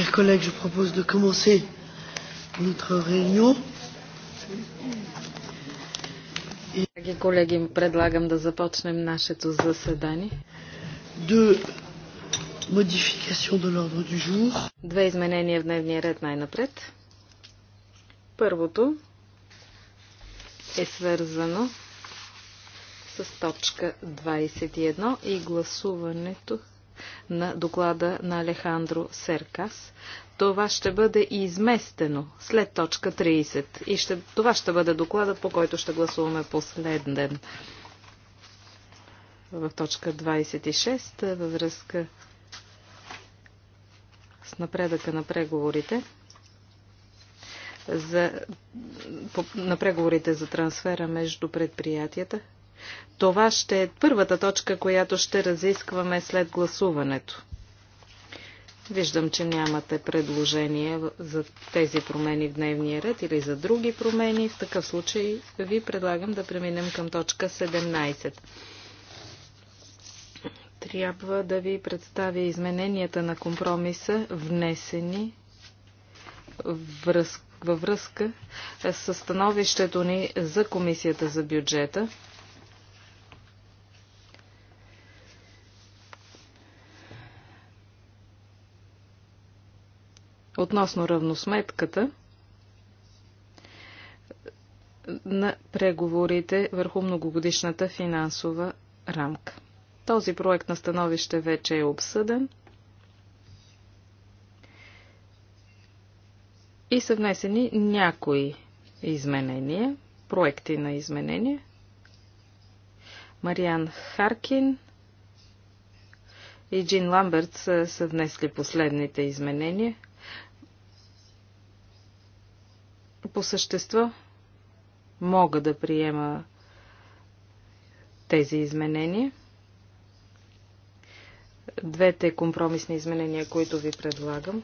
Chers collègues, je propose de commencer notre réunion. Драги колеги, предлагам да започнем нашето заседание. Две изменения в дневния ред най-напред. Първото е свързано с точка 21 и гласуването на доклада на Алехандро Серкас. Това ще бъде изместено след точка 30 и ще, това ще бъде докладът, по който ще гласуваме последен в точка 26 е, във връзка с напредъка на преговорите за, по, на преговорите за трансфера между предприятията, това ще е първата точка, която ще разискваме след гласуването. Виждам, че нямате предложение за тези промени в дневния ред или за други промени. В такъв случай ви предлагам да преминем към точка 17. Трябва да ви представя измененията на компромиса, внесени във връзка с становището ни за Комисията за бюджета относно равносметката на преговорите върху многогодишната финансова рамка. Този проект на становище вече е обсъден и са внесени някои изменения, проекти на изменения. Мариан Харкин и Джин Ламберт са, са внесли последните изменения – по същество мога да приема тези изменения. Двете компромисни изменения, които ви предлагам,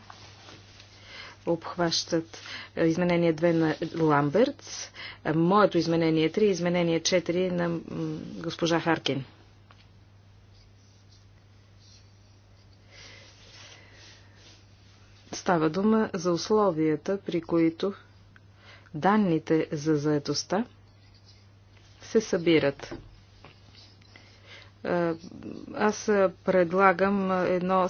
обхващат е, изменение 2 на Ламбертс, е, моето изменение 3 е и изменение 4 на госпожа Харкин. Става дума за условията, при които данните за заедостта се събират. Аз предлагам едно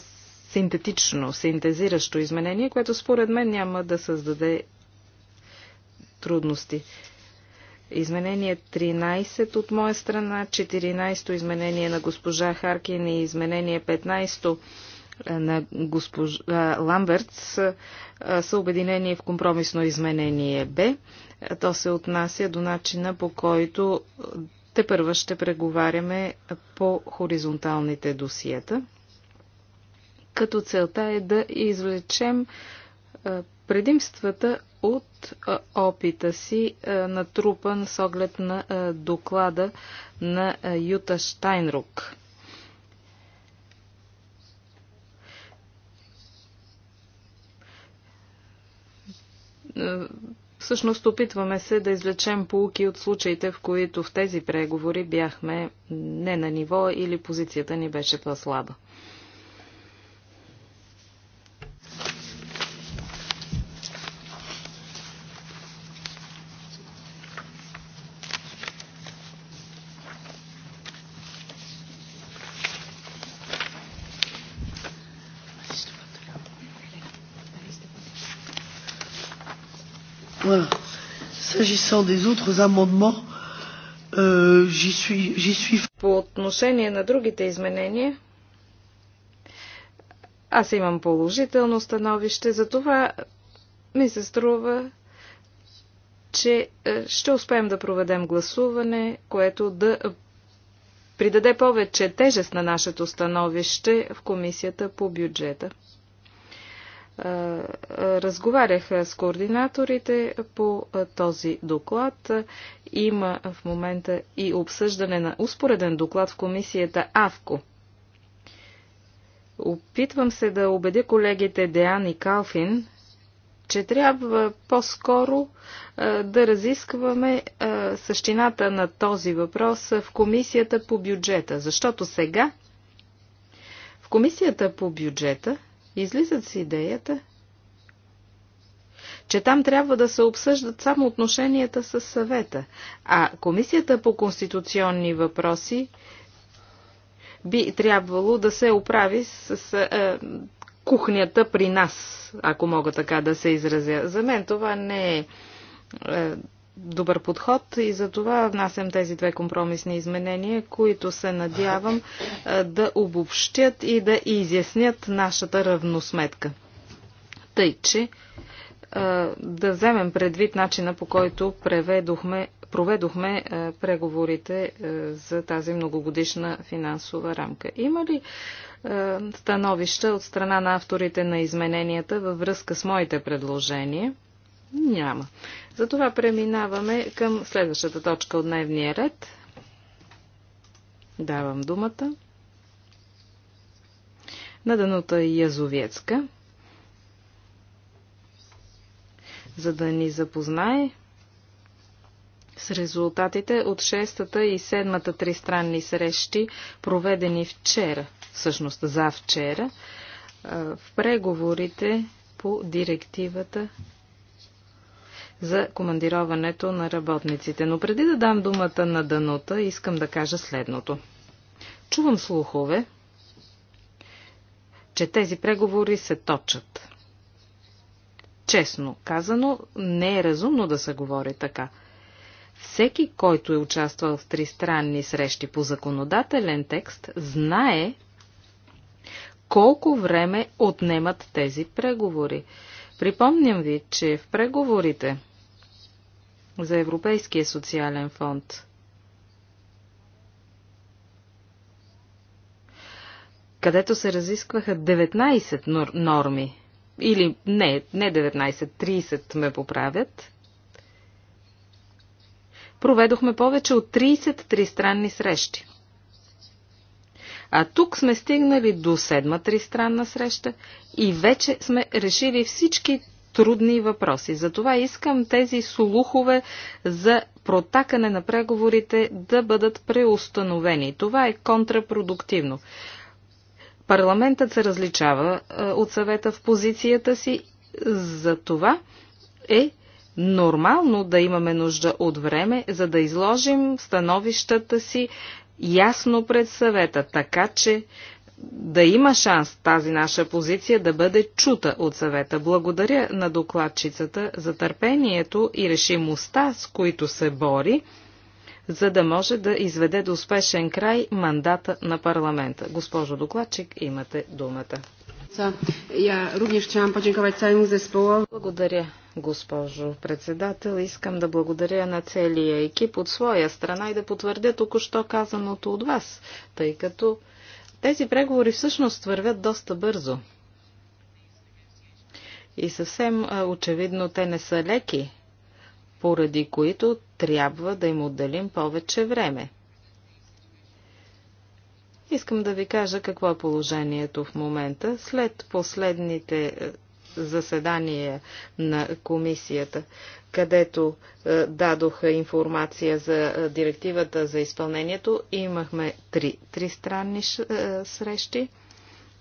синтетично, синтезиращо изменение, което според мен няма да създаде трудности. Изменение 13 от моя страна, 14-то изменение на госпожа Харкин и изменение 15 на госпожа Ламбертс са обединени в компромисно изменение Б. То се отнася до начина по който те първа ще преговаряме по хоризонталните досиета, като целта е да извлечем предимствата от опита си, натрупан с оглед на доклада на Юта Штайнрук Е, всъщност опитваме се да извлечем полуки от случаите, в които в тези преговори бяхме не на ниво или позицията ни беше по-слаба. S'agissant des autres amendements, euh, j'y suis, j'y suis... По отношение на другите изменения, аз имам положително становище, за това ми се струва, че е, ще успеем да проведем гласуване, което да придаде повече тежест на нашето становище в Комисията по бюджета. Е, Разговарях с координаторите по е, този доклад. Има в момента и обсъждане на успореден доклад в комисията АВКО. Опитвам се да убедя колегите Деан и Калфин, че трябва по-скоро е, да разискваме същината на този въпрос в комисията по бюджета, защото сега в комисията по бюджета излизат с идеята, че там трябва да се обсъждат само отношенията с съвета, а Комисията по конституционни въпроси би трябвало да се оправи с е, кухнята при нас, ако мога така да се изразя. За мен това не е, е добър подход и за това внасям тези две компромисни изменения, които се надявам да обобщят и да изяснят нашата равносметка. Тъй, че да вземем предвид начина по който преведохме, проведохме преговорите за тази многогодишна финансова рамка. Има ли становища от страна на авторите на измененията във връзка с моите предложения? Няма. Затова преминаваме към следващата точка от дневния ред. Давам думата на Данута Язовецка, за да ни запознае с резултатите от шестата и седмата тристранни срещи, проведени вчера, всъщност за вчера, в преговорите по директивата за командироването на работниците. Но преди да дам думата на Данута, искам да кажа следното. Чувам слухове, че тези преговори се точат. Честно казано, не е разумно да се говори така. Всеки, който е участвал в тристранни срещи по законодателен текст, знае колко време отнемат тези преговори. Припомням ви, че в преговорите за Европейския социален фонд. където се разискваха 19 норми. Или не, не 19, 30 ме поправят. Проведохме повече от 30 тристранни срещи. А тук сме стигнали до седма тристранна среща и вече сме решили всички трудни въпроси. Затова искам тези слухове за протакане на преговорите да бъдат преустановени. Това е контрапродуктивно. Парламентът се различава е, от съвета в позицията си, за това е нормално да имаме нужда от време, за да изложим становищата си ясно пред съвета, така че да има шанс тази наша позиция да бъде чута от съвета. Благодаря на докладчицата за търпението и решимостта, с които се бори, за да може да изведе до успешен край мандата на парламента. Госпожо докладчик, имате думата. Благодаря, госпожо председател. Искам да благодаря на целия екип от своя страна и да потвърдя току-що казаното от вас, тъй като тези преговори всъщност вървят доста бързо. И съвсем очевидно те не са леки, поради които трябва да им отделим повече време. Искам да ви кажа какво е положението в момента. След последните заседание на комисията, където е, дадоха информация за е, директивата за изпълнението. Имахме три, три странни е, срещи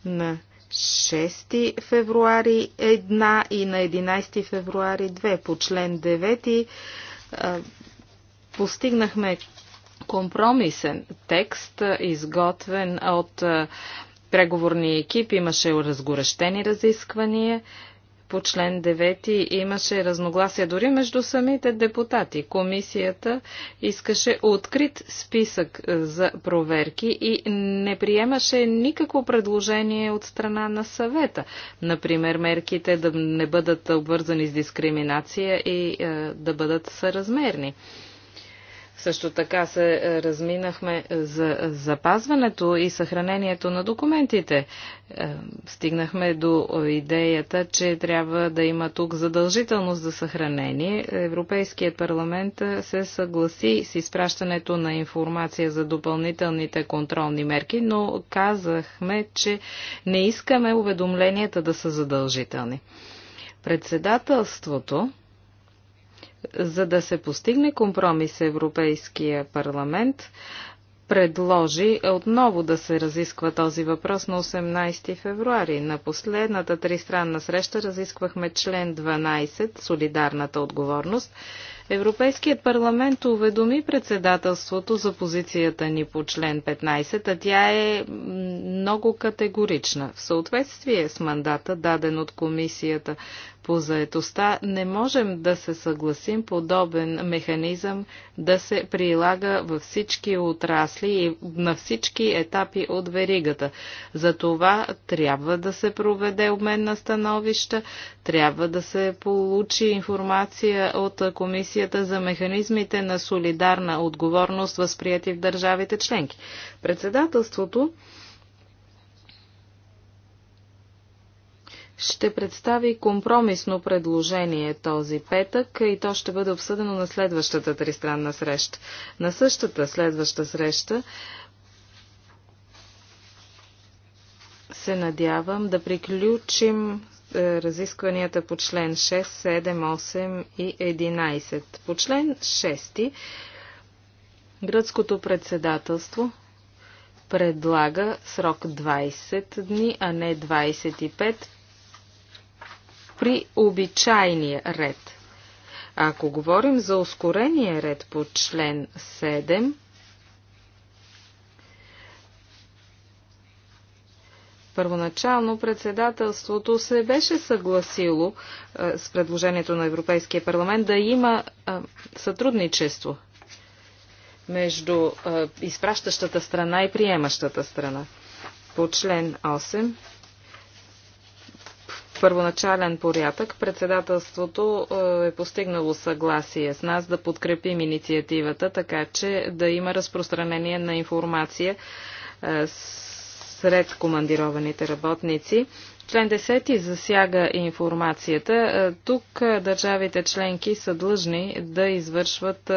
на 6 февруари една и на 11 февруари 2 по член 9 постигнахме компромисен текст, изготвен от преговорния екип имаше разгорещени разисквания. По член 9 имаше разногласия дори между самите депутати. Комисията искаше открит списък е, за проверки и не приемаше никакво предложение от страна на съвета. Например, мерките да не бъдат обвързани с дискриминация и е, да бъдат съразмерни. Също така се е, разминахме е, за запазването и съхранението на документите. Е, стигнахме до идеята, че трябва да има тук задължителност за съхранение. Европейският парламент се съгласи с изпращането на информация за допълнителните контролни мерки, но казахме, че не искаме уведомленията да са задължителни. Председателството за да се постигне компромис, Европейския парламент предложи отново да се разисква този въпрос на 18 февруари. На последната тристранна среща разисквахме член 12 солидарната отговорност. Европейският парламент уведоми председателството за позицията ни по член 15, а тя е много категорична. В съответствие с мандата, даден от комисията по заетостта, не можем да се съгласим подобен механизъм да се прилага във всички отрасли и на всички етапи от веригата. За това трябва да се проведе обмен на становища, трябва да се получи информация от Комисията за механизмите на солидарна отговорност, възприяти в държавите членки. Председателството ще представи компромисно предложение този петък и то ще бъде обсъдено на следващата тристранна среща. На същата следваща среща се надявам да приключим е, разискванията по член 6, 7, 8 и 11. По член 6 гръцкото председателство предлага срок 20 дни, а не 25 при обичайния ред. Ако говорим за ускорения ред по член 7, Първоначално председателството се беше съгласило е, с предложението на Европейския парламент да има е, сътрудничество между е, изпращащата страна и приемащата страна. По член 8 първоначален порядък председателството е, е постигнало съгласие с нас да подкрепим инициативата, така че да има разпространение на информация е, сред командированите работници. Член 10 засяга информацията. Е, тук държавите членки са длъжни да извършват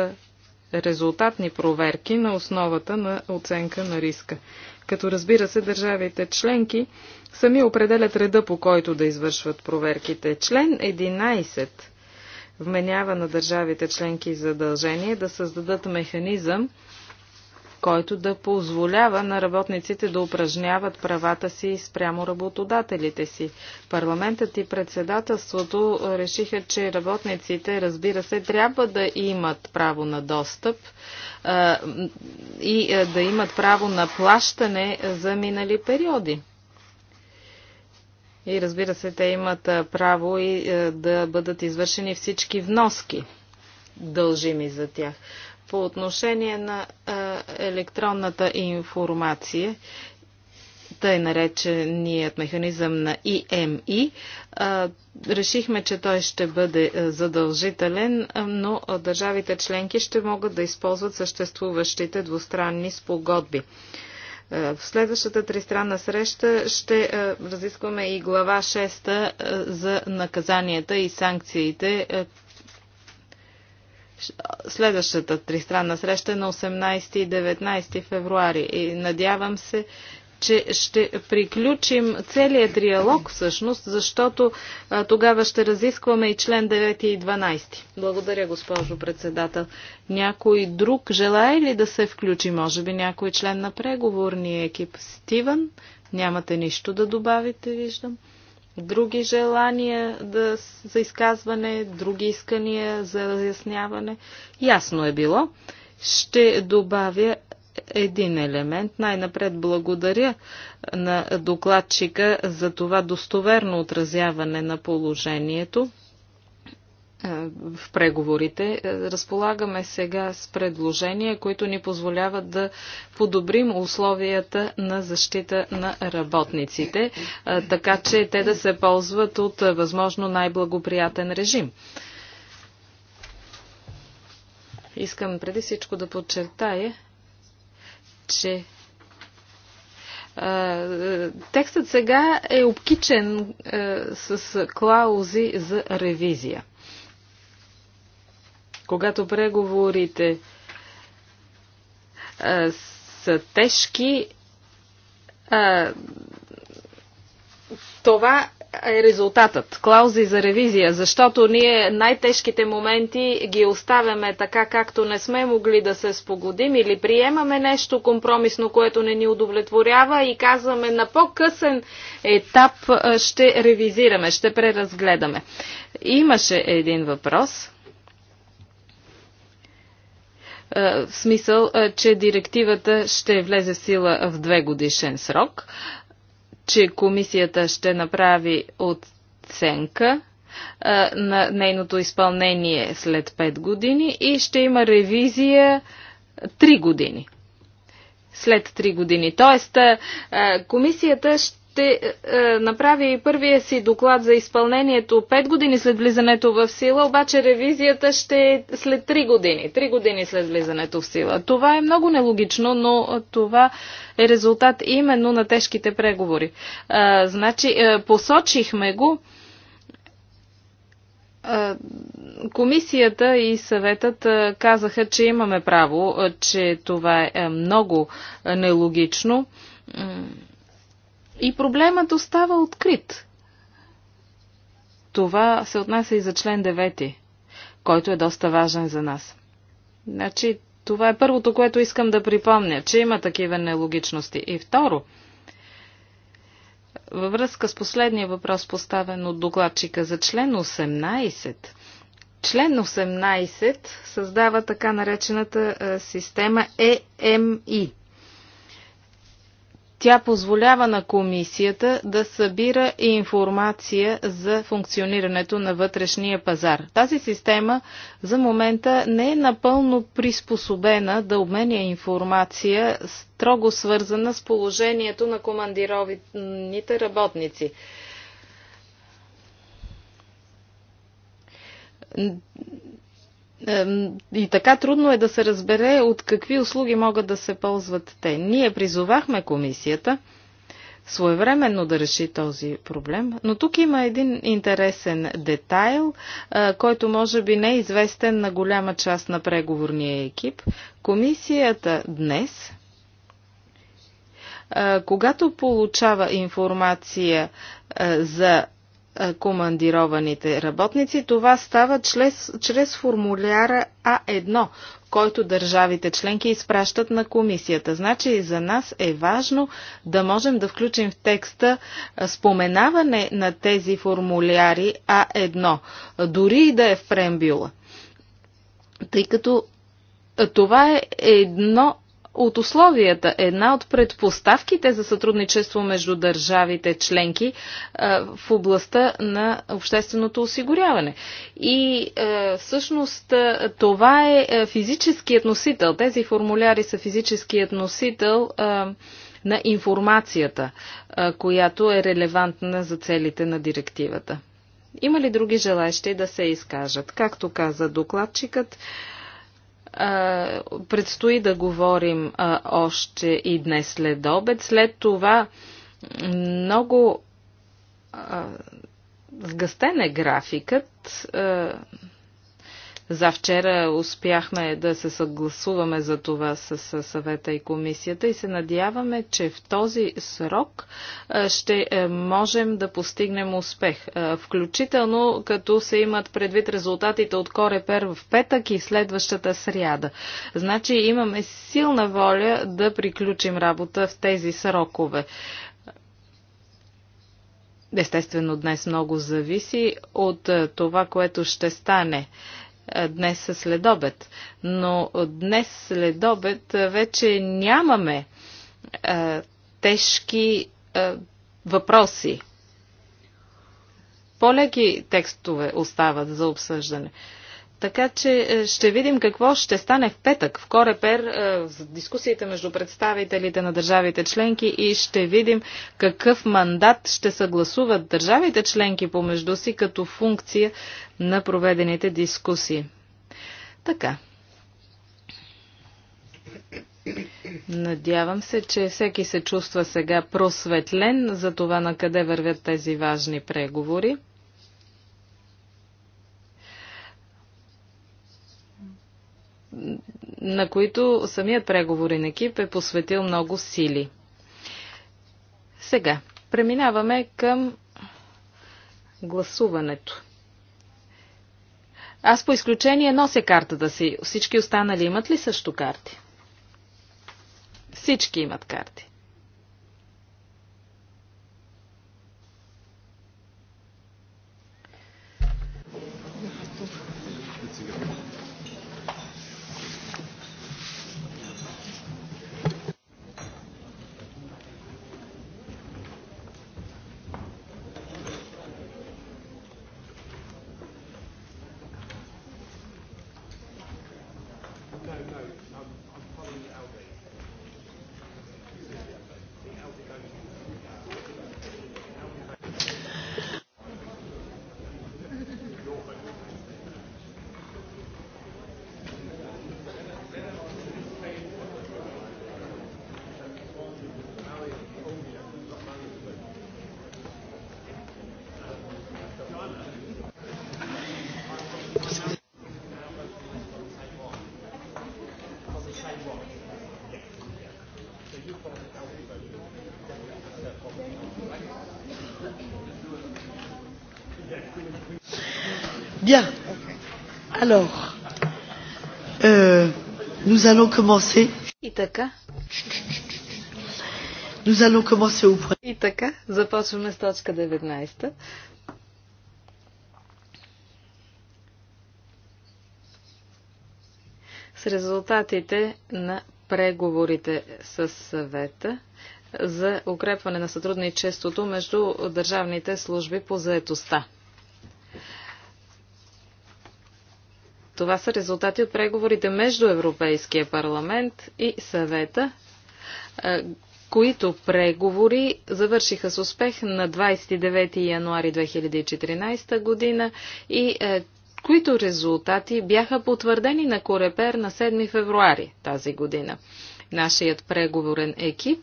резултатни проверки на основата на оценка на риска като разбира се държавите членки сами определят реда по който да извършват проверките. Член 11 вменява на държавите членки задължение да създадат механизъм който да позволява на работниците да упражняват правата си спрямо работодателите си. Парламентът и председателството решиха, че работниците, разбира се, трябва да имат право на достъп а, и а, да имат право на плащане за минали периоди. И разбира се, те имат право и да бъдат извършени всички вноски, дължими за тях по отношение на електронната информация тъй нареченият механизъм на ИМИ. Решихме, че той ще бъде задължителен, но държавите членки ще могат да използват съществуващите двустранни спогодби. В следващата тристранна среща ще разискваме и глава 6 за наказанията и санкциите Следващата тристранна среща е на 18 и 19 февруари и надявам се, че ще приключим целият триалог всъщност, защото а, тогава ще разискваме и член 9 и 12. Благодаря, госпожо председател. Някой друг желая ли да се включи? Може би някой член на преговорния екип? Стивън, нямате нищо да добавите, виждам други желания да, за изказване, други искания за разясняване. Ясно е било. Ще добавя един елемент. Най-напред благодаря на докладчика за това достоверно отразяване на положението. Е, в преговорите. Е, разполагаме сега с предложения, които ни позволяват да подобрим условията на защита на работниците, е, така че те да се ползват от възможно най-благоприятен режим. Искам преди всичко да подчертая, че текстът сега е обкичен с клаузи за ревизия. Когато преговорите а, са тежки, а, това е резултатът. Клаузи за ревизия, защото ние най-тежките моменти ги оставяме така, както не сме могли да се спогодим или приемаме нещо компромисно, което не ни удовлетворява и казваме на по-късен етап ще ревизираме, ще преразгледаме. Имаше един въпрос е, в смисъл, е, че директивата ще влезе в сила в две годишен срок, че комисията ще направи оценка е, на нейното изпълнение след 5 години и ще има ревизия 3 години. След 3 години. Тоест, комисията ще ще е, е направи и първия си доклад за изпълнението 5 години след влизането в сила, обаче ревизията ще е след 3 години, 3 години след влизането в сила. Това е много нелогично, но това е резултат именно на тежките преговори. Е, значи, е, посочихме го. Е, комисията и съветът е, казаха, че имаме право, че това е много нелогично и проблемът остава открит. Това се отнася и за член 9, който е доста важен за нас. Значи, това е първото, което искам да припомня, че има такива нелогичности. И второ, във връзка с последния въпрос, поставен от докладчика за член 18, член 18 създава така наречената система EMI. Е тя позволява на комисията да събира информация за функционирането на вътрешния пазар. Тази система за момента не е напълно приспособена да обменя информация, строго свързана с положението на командированите работници. И така трудно е да се разбере от какви услуги могат да се ползват те. Ние призовахме комисията своевременно да реши този проблем. Но тук има един интересен детайл, е, който може би не е известен на голяма част на преговорния екип. Комисията днес, е, когато получава информация е, за командированите работници. Това става чрез, чрез формуляра А1, който държавите членки изпращат на комисията. Значи за нас е важно да можем да включим в текста споменаване на тези формуляри А1, дори и да е в прембюла. Тъй като това е едно от условията, една от предпоставките за сътрудничество между държавите членки е, в областта на общественото осигуряване. И е, всъщност е, това е физическият носител. Тези формуляри са физическият носител на информацията, която е релевантна за целите на директивата. Има ли други желащи да се изкажат? Както каза докладчикът, предстои да говорим още и днес след обед. След това много сгъстен е графикът. За вчера успяхме да се съгласуваме за това с съвета и комисията и се надяваме, че в този срок ще е, можем да постигнем успех. Включително като се имат предвид резултатите от Корепер в петък и следващата сряда. Значи имаме силна воля да приключим работа в тези срокове. Естествено, днес много зависи от това, което ще стане. Е, днес след обед. Но днес след обед е, вече нямаме а, е, тежки а, въпроси. По-леки текстове остават за обсъждане. Така че е, ще видим какво ще стане в петък в Корепер е, в дискусиите между представителите на държавите членки и ще видим какъв мандат ще съгласуват държавите членки помежду си като функция на проведените дискусии. Така. Надявам се, че всеки се чувства сега просветлен за това на къде вървят тези важни преговори. на които самият преговорен екип е посветил много сили. Сега, преминаваме към гласуването. Аз по изключение нося картата си. Всички останали имат ли също карти? Всички имат карти. Alors, euh, nous allons commencer. И така. Nous allons commencer au point. И така, започваме с точка 19. С резултатите на преговорите с съвета за укрепване на сътрудничеството между държавните служби по заетостта. Това са резултати от преговорите между Европейския парламент и съвета, които преговори завършиха с успех на 29 януари 2014 година и които резултати бяха потвърдени на Корепер на 7 февруари тази година. Нашият преговорен екип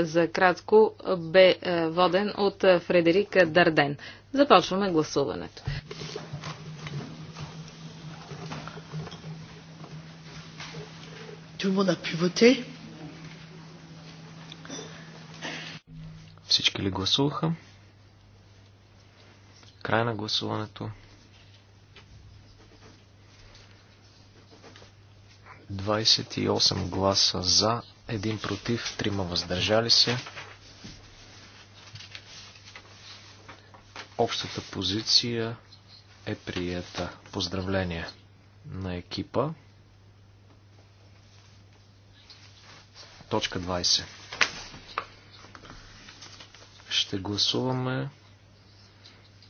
за кратко бе воден от Фредерик Дарден. Започваме гласуването. Tout le monde a pu voter. Всички ли гласуваха? Край на гласуването. 28 гласа за, 1 против, 3 въздържали се. Общата позиция е приета. поздравления на екипа. Точка 20. Ще гласуваме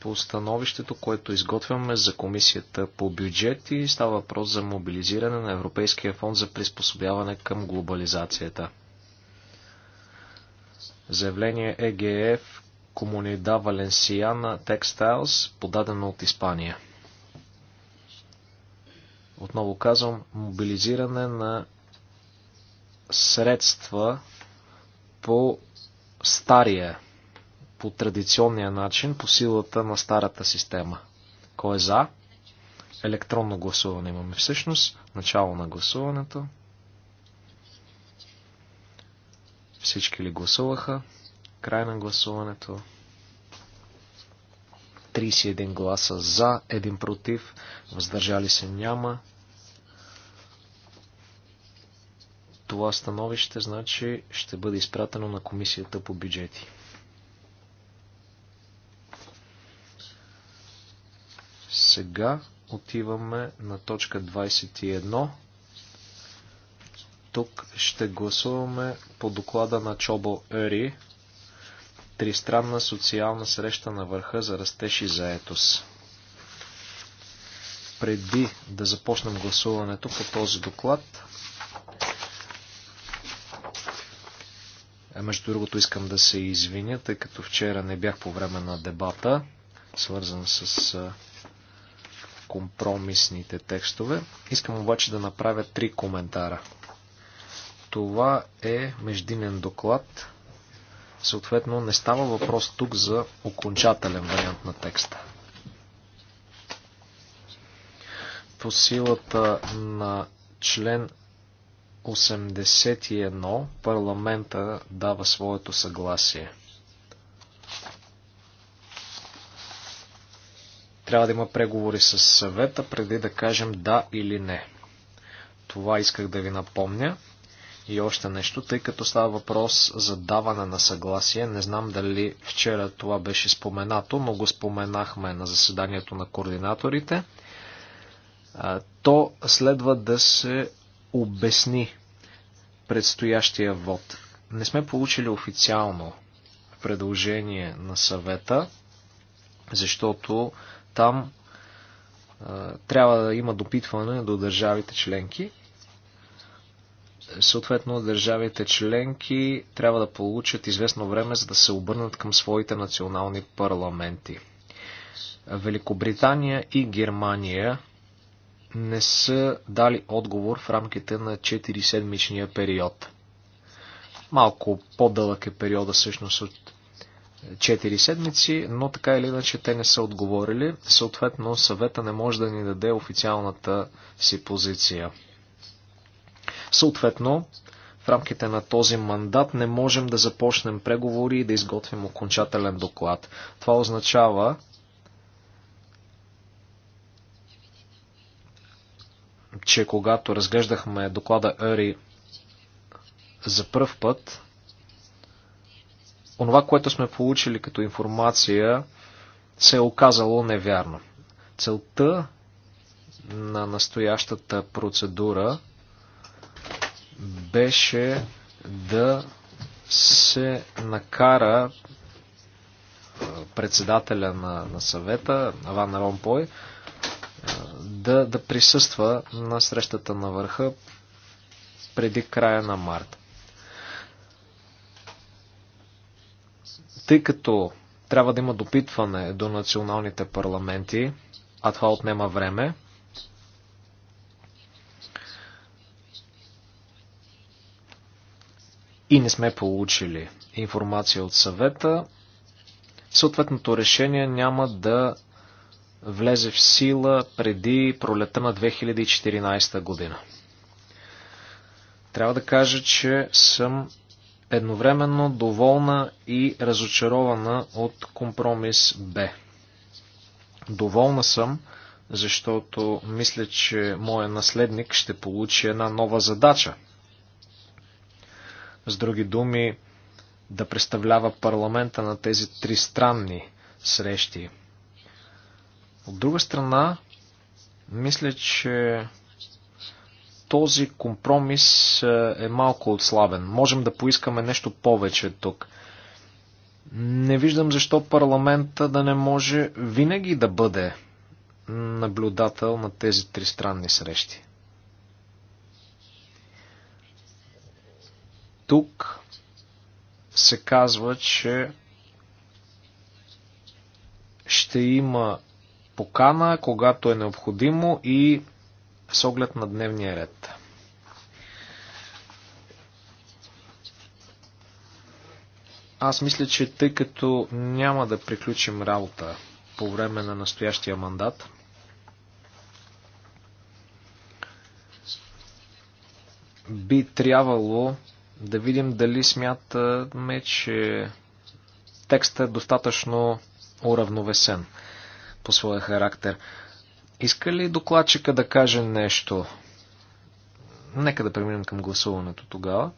по установището, което изготвяме за комисията по бюджет и става въпрос за мобилизиране на Европейския фонд за приспособяване към глобализацията. Заявление ЕГФ Комунида Валенсияна Текстайлс, подадено от Испания. Отново казвам, мобилизиране на средства по стария, по традиционния начин, по силата на старата система. Кой е за? Електронно гласуване имаме всъщност. Начало на гласуването. Всички ли гласуваха? Край на гласуването. 31 гласа за, 1 против, въздържали се няма. Това становище, значи, ще бъде изпратено на комисията по бюджети. Сега отиваме на точка 21. Тук ще гласуваме по доклада на Чобо Ери Тристранна социална среща на върха за растеж и заетост. Преди да започнем гласуването по този доклад, Е, между другото искам да се извиня, тъй като вчера не бях по време на дебата, свързан с компромисните текстове. Искам обаче да направя три коментара. Това е междинен доклад. Съответно, не става въпрос тук за окончателен вариант на текста. По силата на член 81 парламента дава своето съгласие. Трябва да има преговори с съвета, преди да кажем да или не. Това исках да ви напомня. И още нещо, тъй като става въпрос за даване на съгласие, не знам дали вчера това беше споменато, но го споменахме на заседанието на координаторите, то следва да се обясни предстоящия вод. Не сме получили официално предложение на съвета, защото там а, е, трябва да има допитване до държавите членки. Съответно, държавите членки трябва да получат известно време, за да се обърнат към своите национални парламенти. Великобритания и Германия не са дали отговор в рамките на 4 седмичния период. Малко по-дълъг е периода всъщност от 4 седмици, но така или иначе те не са отговорили. Съответно, съвета не може да ни даде официалната си позиция. Съответно, в рамките на този мандат не можем да започнем преговори и да изготвим окончателен доклад. Това означава, че когато разглеждахме доклада Ери за пръв път, онова, което сме получили като информация, се е оказало невярно. Целта на настоящата процедура беше да се накара председателя на, на съвета, Аван Ромпой, да, да присъства на срещата на върха преди края на март. Тъй като трябва да има допитване до националните парламенти, а това отнема време, и не сме получили информация от съвета, съответното решение няма да влезе в сила преди пролета на 2014 година. Трябва да кажа, че съм едновременно доволна и разочарована от компромис Б. Доволна съм, защото мисля, че моят наследник ще получи една нова задача. С други думи, да представлява парламента на тези тристранни срещи – от друга страна, мисля, че този компромис е, е малко отслабен. Можем да поискаме нещо повече тук. Не виждам защо парламента да не може винаги да бъде наблюдател на тези тристранни срещи. Тук се казва, че ще има покана, когато е необходимо и с оглед на дневния ред. Аз мисля, че тъй като няма да приключим работа по време на настоящия мандат, би трябвало да видим дали смятаме, че текстът е достатъчно уравновесен по своя характер. Иска ли докладчика да каже нещо? Нека да преминем към гласуването тогава.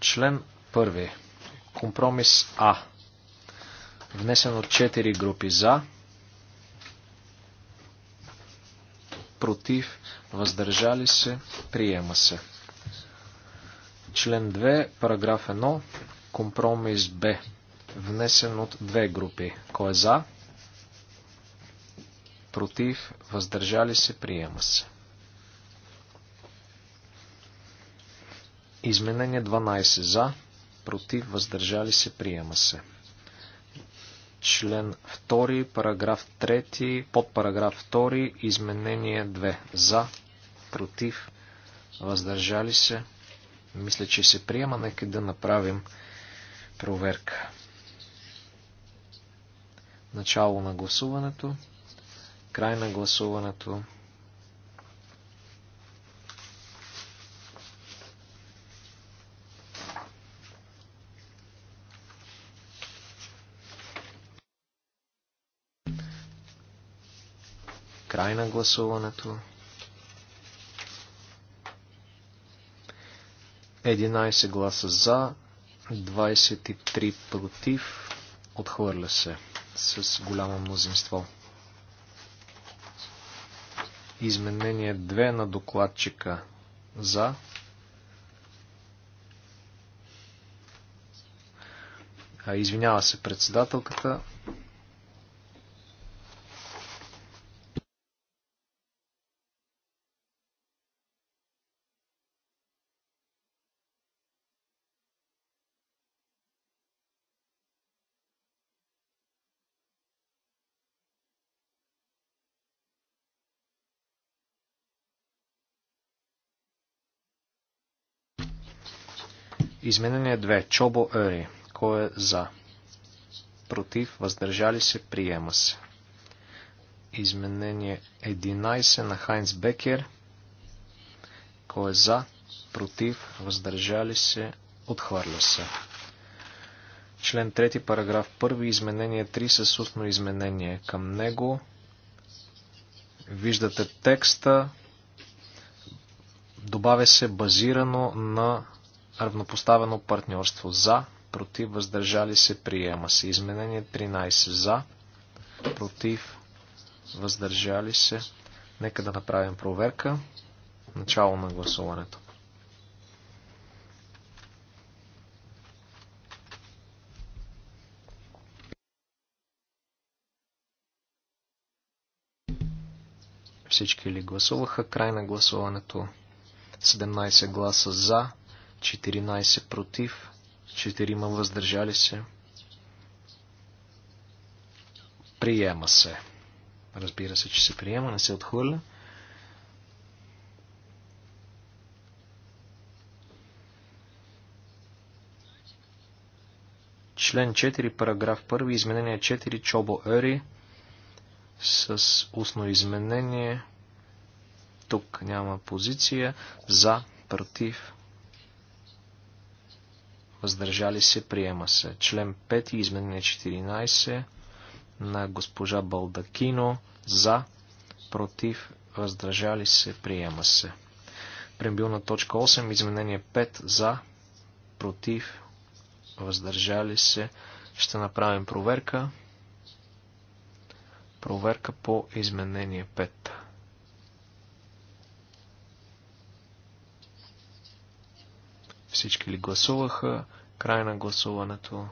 Член първи. Компромис А. Внесен от 4 групи за, против, въздържали се, приема се. Член 2, параграф 1, Компромис Б, внесен от две групи. Кой е за? Против, въздържали се, приема се. Изменение 12 за, против, въздържали се, приема се. Член 2, параграф 3, под параграф 2, изменение 2 за, против, въздържали се. Мисля, че се приема. Нека да направим проверка. Начало на гласуването. Край на гласуването. край на гласуването. 11 гласа за, 23 против. Отхвърля се с голямо мнозинство. Изменение 2 на докладчика за. Извинява се председателката. Изменение 2. Чобо Ери. Кой е за? Против. Въздържали се. Приема се. Изменение 11 на Хайнц Бекер. Кой е за? Против. Въздържали се. Отхвърля се. Член 3, параграф 1, изменение 3 със устно изменение към него. Виждате текста. Добавя се базирано на равнопоставено партньорство за, против, въздържали се, приема се. Изменение 13 за, против, въздържали се. Нека да направим проверка. Начало на гласуването. Всички ли гласуваха? Край на гласуването. 17 гласа за, 14 против, 4 въздържали се. Приема се. Разбира се, че се приема, не се отхвърля. Член 4, параграф 1, изменение 4, Чобо Ери, с устно изменение. Тук няма позиция. За, против, въздържали се, приема се. Член 5, изменение 14 на госпожа Балдакино, за, против, въздържали се, приема се. Прембилна точка 8, изменение 5, за, против, въздържали се. Ще направим проверка. Проверка по изменение 5. Всички ли гласуваха? Край на гласуването.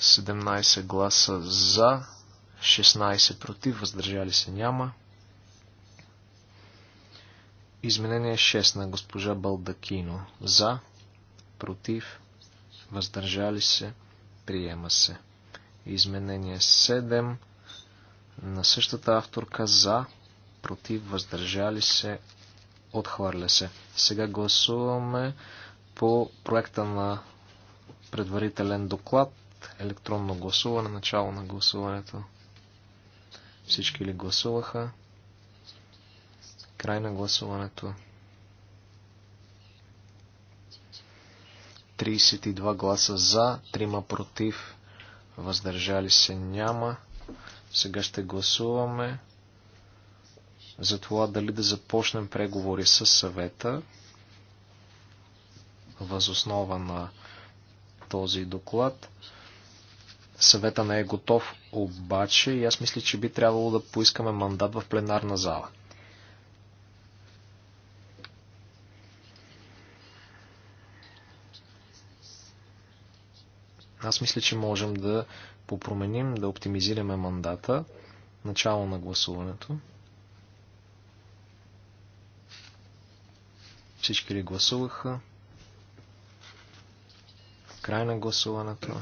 17 гласа за, 16 против, въздържали се няма. Изменение 6 на госпожа Балдакино. За, против, въздържали се, приема се. Изменение 7 на същата авторка за, против, въздържали се, Отхвърля се. Сега гласуваме по проекта на предварителен доклад. Електронно гласуване. Начало на гласуването. Всички ли гласуваха? Край на гласуването. 32 гласа за, 3 против, въздържали се няма. Сега ще гласуваме за това дали да започнем преговори с съвета възоснова на този доклад. Съвета не е готов, обаче и аз мисля, че би трябвало да поискаме мандат в пленарна зала. Аз мисля, че можем да попроменим, да оптимизираме мандата, начало на гласуването. Всички ли гласуваха? Край на гласуването.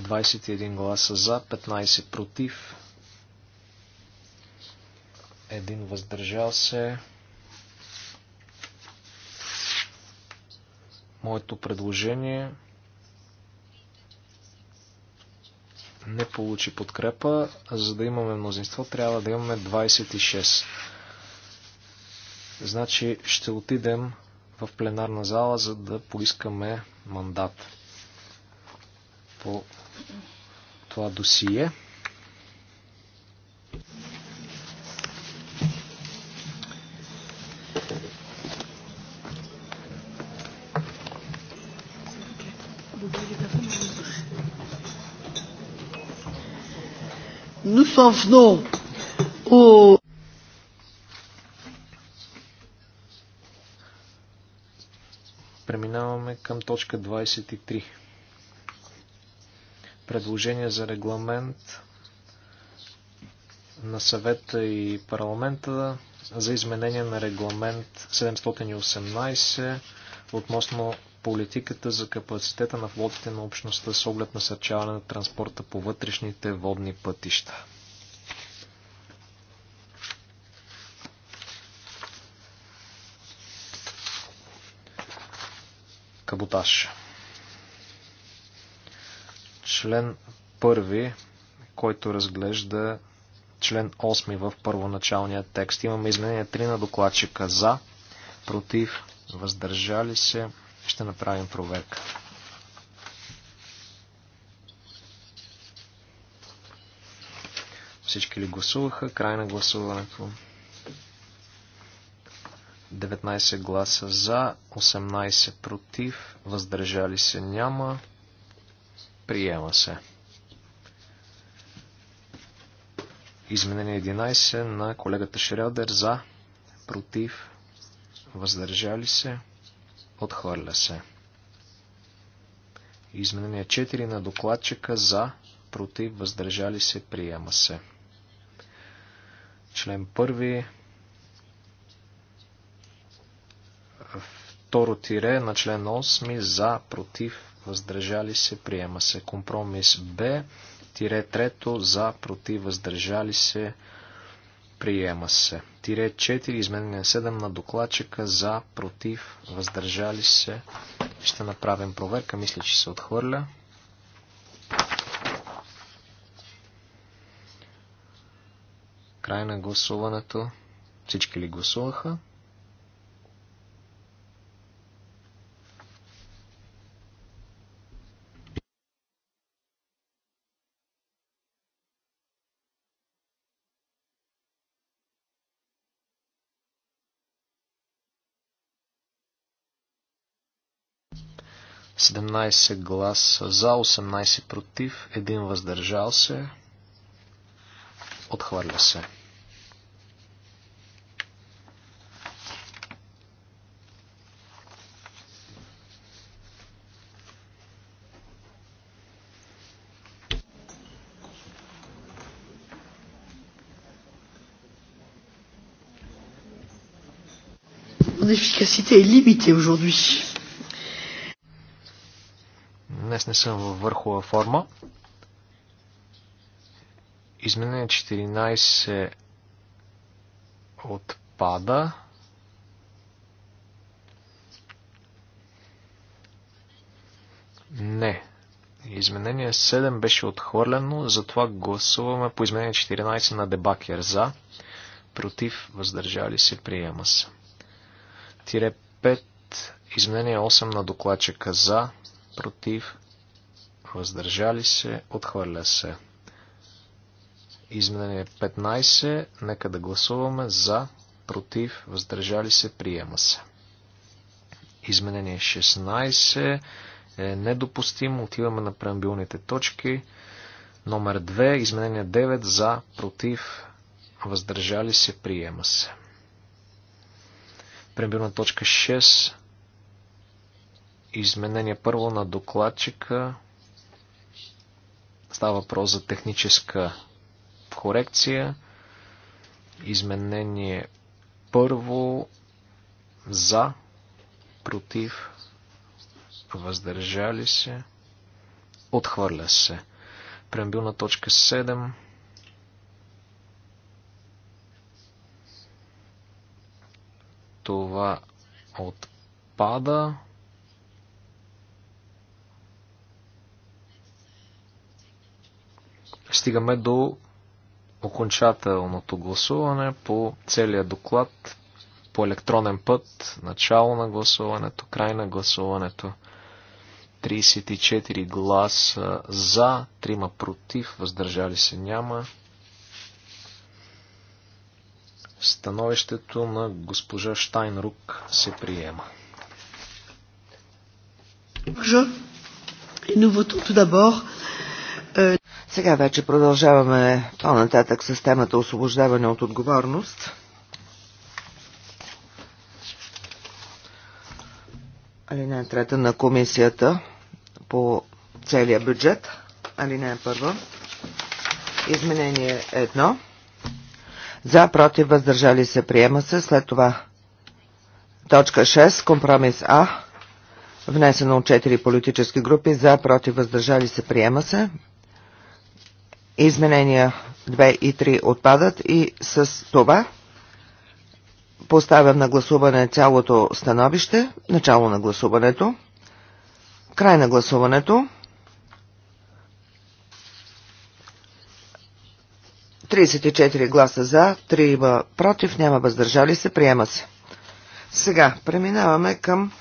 21 гласа за, 15 против, един въздържал се. Моето предложение не получи подкрепа. За да имаме мнозинство, трябва да имаме 26. Значи ще отидем в пленарна зала, за да поискаме мандат по това досие. Nous en venons au към точка 23. Предложение за регламент на съвета и парламента за изменение на регламент 718 относно политиката за капацитета на флотите на общността с оглед на на транспорта по вътрешните водни пътища. каботаж. Член първи, който разглежда член 8 в първоначалния текст. Имаме изменение 3 на докладчика за, против, въздържали се. Ще направим проверка. Всички ли гласуваха? Край на гласуването. 19 гласа за, 18 против, въздържали се няма. Приема се. Изменение 11 на колегата Шрядер за, против, въздържали се, отхвърля се. Изменение 4 на докладчика за, против, въздържали се, приема се. Член 1 второ тире на член 8 за, против, въздържали се, приема се. Компромис Б, тире трето, за, против, въздържали се, приема се. Тире 4, изменение 7 на докладчика, за, против, въздържали се. Ще направим проверка, мисля, че се отхвърля. Край на гласуването. Всички ли гласуваха? 17 гласа за, 18 против, 1 въздържал се. Отхвърля се. efficacité est limitée aujourd'hui. Днес не съм във върхова форма. Изменение 14 отпада. Не. Изменение 7 беше отхвърлено, затова гласуваме по изменение 14 на дебакер за, против, въздържали се, приема се. Тире 5, изменение 8 на докладчика за, против, въздържали се, отхвърля се. Изменение 15, нека да гласуваме за, против, въздържали се, приема се. Изменение 16 е недопустимо, отиваме на преамбилните точки. Номер 2, изменение 9, за, против, въздържали се, приема се. Преамбилна точка 6, изменение първо на докладчика, Става въпрос за техническа корекция. Изменение първо за, против, въздържали се, отхвърля се. Прембил на точка 7. Това отпада. стигаме до окончателното гласуване по целия доклад по електронен път, начало на гласуването, край на гласуването. 34 гласа за, 3 против, въздържали се няма. Становището на госпожа Штайнрук се приема. Bonjour. Et nous votons tout d'abord сега вече продължаваме по-нататък с темата освобождаване от отговорност. Алинея трета на комисията по целия бюджет. Алинея първа. Изменение едно. За, против, въздържали се, приема се. След това точка 6, компромис А, внесено от 4 политически групи. За, против, въздържали се, приема се. Изменения 2 и 3 отпадат и с това поставям на гласуване цялото становище, начало на гласуването, край на гласуването. 34 гласа за, 3 има против, няма въздържали се, приема се. Сега преминаваме към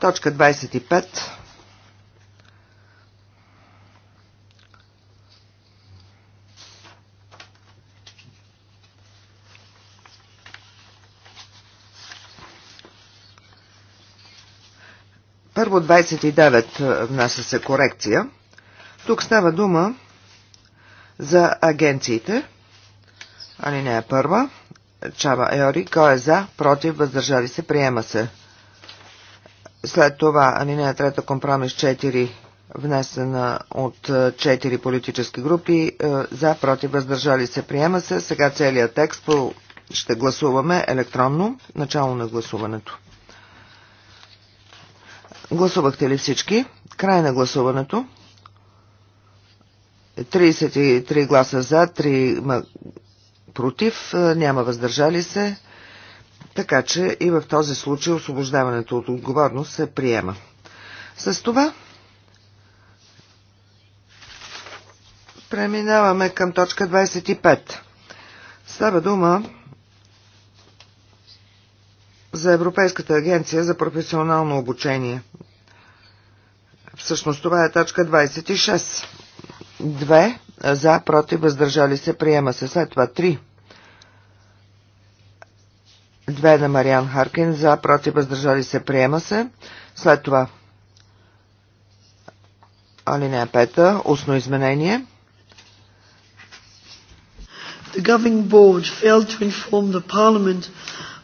точка 25. Първо 29 внася се корекция. Тук става дума за агенциите. е първа. Чава Еори. Кой е за? Против? Въздържали се? Приема се. След това Анинея трета компромис 4 внесена от 4 политически групи. За, против, въздържали се, приема се. Сега целият текст ще гласуваме електронно. Начало на гласуването. Гласувахте ли всички? Край на гласуването. 33 гласа за, 3 против, е, няма въздържали се. Така че и в този случай освобождаването от отговорност се приема. С това преминаваме към точка 25. Става дума за Европейската агенция за професионално обучение. Всъщност това е точка 26. 2. За, против, въздържали се, приема се. След това 3. 2 на Мариан Харкин. За, против, въздържали се, приема се. След това алинея 5. Устно изменение. The governing board failed to inform the parliament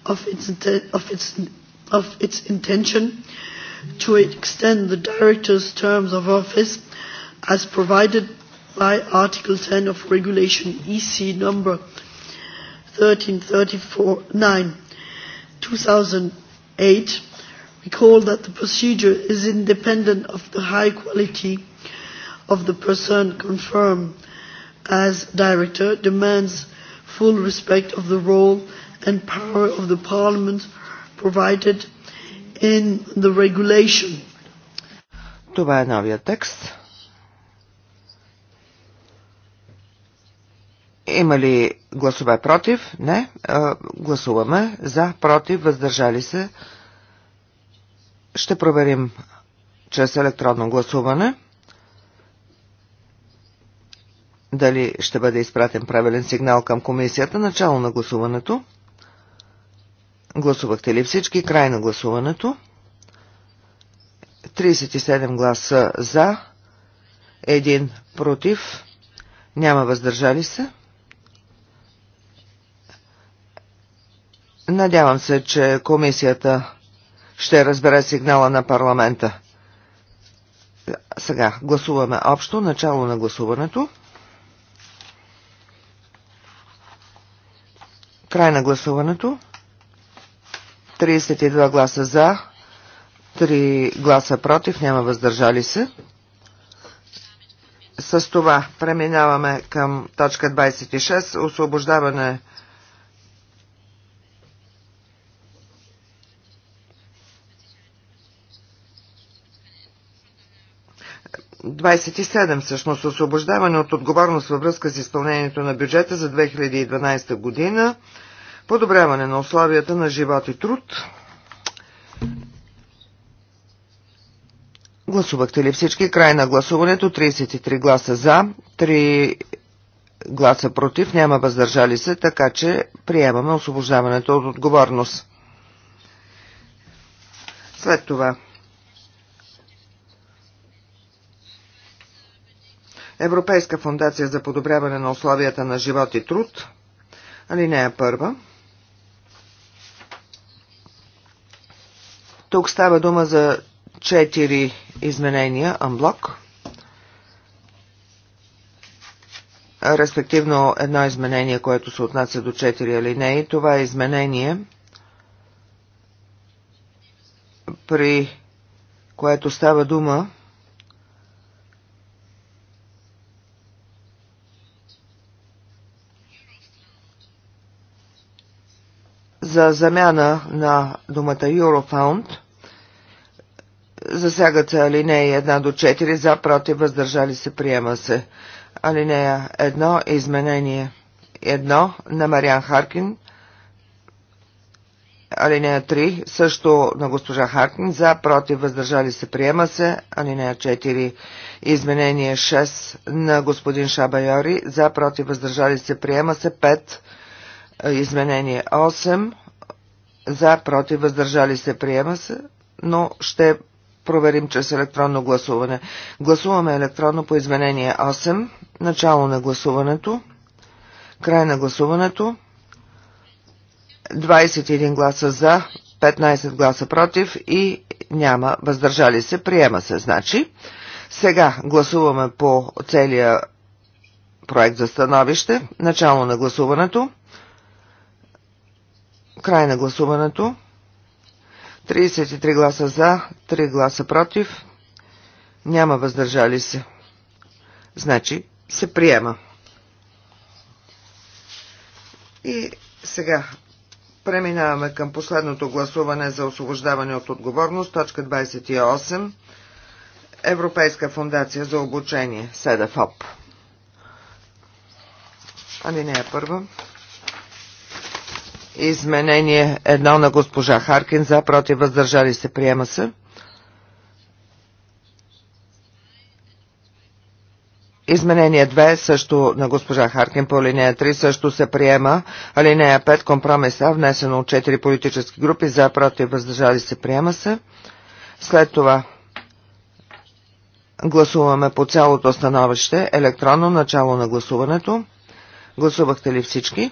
of its, of its, of its intention to extend the director's terms of office as provided by Article 10 of Regulation EC number 1334-9-2008. Recall that the procedure is independent of the high quality of the person confirmed as director, demands full respect of the role and power of the Parliament provided in the regulation. Това е новия текст. Има ли гласове против? Не. гласуваме за, против, въздържали се. Ще проверим чрез електронно гласуване дали ще бъде изпратен правилен сигнал към комисията начало на гласуването. Гласувахте ли всички? Край на гласуването. 37 гласа за, 1 против, няма въздържали се. Надявам се, че комисията ще разбере сигнала на парламента. Сега гласуваме общо начало на гласуването. Край на гласуването. 32 гласа за, 3 гласа против, няма въздържали се. С това преминаваме към точка 26, освобождаване всъщност освобождаване от отговорност във връзка с изпълнението на бюджета за 2012 година подобряване на условията на живот и труд. Гласувахте ли всички? Край на гласуването. 33 гласа за, 3 гласа против, няма въздържали се, така че приемаме освобождаването от отговорност. След това. Европейска фундация за подобряване на условията на живот и труд. Алинея първа. Тук става дума за четири изменения амблок. Респективно едно изменение, което се отнася до 4 алинеи. Това е изменение, при което става дума за замяна на думата Eurofound Засягат се алинеи 1 до 4, за, против, въздържали се, приема се. Алинея 1, изменение 1 на Мариан Харкин. Алинея 3, също на госпожа Харкин, за, против, въздържали се, приема се. Алинея 4, изменение 6 на господин Шабайори, за, против, въздържали се, приема се. 5, изменение 8, за, против, въздържали се, приема се, но ще проверим чрез електронно гласуване. Гласуваме електронно по изменение 8. Начало на гласуването. Край на гласуването. 21 гласа за, 15 гласа против и няма въздържали се. Приема се, значи. Сега гласуваме по целия проект за становище. Начало на гласуването. Край на гласуването. 33 гласа за, 3 гласа против, няма въздържали се. Значи се приема. И сега преминаваме към последното гласуване за освобождаване от отговорност, точка 28, Европейска фундация за обучение, СЕДАФОП. Алинея първа. Изменение едно на госпожа Харкин за против въздържали се приема се. Изменение 2 също на госпожа Харкин по линия 3 също се приема. Алинея 5 компромиса, внесено от 4 политически групи за против въздържали се приема се. След това гласуваме по цялото становище електронно начало на гласуването. Гласувахте ли всички?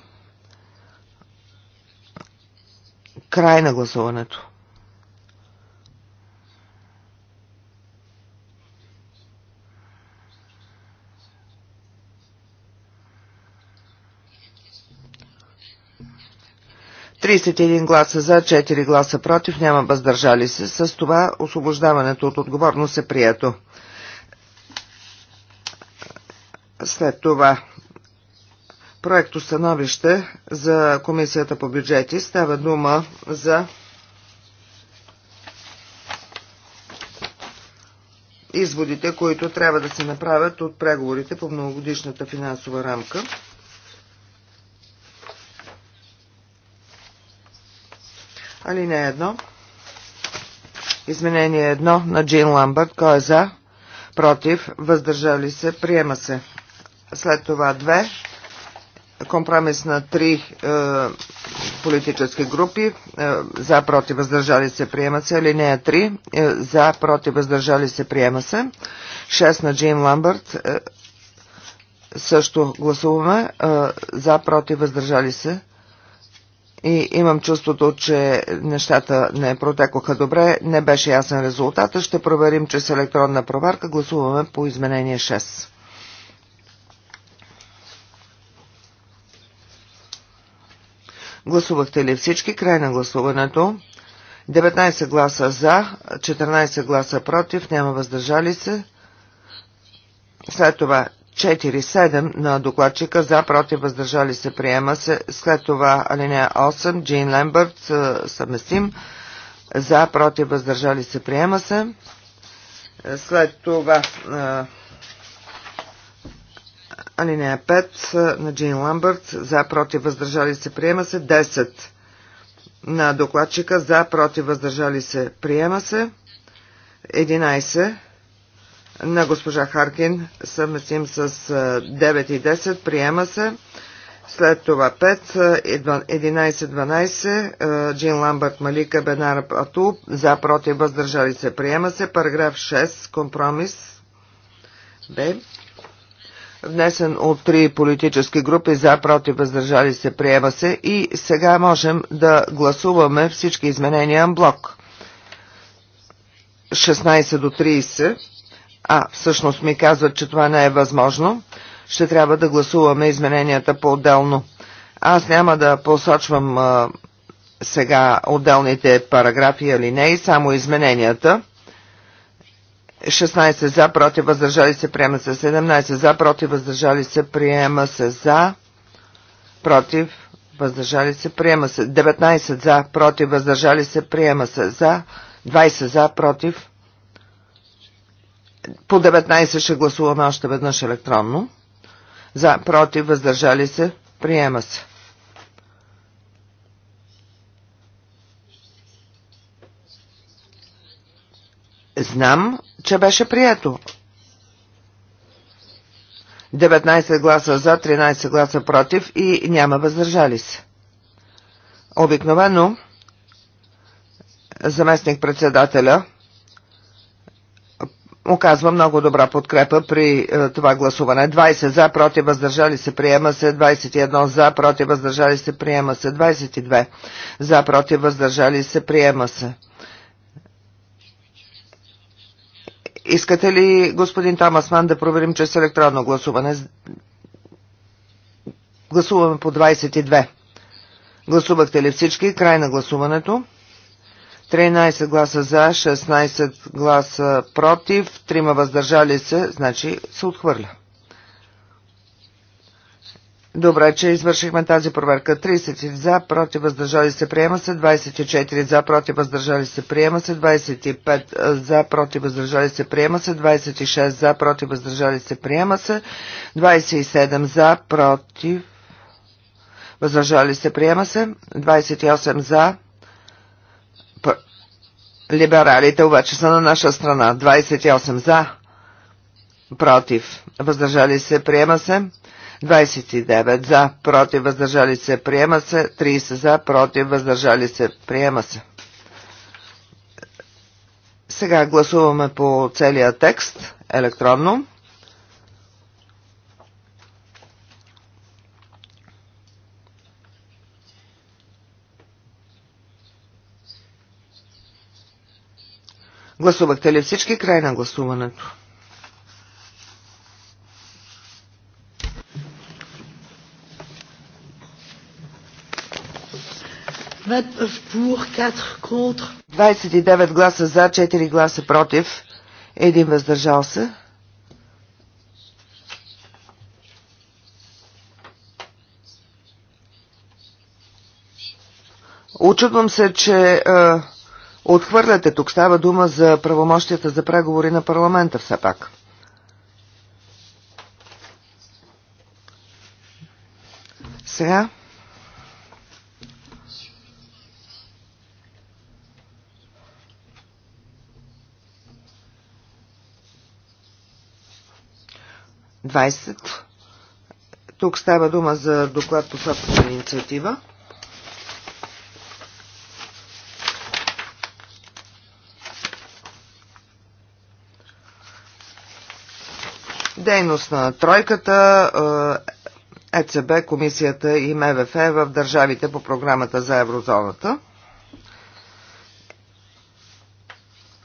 Край на гласуването. Тридесет един гласа за, 4 гласа против, няма въздържали се. С това освобождаването от отговорност е прието. След това Проект установище за Комисията по бюджети. Става дума за изводите, които трябва да се направят от преговорите по многогодишната финансова рамка. Алинея едно. Изменение едно на Джин Ламбърт. Кой е за? Против? Въздържали се? Приема се. След това две компромис на три е, политически групи. Е, за, против, въздържали се, приема се. Линия 3. Е, за, против, въздържали се, приема се. 6 на Джейн Ламбърт. Е, също гласуваме. Е, за, против, въздържали се. И имам чувството, че нещата не протекоха добре. Не беше ясен резултата. Ще проверим, че с електронна проверка гласуваме по изменение 6. Гласувахте ли всички? Край на гласуването. 19 гласа за, 14 гласа против, няма въздържали се. След това 4-7 на докладчика за, против, въздържали се, приема се. След това алинея 8, Джин Лембърт, е, съвместим, за, против, въздържали се, приема се. Е, след това е, Алинея 5 на Джин Ламбърт. За, против, въздържали се, приема се. 10 на докладчика. За, против, въздържали се, приема се. 11 на госпожа Харкин. Съвместим с 9 и 10. Приема се. След това 5, 11-12, Джин Ламбърт, Малика, Бенар Ату, за, против, въздържали се, приема се. Параграф 6, компромис. Б внесен от три политически групи за, против, въздържали се, приема се и сега можем да гласуваме всички изменения блок. 16 до 30, а всъщност ми казват, че това не е възможно, ще трябва да гласуваме измененията по-отделно. Аз няма да посочвам а, сега отделните параграфи или не, само измененията. 16 за, против, въздържали се, приема се 17 за, против, въздържали се, приема се за, против, въздържали се, приема се 19 за, против, въздържали се, приема се за, 20 за, против. По 19 ще гласуваме още веднъж електронно. За, против, въздържали се, приема се. Знам, че беше прието. 19 гласа за, 13 гласа против и няма въздържали се. Обикновено заместник-председателя оказва много добра подкрепа при е, това гласуване. 20 за, против, въздържали се, приема се. 21 за, против, въздържали се, приема се. 22 за, против, въздържали се, приема се. Искате ли, господин Тамасман да проверим, че с електронно гласуване гласуваме по 22? Гласувахте ли всички? Край на гласуването. 13 гласа за, 16 гласа против, 3 въздържали се, значи се отхвърля. Добре, че извършихме тази проверка. 30 за, против, въздържали се, приема се. 24 за, против, въздържали се, приема се. 25 за, против, въздържали се, приема се. 26 за, против, въздържали се, приема се. 27 за, против, въздържали се, приема се. 28 за, либералите обаче са на наша страна. 28 за, против, въздържали се, приема се. 29 за, против, въздържали се, приема се. 30 за, против, въздържали се, приема се. Сега гласуваме по целия текст електронно. Гласувахте ли всички край на гласуването? 29 гласа за, 4 гласа против, 1 въздържал се. Очудвам се, че е, отхвърляте тук. Става дума за правомощията за преговори на парламента все пак. Сега 20. Тук става дума за доклад по собствена инициатива. Дейност на тройката, е, ЕЦБ, комисията и МВФ в държавите по програмата за еврозоната.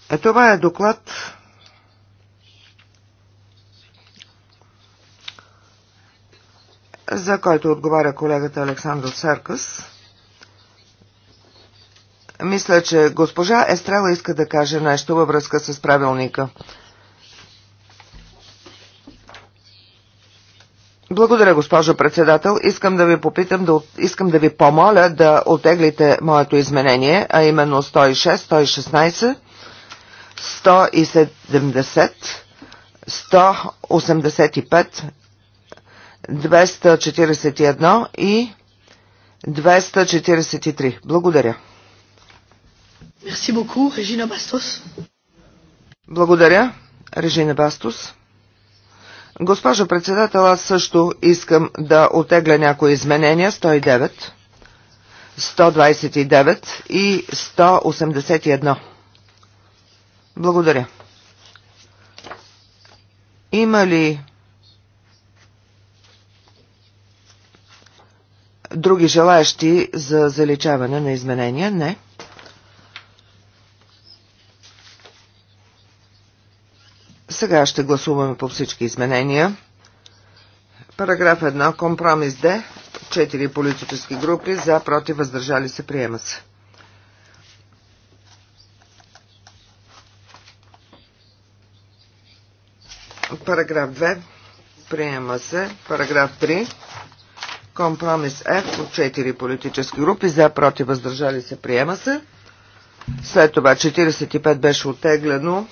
Е, това е доклад за който отговаря колегата Александър Серкъс. Мисля, че госпожа Естрела иска да каже нещо във връзка с правилника. Благодаря, госпожо председател. Искам да ви попитам, да, искам да ви помоля да отеглите моето изменение, а именно 106, 116, 170, 185, 241 и 243. Благодаря. Режина Бастос. Благодаря, Режина Бастос. Госпожо председател, аз също искам да отегля някои изменения 109, 129 и 181. Благодаря. Има ли Други желаящи за заличаване на изменения? Не. Сега ще гласуваме по всички изменения. Параграф 1. Компромис Д. Четири политически групи. За, против, въздържали се, приема се. Параграф 2. Приема се. Параграф 3. Компромис F от 4 политически групи за, против, въздържали се, приема се. След това 45 беше оттеглено.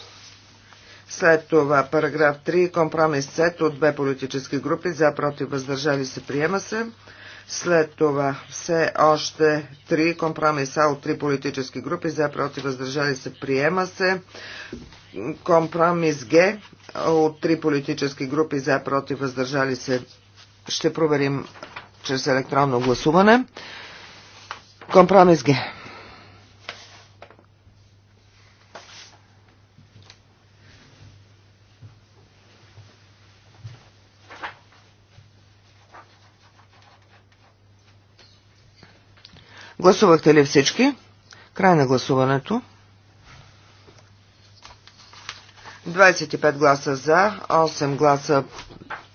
След това параграф 3, компромис С от две политически групи, за, против, въздържали се, приема се. След това все още 3 компромиса от три политически групи, за, против, въздържали се, приема се. Компромис Г от три политически групи, за, против, въздържали се, ще проверим чрез електронно гласуване. Компромис Г. Гласувахте ли всички? Край на гласуването. 25 гласа за, 8 гласа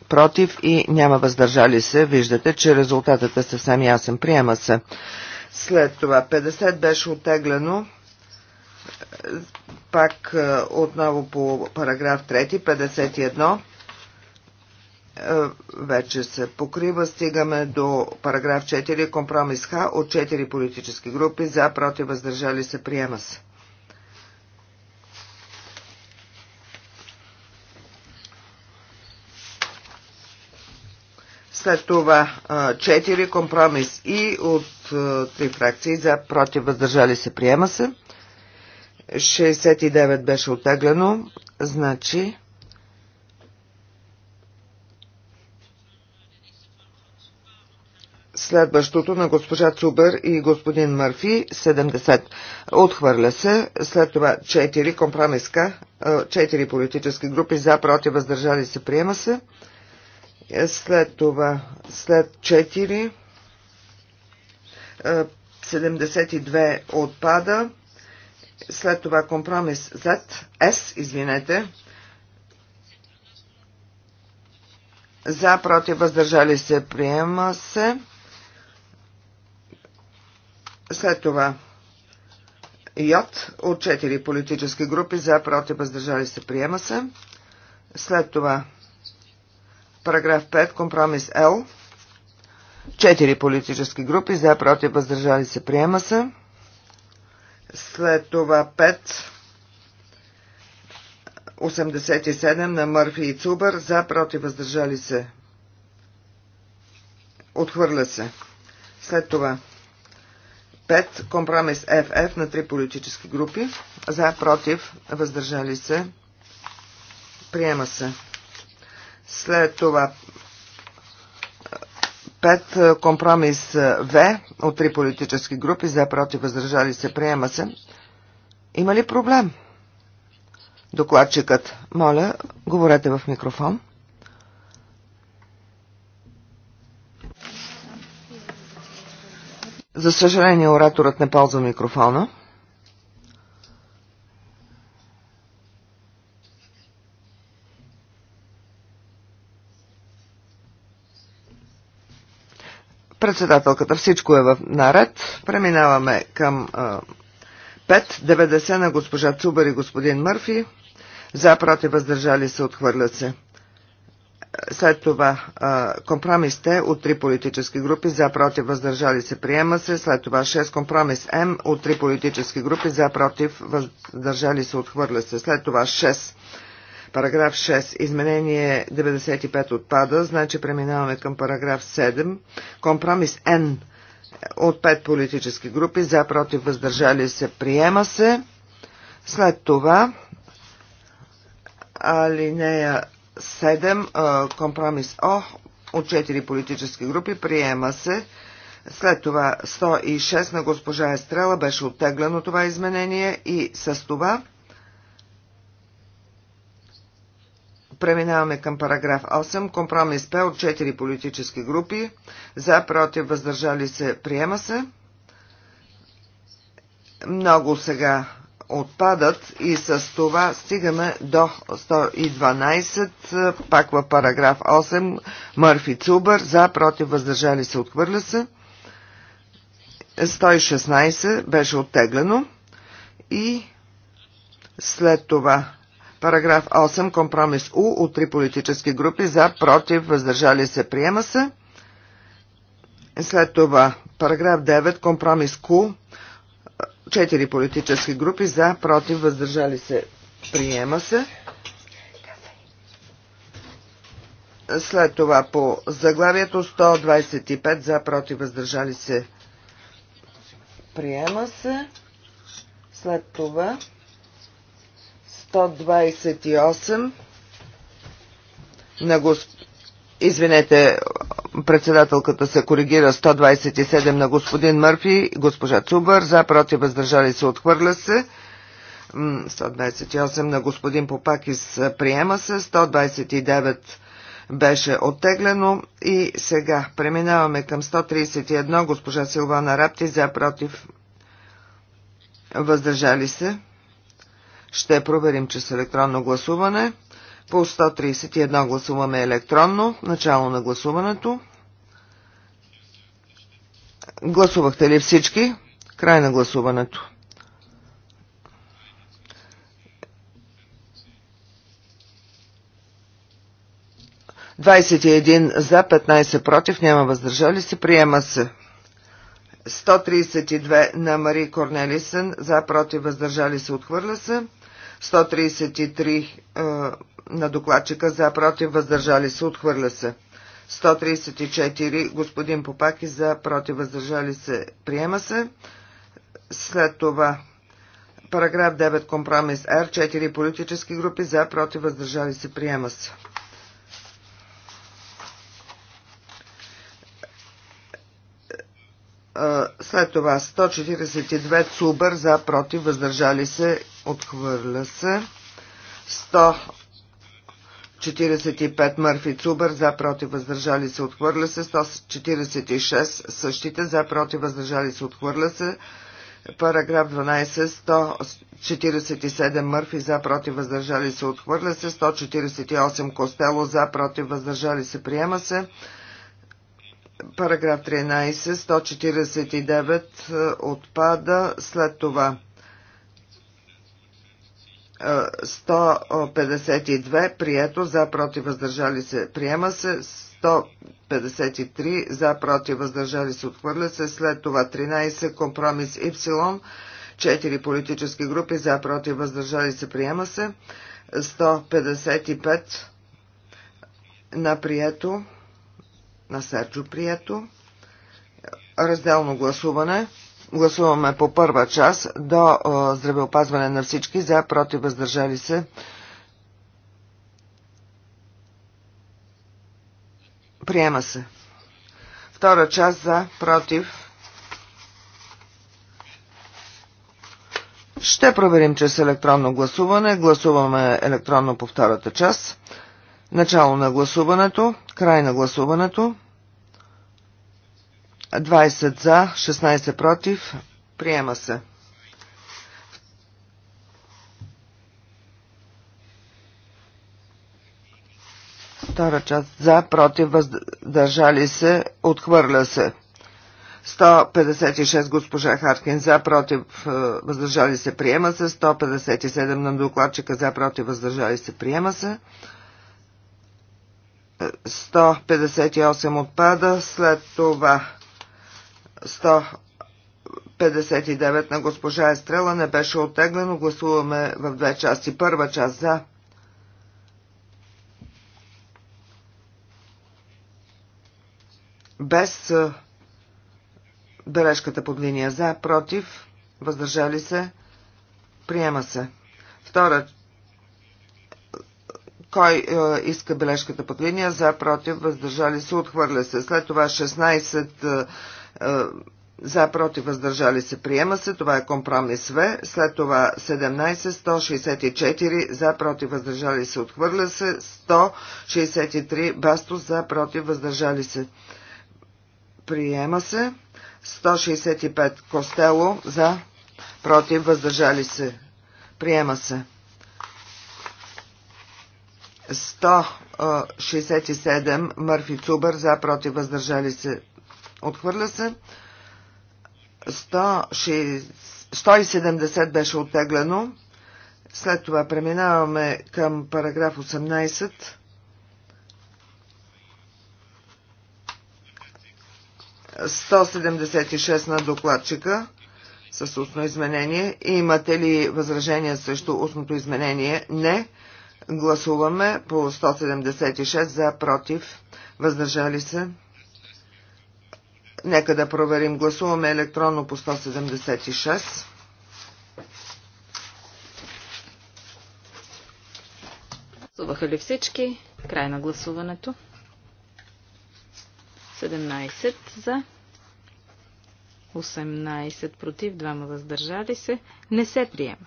против и няма въздържали се. Виждате, че резултатът е съвсем ясен. Приема се. След това 50 беше отеглено. Пак е, отново по параграф 3, 51 е, вече се покрива. Стигаме до параграф 4, компромис Х от 4 политически групи, за, против, въздържали се, приема се. След това 4 компромис и от 3 фракции за против въздържали се приема се. 69 беше оттеглено, значи следващото на госпожа Цубър и господин Мърфи 70. Отхвърля се. След това 4 компромиска, 4 политически групи за, против, въздържали се, приема се. След това, след 4, 72 отпада. След това компромис Z, S, извинете. За, против, въздържали се, приема се. След това Йод от 4 политически групи за, против, въздържали се, приема се. След това Параграф 5. Компромис Л. Четири политически групи. За, против, въздържали се. Приема се. След това 5. 87 на Мърфи и Цубър. За, против, въздържали се. Отхвърля се. След това 5. Компромис ФФ на три политически групи. За, против, въздържали се. Приема се. След това 5. Е, компромис е, В от три политически групи за против въздържали се приема се. Има ли проблем? Докладчикът. Моля, говорете в микрофон. За съжаление, ораторът не ползва микрофона. Председателката, всичко е в наред. Преминаваме към 5.90 на госпожа Цубър и господин Мърфи. За, против, въздържали се, отхвърлят се. След това компромисте от три политически групи за против въздържали се приема се. След това 6 компромис М от три политически групи за против въздържали се отхвърля се. След това 6 Параграф 6. Изменение 95 отпада, значи преминаваме към параграф 7. Компромис Н от 5 политически групи. За, против, въздържали се, приема се. След това алинея 7, компромис О от 4 политически групи, приема се. След това 106 на госпожа Естрела беше оттеглено това изменение и с това Преминаваме към параграф 8. Компромис П от 4 политически групи. За, против, въздържали се, приема се. Много сега отпадат и с това стигаме до 112, пак в параграф 8, Мърфи Цубър, за, против, въздържали се, отхвърля се. 116 беше оттеглено и след това Параграф 8. Компромис У от три политически групи. За, против, въздържали се, приема се. След това параграф 9. Компромис Ку. Четири политически групи. За, против, въздържали се, приема се. След това по заглавието 125 за против въздържали се приема се. След това 128 на госп... Извинете, председателката се коригира 127 на господин Мърфи, госпожа Цубър, за против въздържали се, отхвърля се. 128 на господин Попакис приема се, 129 беше оттеглено и сега преминаваме към 131 госпожа Силвана Рапти за против въздържали се. Ще проверим, че с електронно гласуване. По 131 гласуваме електронно. Начало на гласуването. Гласувахте ли всички? Край на гласуването. за, 15 против, няма въздържали се, приема се. 132 на Мари Корнелисен, за, против, въздържали се, отхвърля се. 133 на докладчика за против въздържали се отхвърля се. 134 господин Попаки за против въздържали се приема се. След това параграф 9 компромис Р 4 политически групи за против въздържали се приема се. След това 142 ЦУБър за против въздържали се Отхвърля се. 145 Мърфи Цубър за против въздържали се. Отхвърля се. 146 същите за против въздържали се. Отхвърля се. Параграф 12, 147 Мърфи за против въздържали се отхвърля се, 148 Костело за против въздържали се приема се. Параграф 13, 149 е, отпада, след това 152 прието за против въздържали се приема се 153 за против въздържали се отхвърля се след това 13 компромис Y 4 политически групи за против въздържали се приема се 155 на прието на Серджо прието разделно гласуване Гласуваме по първа част до здравеопазване на всички за против въздържали се. Приема се. Втора част за против. Ще проверим чрез електронно гласуване. Гласуваме електронно по втората част. Начало на гласуването, край на гласуването. 20 за, 16 против. Приема се. Втора част за, против, въздържали се, отхвърля се. 156 госпожа Харкин за, против, е, въздържали се, приема се. 157 на докладчика за, против, въздържали се, приема се. 158 е, отпада, след това 159 на госпожа Естрела не беше оттеглено. Гласуваме в две части. Първа част за. Без бележката под линия за, против, въздържали се, приема се. Втора кой е, иска бележката под линия, за, против, въздържали се, отхвърля се. След това 16 е, за против въздържали се приема се, това е компромис В, след това 17 164 за против въздържали се отхвърля се, 163 басто за против въздържали се приема се, 165 Костело за против въздържали се приема се. 167 Мърфи Цубър за против въздържали се Отхвърля се. 170 беше оттеглено. След това преминаваме към параграф 18. 176 на докладчика с устно изменение. Имате ли възражения срещу устното изменение? Не. Гласуваме по 176 за, против, въздържали се. Нека да проверим. Гласуваме електронно по 176. Гласуваха ли всички? Край на гласуването. 17 за, 18 против, 2 въздържали се. Не се приема.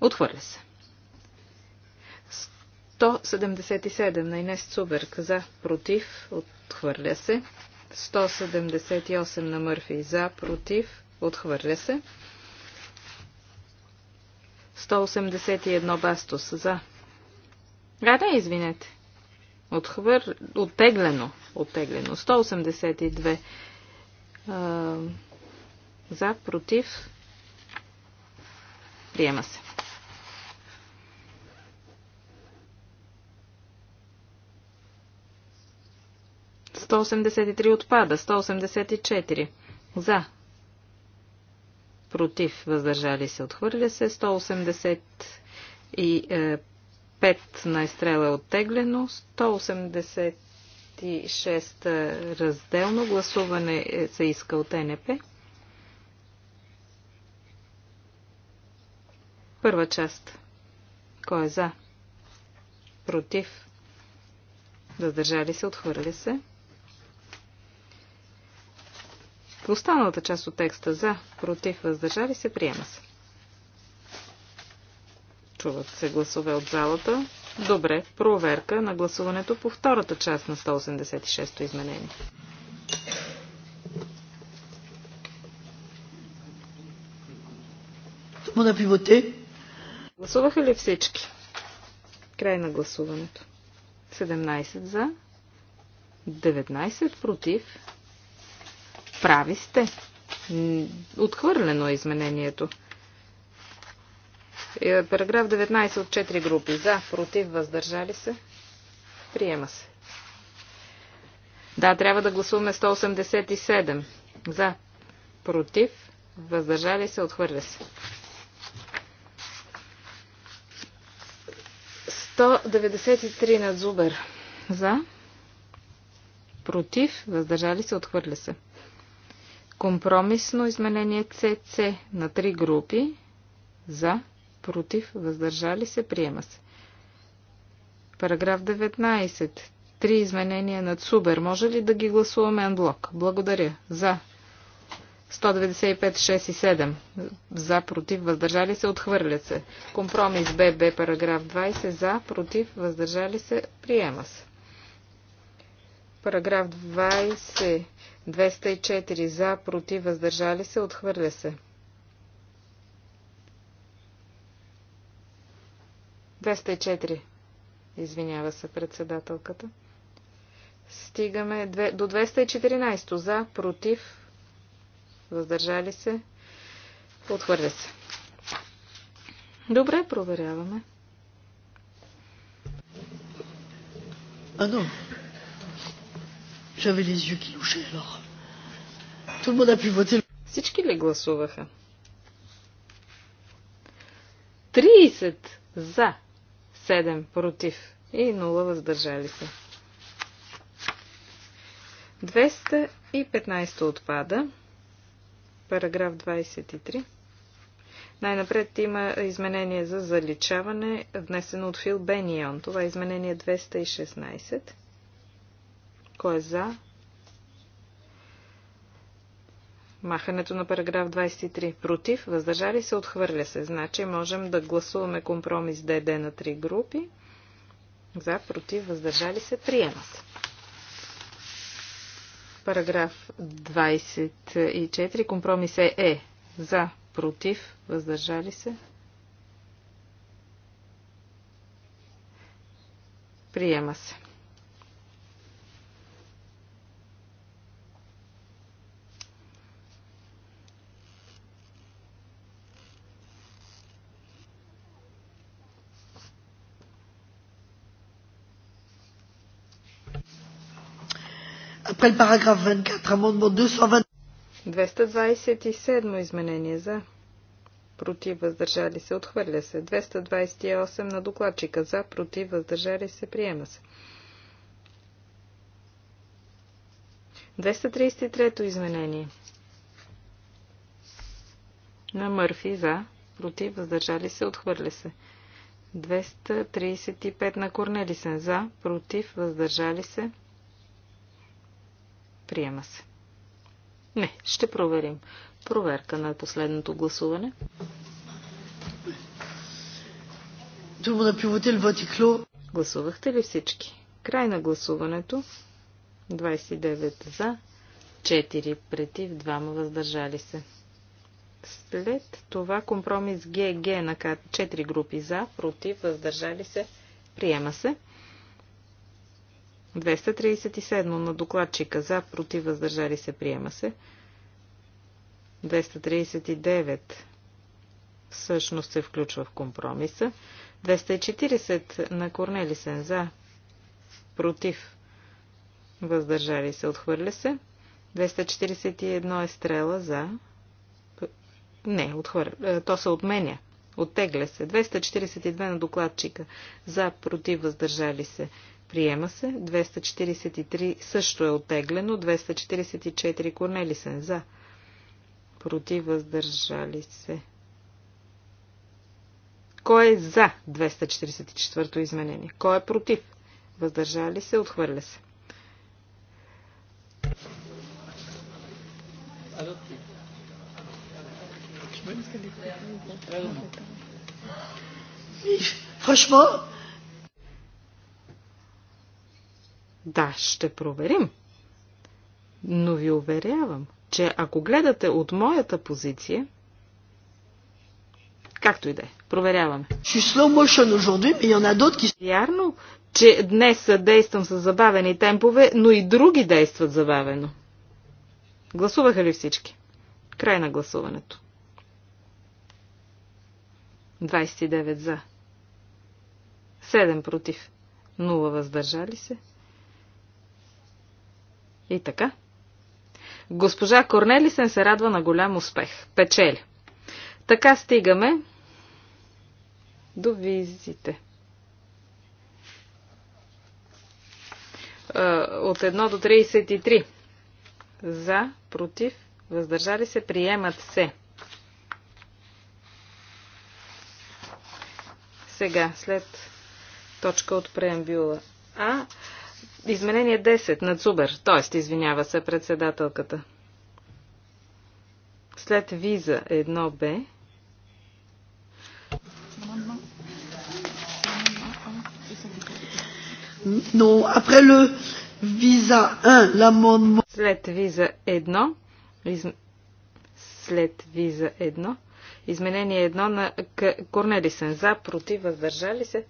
Отхвърля се. 177 на Инес Цуберк за, против, отхвърля се. 178 на Мърфи за, против, отхвърля се. 181 Бастос за. А, да, извинете. Отхвър... Оттеглено. Оттеглено. 182 а, за, против, приема се. 183 отпада. 184. За. Против. Въздържали се. Отхвърля се. 185 на изстрела е оттеглено. 186 разделно. Гласуване се иска от НП. Първа част. Кой е за? Против. Въздържали се, отхвърля се. Останалата част от текста за, против, въздържали се, приема се. Чуват се гласове от залата. Добре, проверка на гласуването по втората част на 186-то изменение. Мона пивоте. Гласуваха ли всички? Край на гласуването. 17 за, 19 против, прави сте. Отхвърлено е изменението. Е, параграф 19 от 4 групи. За, против, въздържали се. Приема се. Да, трябва да гласуваме 187. За, против, въздържали се, отхвърля се. 193 над Зубер. За, против, въздържали се, отхвърля се. Компромисно изменение CC на три групи за, против, въздържали се, приема се. Параграф 19. Три изменения на ЦУБЕР. Може ли да ги гласуваме анблок? Благодаря. За. 195, 6 и 7. За, против, въздържали се, отхвърлят се. Компромис ББ, параграф 20. За, против, въздържали се, приема се. Параграф 20. 204 за, против, въздържали се, отхвърля се. 204. Извинява се председателката. Стигаме до 214 за, против, въздържали се, отхвърля се. Добре, проверяваме. А, J'avais les yeux qui louchaient alors. Tout le monde a pu voter. Всички ли гласуваха? 30 за, 7 против и 0 въздържали се. 215 отпада. Параграф 23. Най-напред има изменение за заличаване, внесено от Фил Бенион. Това е изменение 216. Кой е за? Махането на параграф 23. Против, въздържали се, отхвърля се. Значи можем да гласуваме компромис ДД на три групи. За, против, въздържали се, приема се. Параграф 24. Компромис е Е. За, против, въздържали се. Приема се. Après le paragraphe 24, amendement 220. 227 изменение за. Против въздържали се. Отхвърля се. 228 на докладчика за. Против въздържали се. Приема се. 233 изменение. На Мърфи за. Против въздържали се. Отхвърля се. 235 на Корнелисен за. Против въздържали се. Приема се. Не, ще проверим. Проверка на последното гласуване. Гласувахте ли всички? Край на гласуването. 29 за, 4 против, 2 въздържали се. След това компромис ГГ на 4 групи за, против, въздържали се, приема се. 237 на докладчика за, против, въздържали се, приема се. 239 всъщност се включва в компромиса. 240 на Корнелисен за, против, въздържали се, отхвърля се. 241 е стрела за. Не, отхвърля. Е, то се отменя. Оттегля се. 242 на докладчика. За, против, въздържали се. Приема се. 243 също е оттеглено. 244 Корнелисен за. Против въздържали се. Кой е за 244-то изменение? Кой е против? Въздържали се, отхвърля се. Franchement, Да, ще проверим. Но ви уверявам, че ако гледате от моята позиция, както и да е, проверяваме. Вярно, че днес действам с забавени темпове, но и други действат забавено. Гласуваха ли всички? Край на гласуването. 29 за. 7 против. 0 въздържали се. И така. Госпожа Корнелисен се радва на голям успех. Печели. Така стигаме до визите. Е, от 1 до 33. За, против, въздържали се, приемат се. Сега, след точка от преамбюла А, Изменение 10 на Цубер, т.е. извинява се председателката. След виза 1Б. Но, après le виза 1, l'amendement... След виза 1, из... след виза 1, изменение 1 на Корнелисен за, против, въздържали се,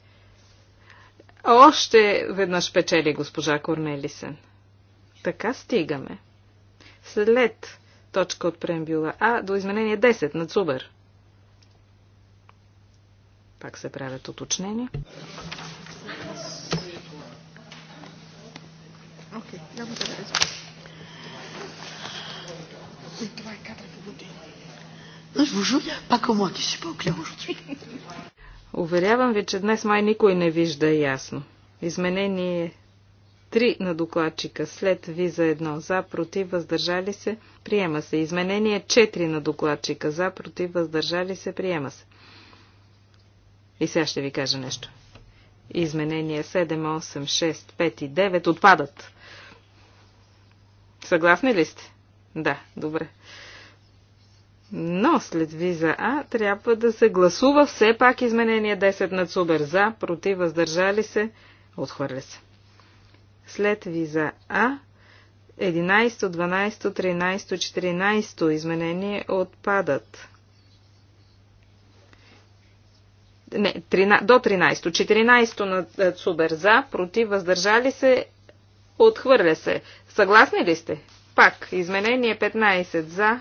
още веднъж печели госпожа Корнелисен. Така стигаме. След точка от преамбюла А до изменение 10 на Цубър. Пак се правят уточнения. Okay, няма Това е кадър Moi, je vous jure, pas que moi qui suis pas au clair aujourd'hui. Уверявам ви, че днес май никой не вижда ясно. Изменение 3 на докладчика след виза едно за, против, въздържали се, приема се. Изменение 4 на докладчика за, против, въздържали се, приема се. И сега ще ви кажа нещо. Изменения 7, 8, 6, 5 и 9 отпадат. Съгласни ли сте? Да, добре. Но след виза А трябва да се гласува все пак изменение 10 на Цубер за, против, въздържали се, отхвърля се. След виза А 11, 12, 13, 14 изменение отпадат. Не, 13, до 13. 14 на Цубер за, против, въздържали се, отхвърля се. Съгласни ли сте? Пак, изменение 15 за,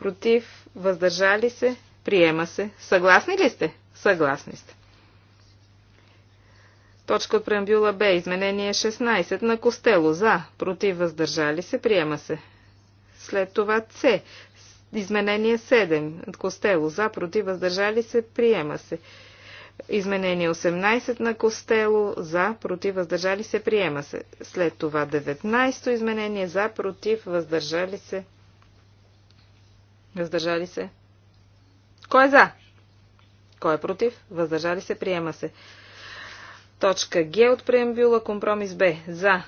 против, въздържали се, приема се. Съгласни ли сте? Съгласни сте. Точка от преамбюла Б. Изменение 16 на Костело. За. Против. Въздържали се. Приема се. След това С. Изменение 7 от Костело. За. Против. Въздържали се. Приема се. Изменение 18 на Костело. За. Против. Въздържали се. Приема се. След това 19 изменение. За. Против. Въздържали се. Въздържали се. Кой е за? Кой е против? Въздържали се. Приема се. Точка Г от преамбюла. Компромис Б. За.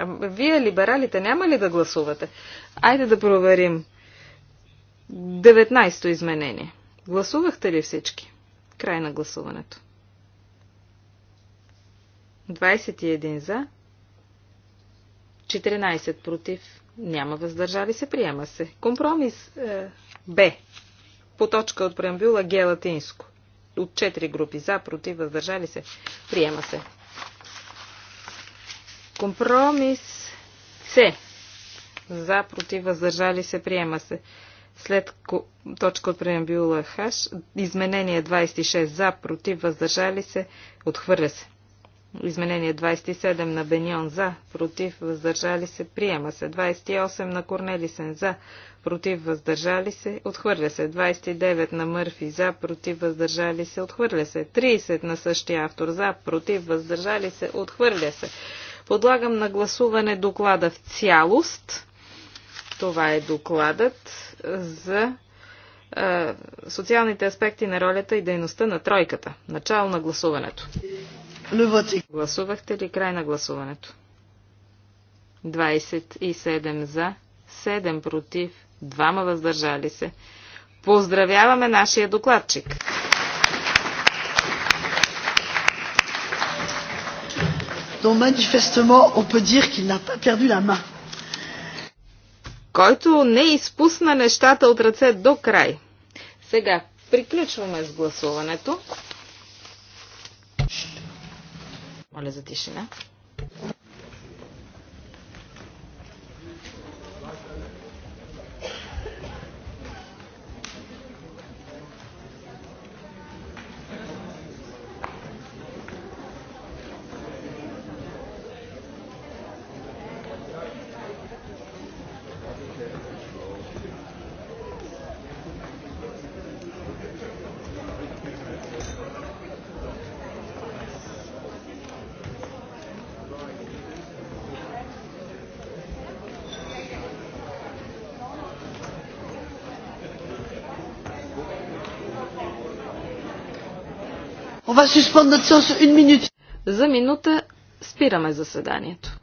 А вие, либералите, няма ли да гласувате? Айде да проверим. 19-то изменение. Гласувахте ли всички? Край на гласуването. 21 за, 14 против, няма въздържали се, приема се. Компромис е, Б. По точка от преамбюла Г латинско. От 4 групи за, против, въздържали се, приема се. Компромис С. За, против, въздържали се, приема се. След точка от преамбюла Х, изменение 26 за, против, въздържали се, отхвърля се. Изменение 27 на Беньон за, против, въздържали се, приема се. 28 на Корнелисен за, против, въздържали се, отхвърля се. 29 на Мърфи за, против, въздържали се, отхвърля се. 30 на същия автор за, против, въздържали се, отхвърля се. Подлагам на гласуване доклада в цялост. Това е докладът за е, социалните аспекти на ролята и дейността на тройката. Начало на гласуването. Гласувахте ли край на гласуването? 27 за, 7 против, 2 въздържали се. Поздравяваме нашия докладчик! Donc manifestement, on peut dire qu'il n'a pas perdu la main. Който не изпусна нещата от ръце до край. Сега приключваме с гласуването. Моля за тишина. За минута спираме заседанието.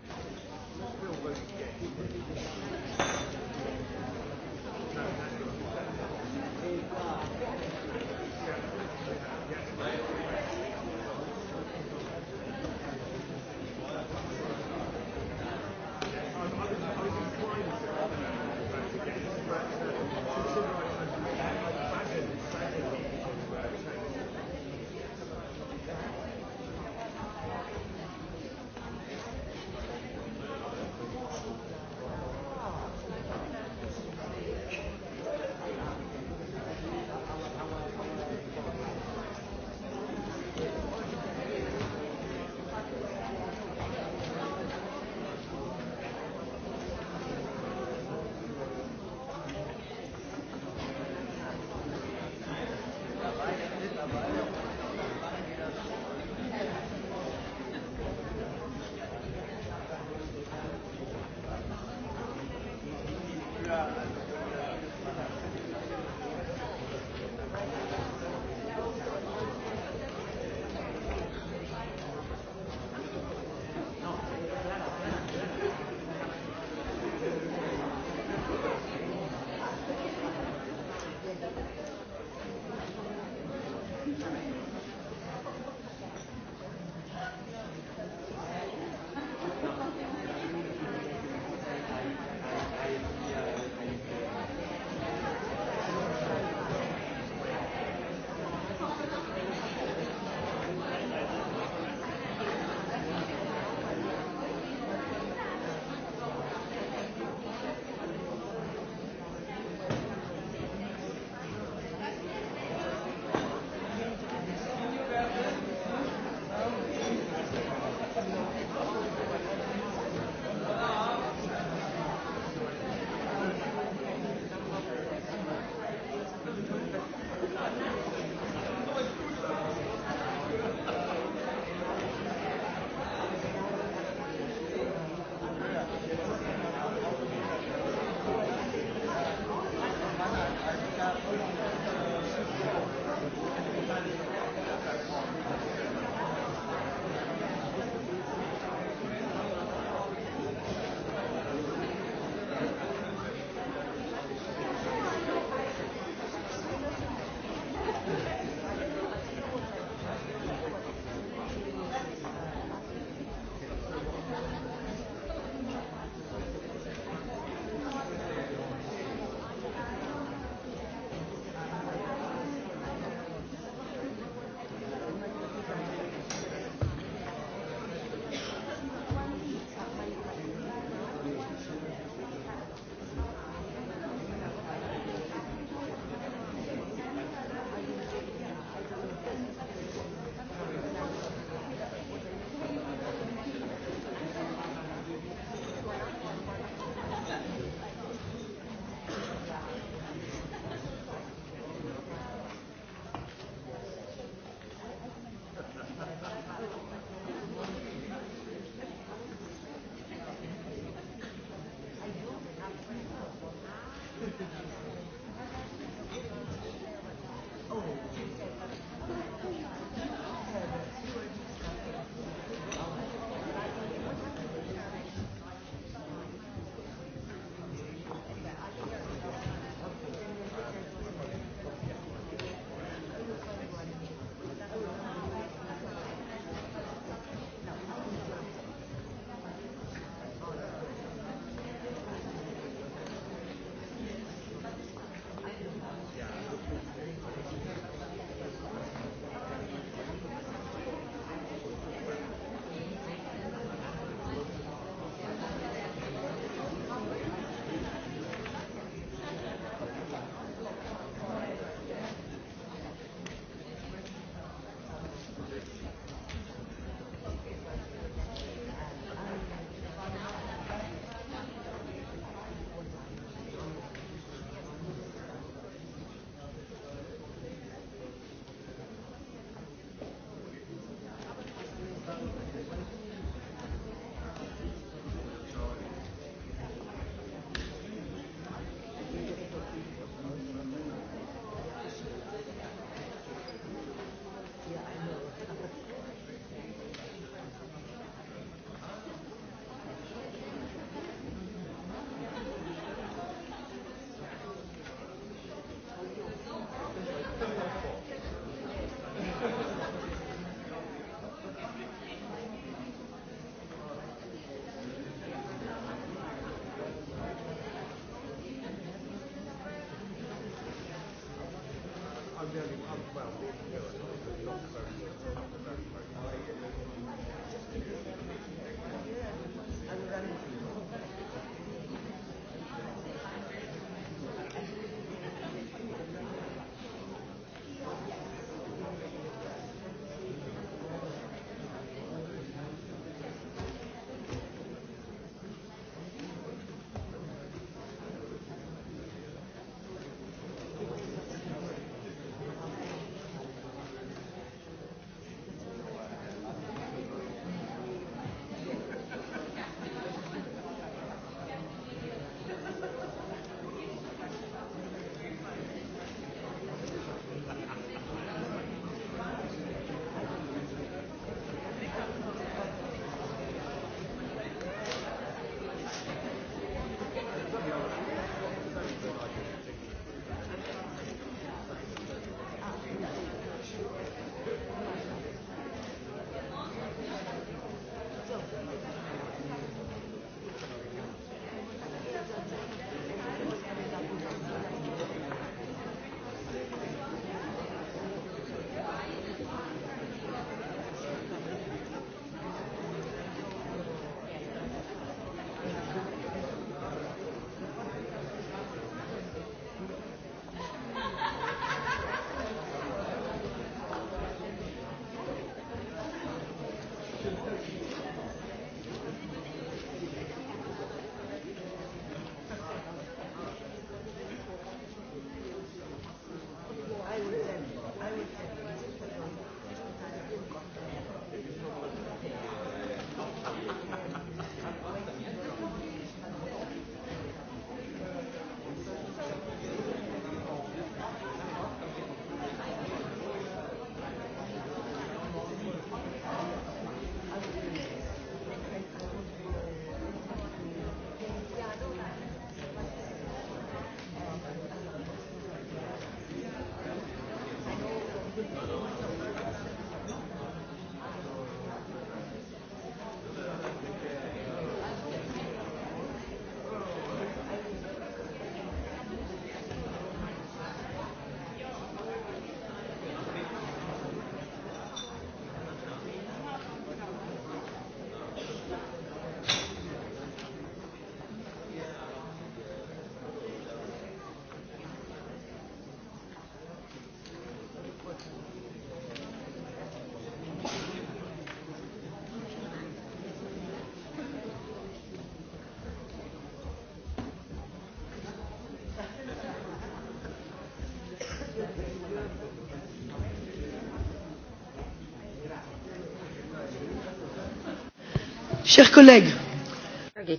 Chers collègues.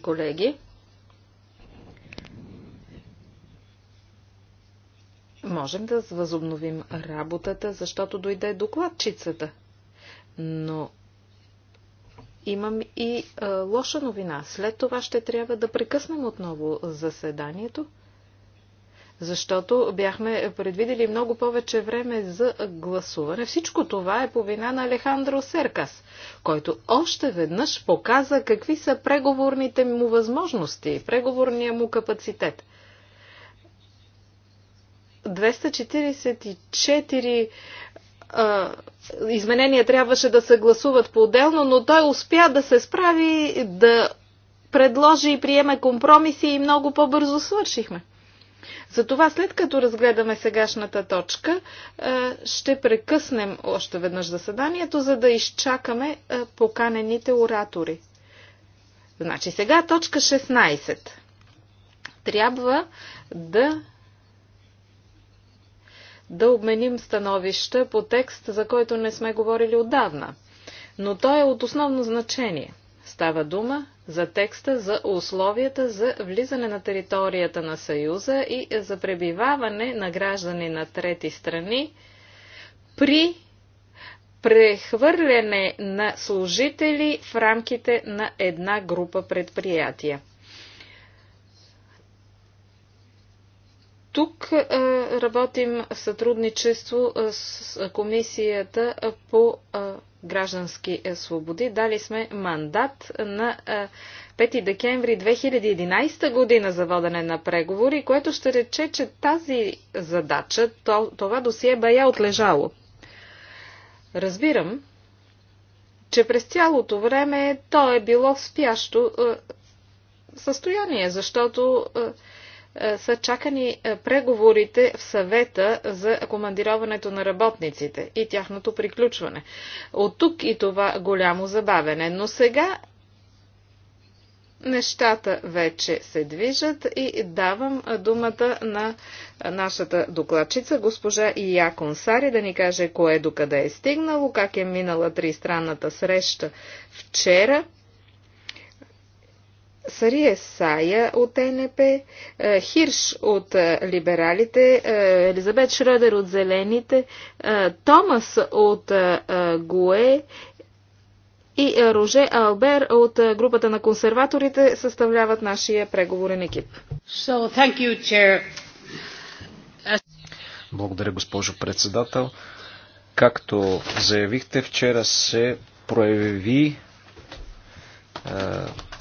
колеги, можем да възобновим работата, защото дойде докладчицата. Но имам и а, лоша новина. След това ще трябва да прекъснем отново заседанието защото бяхме предвидели много повече време за гласуване. Всичко това е по вина на Алехандро Серкас, който още веднъж показа какви са преговорните му възможности, преговорния му капацитет. 244 изменения трябваше да се гласуват по-отделно, но той успя да се справи, да предложи и приеме компромиси и много по-бързо свършихме. Затова след като разгледаме сегашната точка, е, ще прекъснем още веднъж заседанието, за да изчакаме е, поканените оратори. Значи сега точка 16. Трябва да да обменим становища по текст, за който не сме говорили отдавна. Но той е от основно значение. Става дума за текста за условията за влизане на територията на Съюза и за пребиваване на граждани на трети страни при прехвърляне на служители в рамките на една група предприятия. Тук е, работим в сътрудничество е, с Комисията по е, граждански свободи. Дали сме мандат на 5 декември 2011 година за водене на преговори, което ще рече, че тази задача, това досие бая отлежало. Разбирам, че през цялото време то е било в спящо състояние, защото е, са чакани е, преговорите в съвета за командироването на работниците и тяхното приключване. От тук и това голямо забавене. Но сега нещата вече се движат и давам думата на нашата докладчица, госпожа Ия Консари, да ни каже кое докъде е стигнало, как е минала тристранната среща вчера – Сария Сая от НП, е, Хирш от е, либералите, е, Елизабет Шръдер от зелените, Томас от ГУЕ и Роже Албер от групата на консерваторите съставляват нашия преговорен екип. So, thank you, chair. Благодаря, госпожо председател. Както заявихте, вчера се прояви е,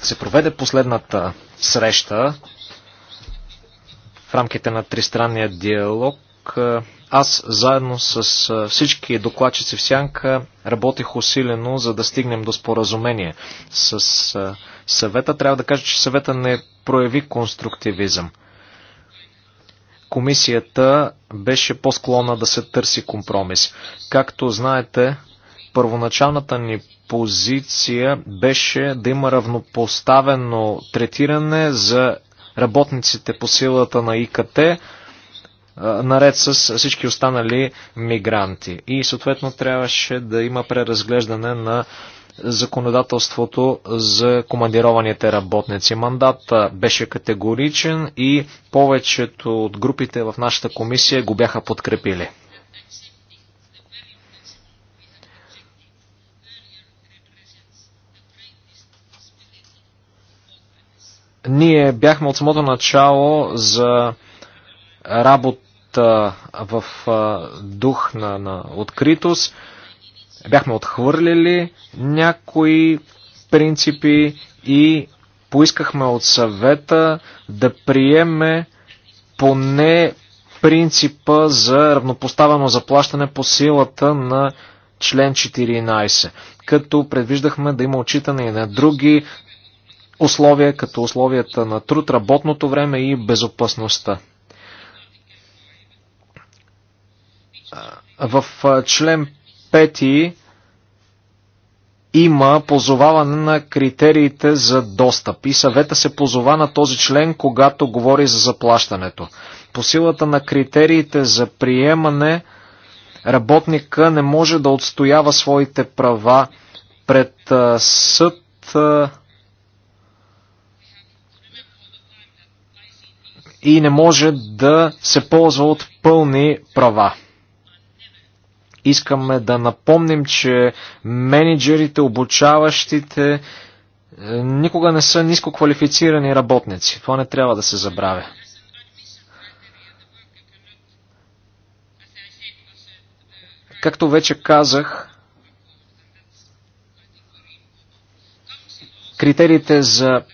се проведе последната среща в рамките на тристранния диалог, е, аз заедно с е, всички докладчици в Сянка работих усилено, за да стигнем до споразумение с съвета. Трябва да кажа, че съвета не прояви конструктивизъм. Комисията беше по-склонна да се търси компромис. Както знаете, Първоначалната ни позиция беше да има равнопоставено третиране за работниците по силата на ИКТ, наред с всички останали мигранти. И съответно трябваше да има преразглеждане на законодателството за командированите работници. Мандата беше категоричен и повечето от групите в нашата комисия го бяха подкрепили. Ние бяхме от самото начало за работа в дух на, на откритост. Бяхме отхвърлили някои принципи и поискахме от съвета да приеме поне принципа за равнопоставено заплащане по силата на член 14, като предвиждахме да има отчитане и на други условия, като условията на труд, работното време и безопасността. В член 5 има позоваване на критериите за достъп и съвета се позова на този член, когато говори за заплащането. По силата на критериите за приемане, работника не може да отстоява своите права пред съд и не може да се ползва от пълни права. Искаме да напомним, че менеджерите, обучаващите е, никога не са ниско квалифицирани работници. Това не трябва да се забравя. Както вече казах, критериите за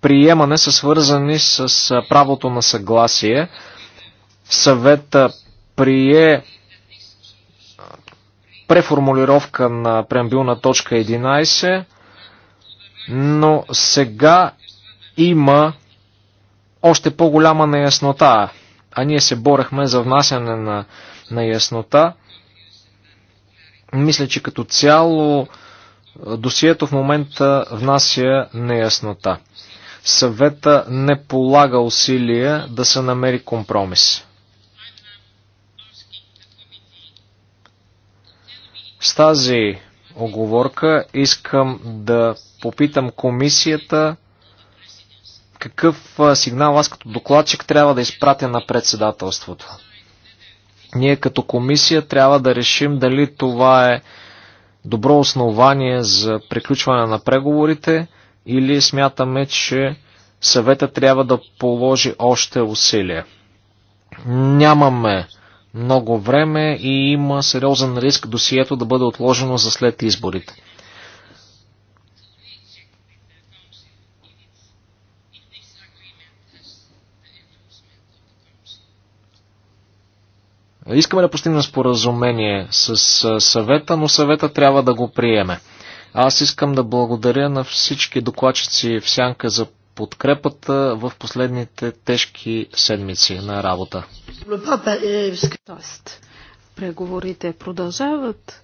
приемане са свързани с правото на съгласие. Съвета прие преформулировка на преамбилна точка 11, но сега има още по-голяма неяснота, а ние се борехме за внасяне на, на яснота. Мисля, че като цяло досието в момента внася неяснота съвета не полага усилия да се намери компромис. С тази оговорка искам да попитам комисията какъв сигнал аз като докладчик трябва да изпратя на председателството. Ние като комисия трябва да решим дали това е добро основание за приключване на преговорите – или смятаме, че съвета трябва да положи още усилия. Нямаме много време и има сериозен риск досието да бъде отложено за след изборите. Искаме да постигнем споразумение с съвета, но съвета трябва да го приеме. Аз искам да благодаря на всички докладчици в сянка за подкрепата в последните тежки седмици на работа. Тоест, преговорите продължават.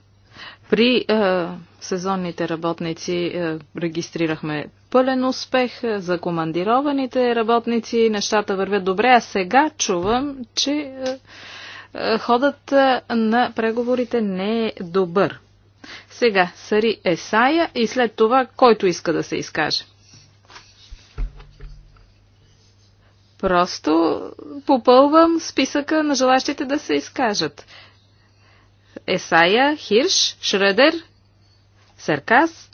При е, сезонните работници е, регистрирахме пълен успех. За командированите работници нещата вървят добре, а сега чувам, че е, е ходът е, на преговорите не е добър. Сега Сари Есая и след това който иска да се изкаже. Просто попълвам списъка на желащите да се изкажат. Есая, Хирш, Шредер, Серкас.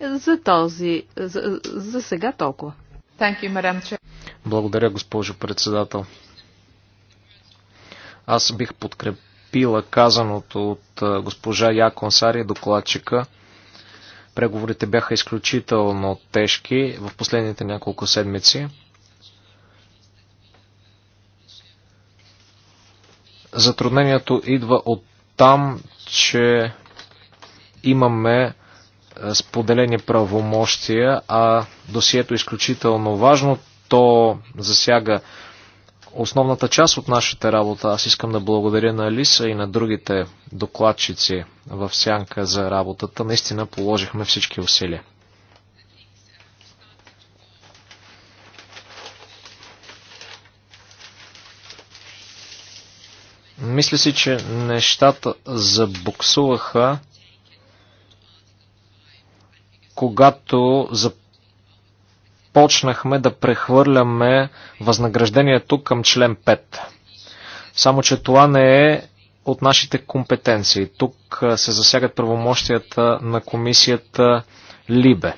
За този, за, за сега толкова. You, Благодаря, госпожо председател. Аз бих подкрепил подкрепила казаното от госпожа Яконсари, докладчика. Преговорите бяха изключително тежки в последните няколко седмици. Затруднението идва от там, че имаме споделени правомощия, а досието е изключително важно. То засяга основната част от нашата работа. Аз искам да благодаря на Алиса и на другите докладчици в сянка за работата. Наистина положихме всички усилия. Мисля си, че нещата забуксуваха, когато за започнахме да прехвърляме възнаграждението към член 5. Само, че това не е от нашите компетенции. Тук се засягат правомощията на комисията Либе.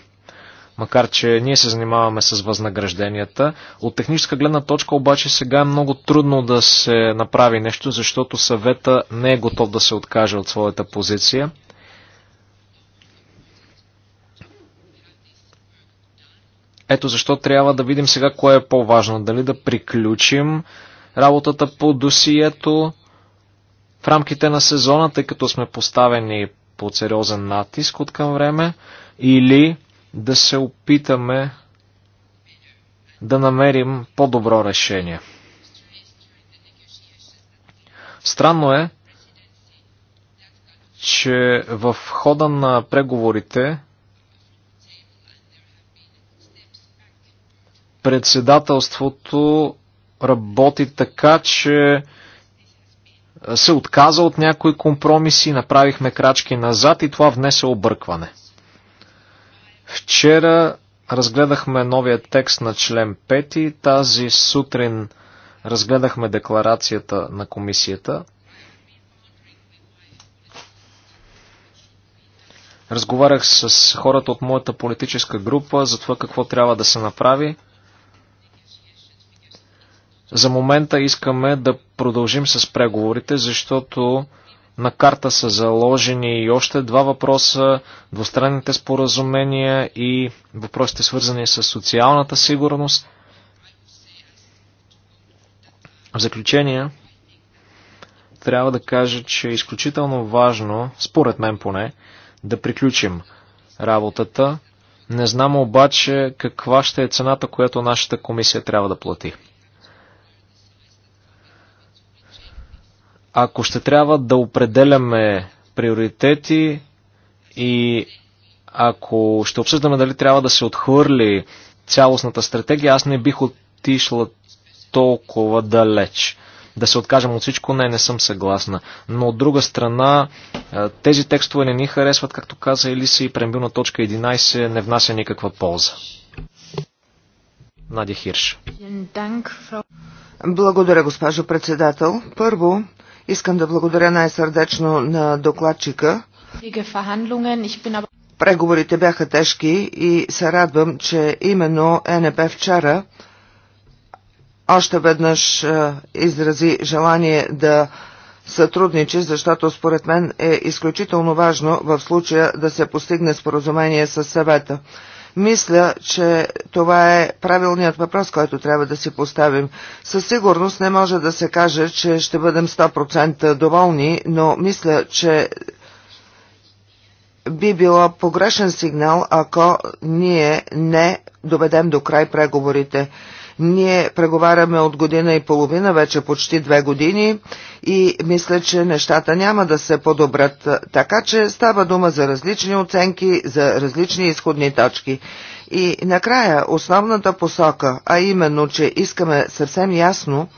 Макар, че ние се занимаваме с възнагражденията. От техническа гледна точка обаче сега е много трудно да се направи нещо, защото съвета не е готов да се откаже от своята позиция. Ето защо трябва да видим сега кое е по-важно. Дали да приключим работата по досието в рамките на сезона, тъй като сме поставени под сериозен натиск от към време, или да се опитаме да намерим по-добро решение. Странно е, че в хода на преговорите председателството работи така, че се отказа от някои компромиси, направихме крачки назад и това внесе объркване. Вчера разгледахме новия текст на член 5, тази сутрин разгледахме декларацията на комисията. Разговарях с хората от моята политическа група за това какво трябва да се направи. За момента искаме да продължим с преговорите, защото на карта са заложени и още два въпроса двустранните споразумения и въпросите свързани с социалната сигурност. В заключение, трябва да кажа, че е изключително важно, според мен поне, да приключим работата. Не знам обаче каква ще е цената, която нашата комисия трябва да плати. Ако ще трябва да определяме приоритети и ако ще обсъждаме дали трябва да се отхвърли цялостната стратегия, аз не бих отишла толкова далеч. Да се откажем от всичко, не, не съм съгласна. Но от друга страна, тези текстове не ни харесват, както каза Елиса и на точка 11 не внася никаква полза. Надя Хирш. Благодаря, госпожо председател. Първо, Искам да благодаря най-сърдечно на докладчика. Преговорите бяха тежки и се радвам, че именно НП вчера още веднъж е, изрази желание да сътрудничи, защото според мен е изключително важно в случая да се постигне споразумение с съвета. Мисля, че това е правилният въпрос, който трябва да си поставим. Със сигурност не може да се каже, че ще бъдем 100% доволни, но мисля, че би било погрешен сигнал, ако ние не доведем до край преговорите. Ние преговаряме от година и половина, вече почти две години и мисля, че нещата няма да се подобрят. Така че става дума за различни оценки, за различни изходни точки. И накрая основната посока, а именно, че искаме съвсем ясно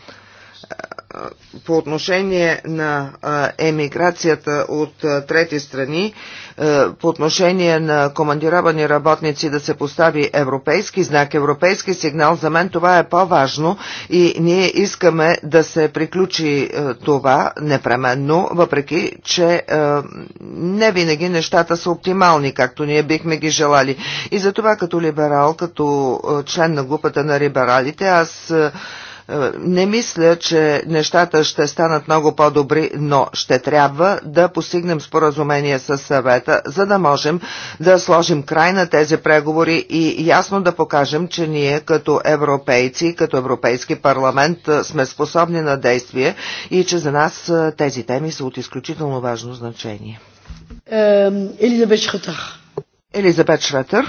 по отношение на емиграцията от трети страни, по отношение на командиравани работници да се постави европейски знак, европейски сигнал, за мен това е по-важно и ние искаме да се приключи това непременно, въпреки, че не винаги нещата са оптимални, както ние бихме ги желали. И за това като либерал, като член на групата на либералите, аз не мисля, че нещата ще станат много по-добри, но ще трябва да постигнем споразумение с съвета, за да можем да сложим край на тези преговори и ясно да покажем, че ние като европейци, като Европейски парламент сме способни на действие и че за нас тези теми са от изключително важно значение. Елизабет Шретър. Елизабет Шретър.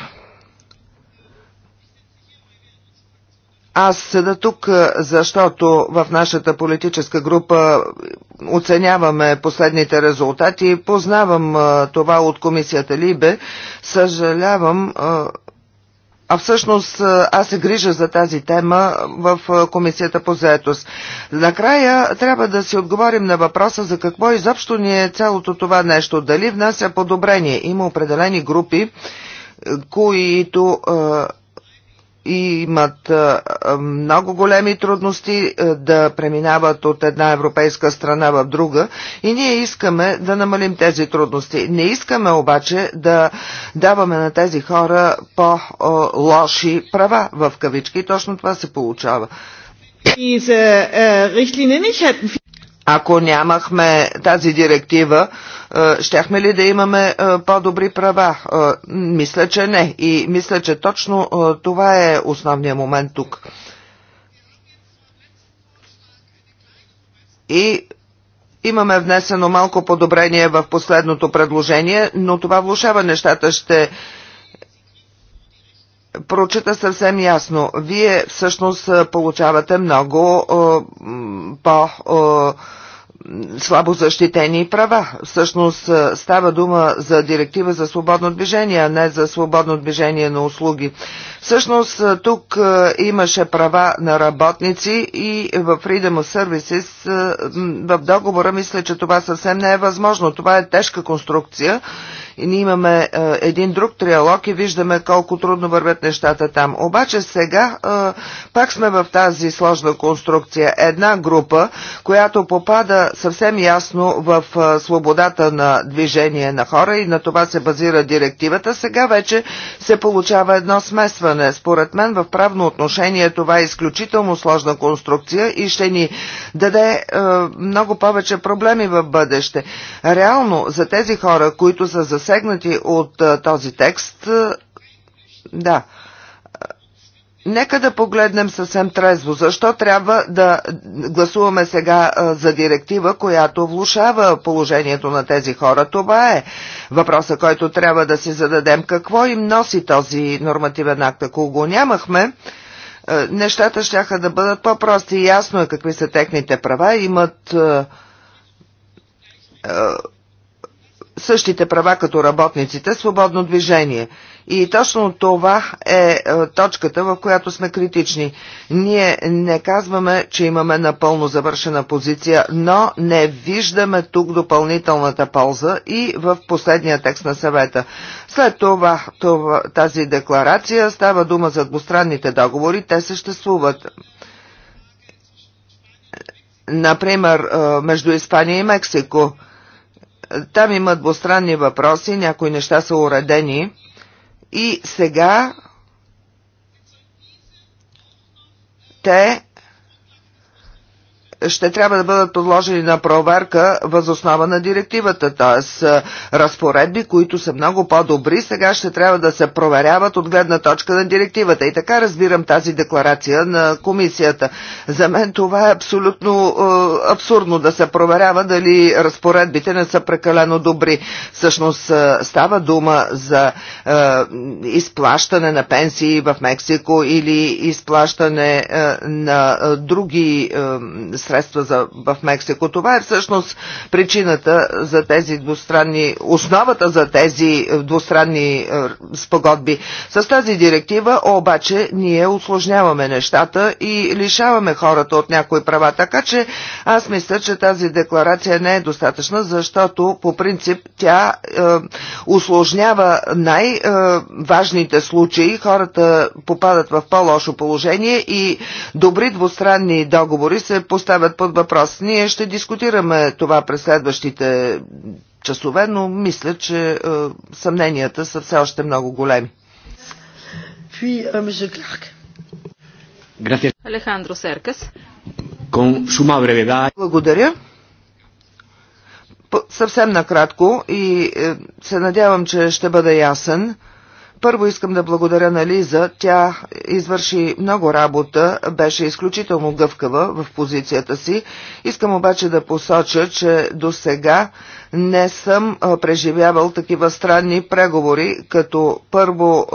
Аз седа тук, защото в нашата политическа група оценяваме последните резултати. Познавам това от комисията Либе. Съжалявам, а всъщност аз се грижа за тази тема в Комисията по заетост. Накрая трябва да си отговорим на въпроса за какво изобщо ни е цялото това нещо. Дали внася подобрение? Има определени групи, които и имат много големи трудности да преминават от една европейска страна в друга и ние искаме да намалим тези трудности. Не искаме обаче да даваме на тези хора по-лоши права в кавички. Точно това се получава. Е, ако нямахме тази директива, е, щяхме ли да имаме е, по-добри права? Е, мисля, че не. И мисля, че точно това е основният момент тук. И Имаме внесено малко подобрение в последното предложение, но това влушава нещата. Ще прочита съвсем ясно. Вие всъщност получавате много по- слабо защитени права. Всъщност става дума за директива за свободно движение, а не за свободно движение на услуги. Всъщност тук имаше права на работници и в Freedom of Services в договора мисля, че това съвсем не е възможно. Това е тежка конструкция и ние имаме е, един друг триалог и виждаме колко трудно вървят нещата там. Обаче сега е, пак сме в тази сложна конструкция. Една група, която попада съвсем ясно в е, свободата на движение на хора и на това се базира директивата, сега вече се получава едно смесване. Според мен в правно отношение това е изключително сложна конструкция и ще ни даде е, много повече проблеми в бъдеще. Реално за тези хора, които са за засегнати от този текст, да. Нека да погледнем съвсем трезво. Защо трябва да гласуваме сега за директива, която влушава положението на тези хора? Това е въпроса, който трябва да си зададем. Какво им носи този нормативен акт? Ако го нямахме, нещата ще да бъдат по-прости. Ясно е какви са техните права. Имат същите права като работниците, свободно движение. И точно това е, е точката, в която сме критични. Ние не казваме, че имаме напълно завършена позиция, но не виждаме тук допълнителната полза и в последния текст на съвета. След това, това тази декларация става дума за двустранните договори, те съществуват. Например, е, между Испания и Мексико – там има двустранни въпроси, някои неща са уредени. И сега те ще трябва да бъдат подложени на проверка възоснова на директивата, т.е. разпоредби, които са много по-добри, сега ще трябва да се проверяват от гледна точка на директивата. И така разбирам тази декларация на комисията. За мен това е абсолютно е, абсурдно да се проверява дали разпоредбите не са прекалено добри. Всъщност е, става дума за е, изплащане на пенсии в Мексико или изплащане е, на е, други е, средства за, в Мексико. Това е всъщност причината за тези двустранни, основата за тези двустранни е, спогодби. С тази директива обаче ние усложняваме нещата и лишаваме хората от някои права. Така че аз мисля, че тази декларация не е достатъчна, защото по принцип тя е, усложнява най-важните случаи. Хората попадат в по-лошо положение и добри двустранни договори се поставят поставят под въпрос. Ние ще дискутираме това през следващите часове, но мисля, че е, съмненията са все още много големи. Алехандро Серкас. Благодаря. Съвсем накратко и е, се надявам, че ще бъда ясен. Първо искам да благодаря на Лиза. Тя извърши много работа, беше изключително гъвкава в позицията си. Искам обаче да посоча, че до сега не съм преживявал такива странни преговори, като първо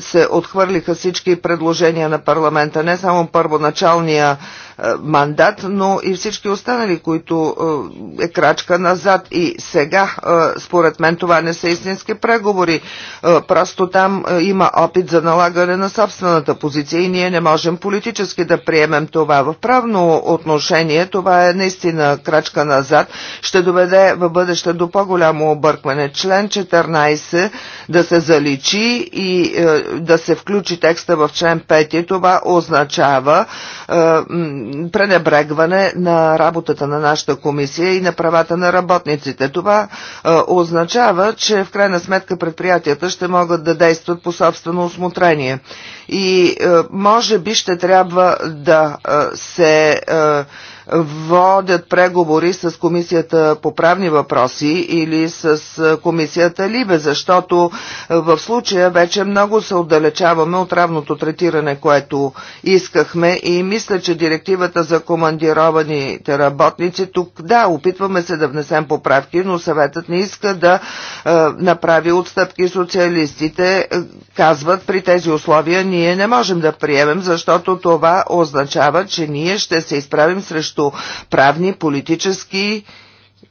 се отхвърлиха всички предложения на парламента, не само първоначалния е, мандат, но и всички останали, които е, е крачка назад. И сега, е, според мен, това не са истински преговори. Просто там има опит за налагане на собствената позиция и ние не можем политически да приемем това. В правно отношение това е наистина крачка назад. Ще доведе в бъдеще до по-голямо объркване. Член 14 да се заличи и да се включи текста в член 5, това означава е, пренебрегване на работата на нашата комисия и на правата на работниците. Това е, означава, че в крайна сметка предприятията ще могат да действат по собствено осмотрение. И е, може би ще трябва да се водят преговори с Комисията по правни въпроси или с Комисията Либе, защото в случая вече много се отдалечаваме от равното третиране, което искахме и мисля, че директивата за командированите работници тук, да, опитваме се да внесем поправки, но съветът не иска да е, направи отстъпки. Социалистите казват, при тези условия ние не можем да приемем, защото това означава, че ние ще се изправим срещу чисто правни, политически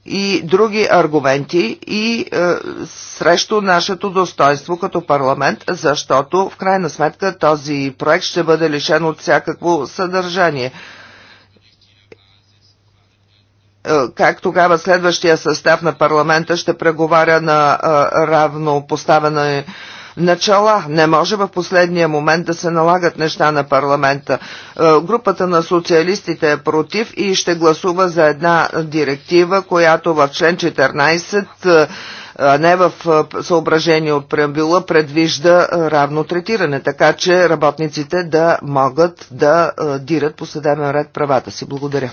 и други аргументи и е, срещу нашето достоинство като парламент, защото в крайна сметка този проект ще бъде лишен от всякакво съдържание е, как тогава следващия състав на парламента ще преговаря на е, равно поставена начала. Не може в последния момент да се налагат неща на парламента. Е, групата на социалистите е против и ще гласува за една директива, която в член 14 е, не в е, съображение от преамбюла, предвижда равно третиране, така че работниците да могат да дират по съдебен ред правата си. Благодаря.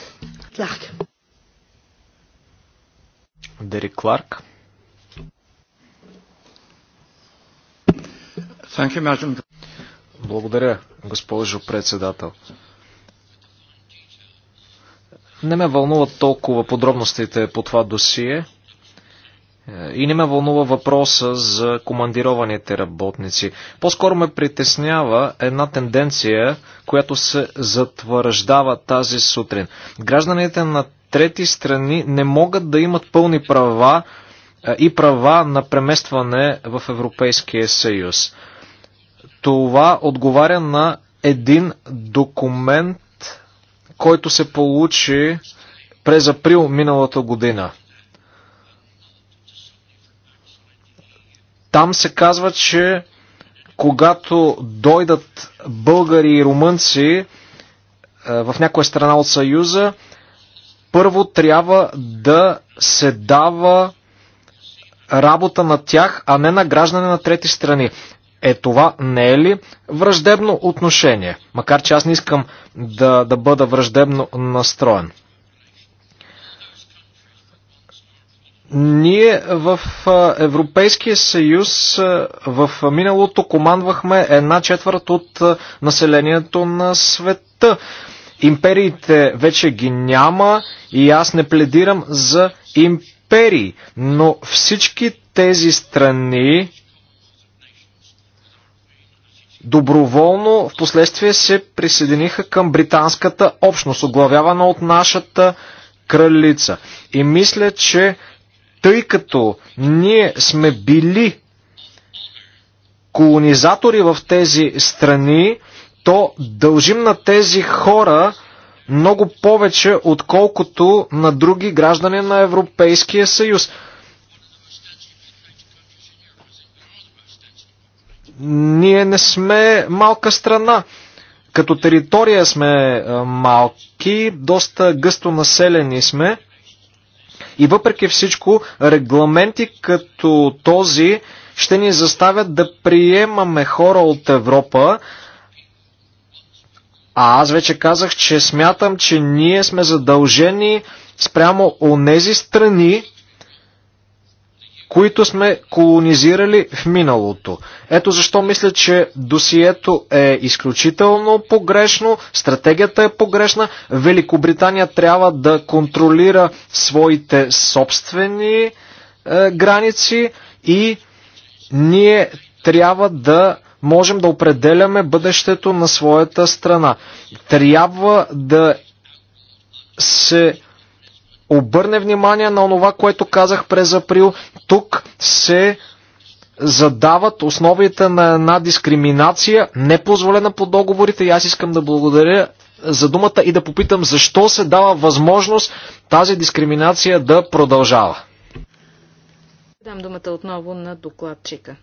Дерек Кларк. Благодаря, госпожо председател. Не ме вълнуват толкова подробностите по това досие е, и не ме вълнува въпроса за командированите работници. По-скоро ме притеснява една тенденция, която се затвърждава тази сутрин. Гражданите на трети страни не могат да имат пълни права е, и права на преместване в Европейския съюз. Това отговаря на един документ, който се получи през април миналата година. Там се казва, че когато дойдат българи и румънци е, в някоя страна от Съюза, първо трябва да се дава работа на тях, а не на граждане на трети страни. Е това не е ли враждебно отношение? Макар че аз не искам да, да бъда враждебно настроен. Ние в Европейския съюз в миналото командвахме една четвърт от населението на света. Империите вече ги няма и аз не пледирам за империи, но всички тези страни доброволно в последствие се присъединиха към британската общност, оглавявана от нашата кралица. И мисля, че тъй като ние сме били колонизатори в тези страни, то дължим на тези хора много повече, отколкото на други граждани на Европейския съюз. Ние не сме малка страна. Като територия сме малки, доста гъсто населени сме. И въпреки всичко, регламенти като този ще ни заставят да приемаме хора от Европа. А аз вече казах, че смятам, че ние сме задължени спрямо онези страни, които сме колонизирали в миналото. Ето защо мисля, че досието е изключително погрешно, стратегията е погрешна, Великобритания трябва да контролира своите собствени е, граници и ние трябва да можем да определяме бъдещето на своята страна. Трябва да се обърне внимание на това, което казах през април. Тук се задават основите на една дискриминация, непозволена по договорите и аз искам да благодаря за думата и да попитам защо се дава възможност тази дискриминация да продължава. Дам думата отново на докладчика.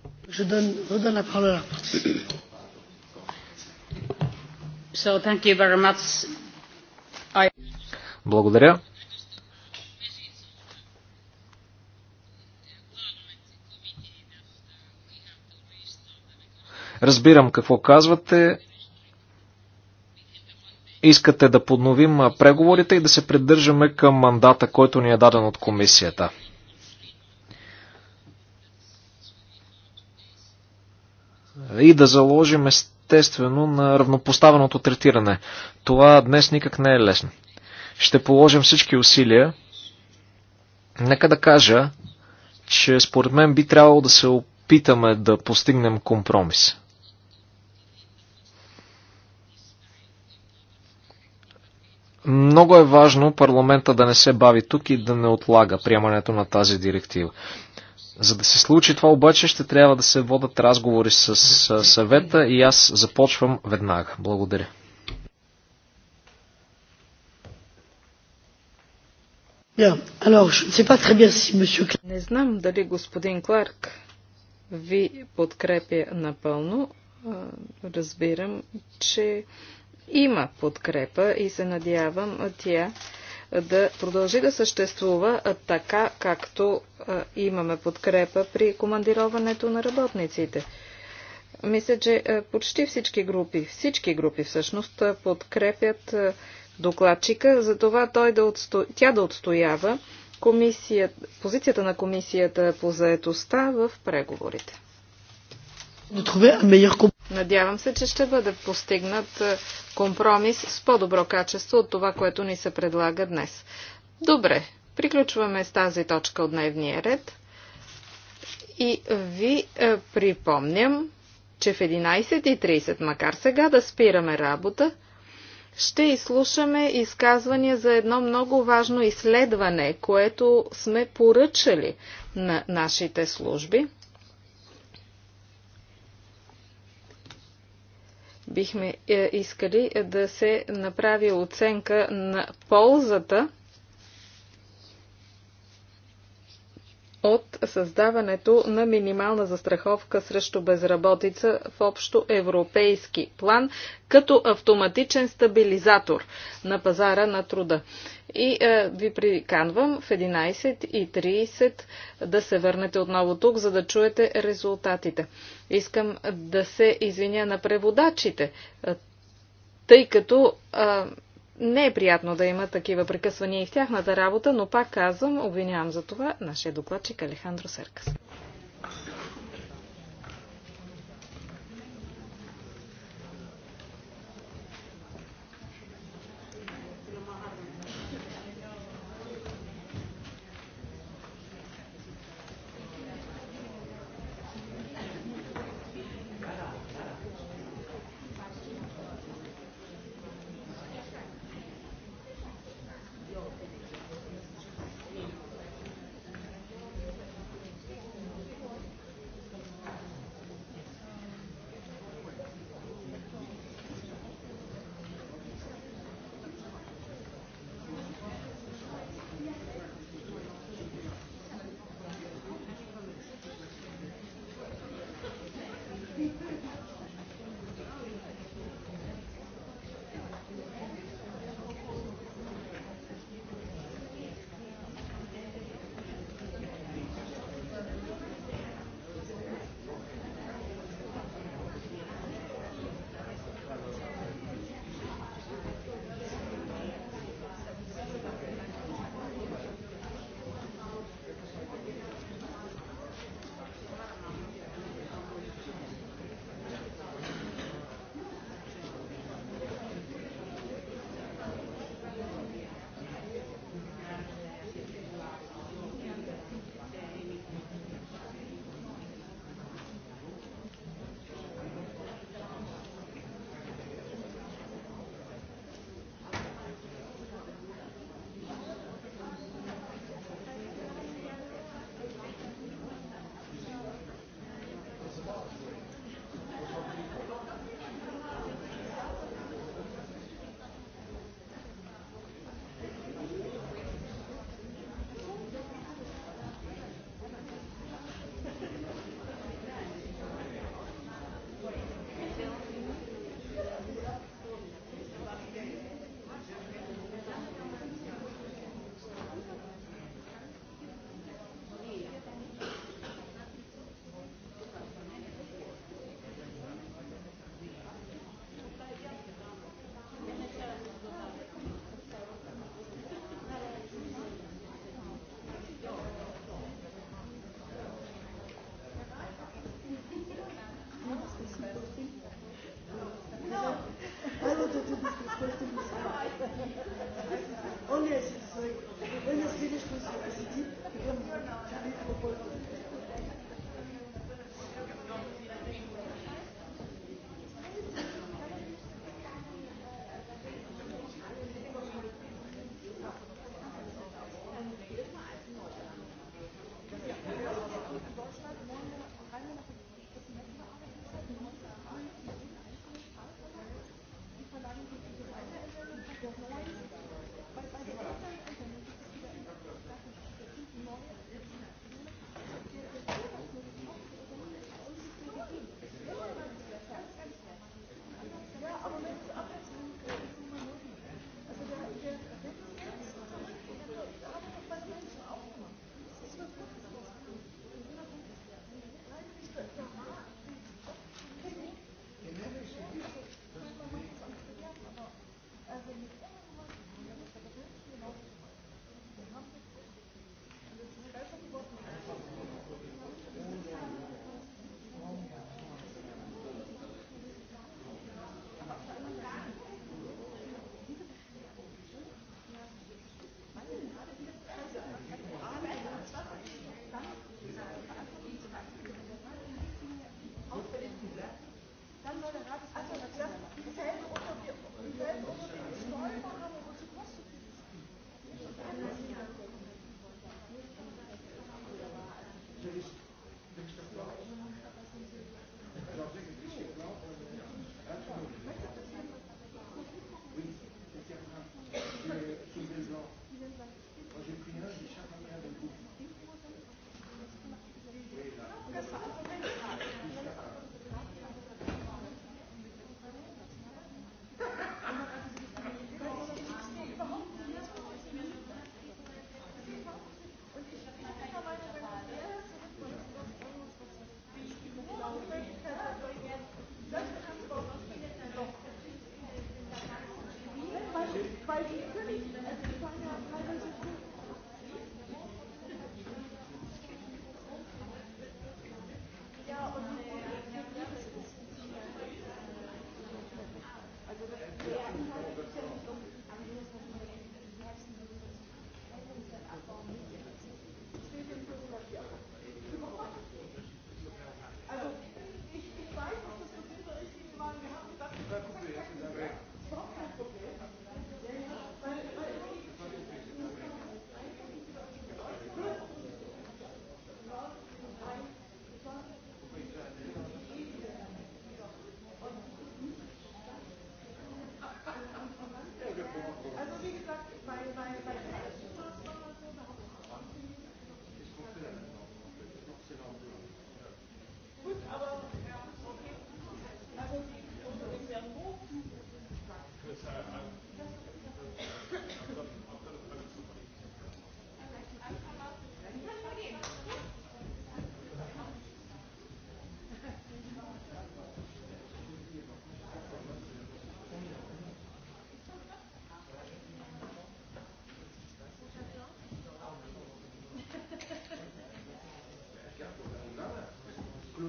Благодаря. Разбирам какво казвате. Искате да подновим преговорите и да се придържаме към мандата, който ни е даден от комисията. И да заложим естествено на равнопоставеното третиране. Това днес никак не е лесно. Ще положим всички усилия. Нека да кажа, че според мен би трябвало да се опитаме да постигнем компромис. Много е важно парламента да не се бави тук и да не отлага приемането на тази директива. За да се случи това обаче ще трябва да се водат разговори с съвета и аз започвам веднага. Благодаря. Не знам дали господин Кларк ви подкрепя напълно. Разбирам, че има подкрепа и се надявам тя да продължи да съществува така, както имаме подкрепа при командироването на работниците. Мисля, че почти всички групи, всички групи всъщност подкрепят докладчика, за това той да отсто... тя да отстоява комисия... позицията на комисията по заетостта в преговорите. Надявам се, че ще бъде постигнат е, компромис с по-добро качество от това, което ни се предлага днес. Добре, приключваме с тази точка от дневния ред. И ви е, припомням, че в 11.30, макар сега да спираме работа, ще изслушаме изказвания за едно много важно изследване, което сме поръчали на нашите служби – Бихме е, искали е, да се направи оценка на ползата от създаването на минимална застраховка срещу безработица в общо европейски план като автоматичен стабилизатор на пазара на труда. И е, ви приканвам в 11.30 да се върнете отново тук, за да чуете резултатите. Искам да се извиня на преводачите, е, тъй като е, не е приятно да има такива прекъсвания и в тяхната работа, но пак казвам, обвинявам за това нашия докладчик Алехандро Серкас.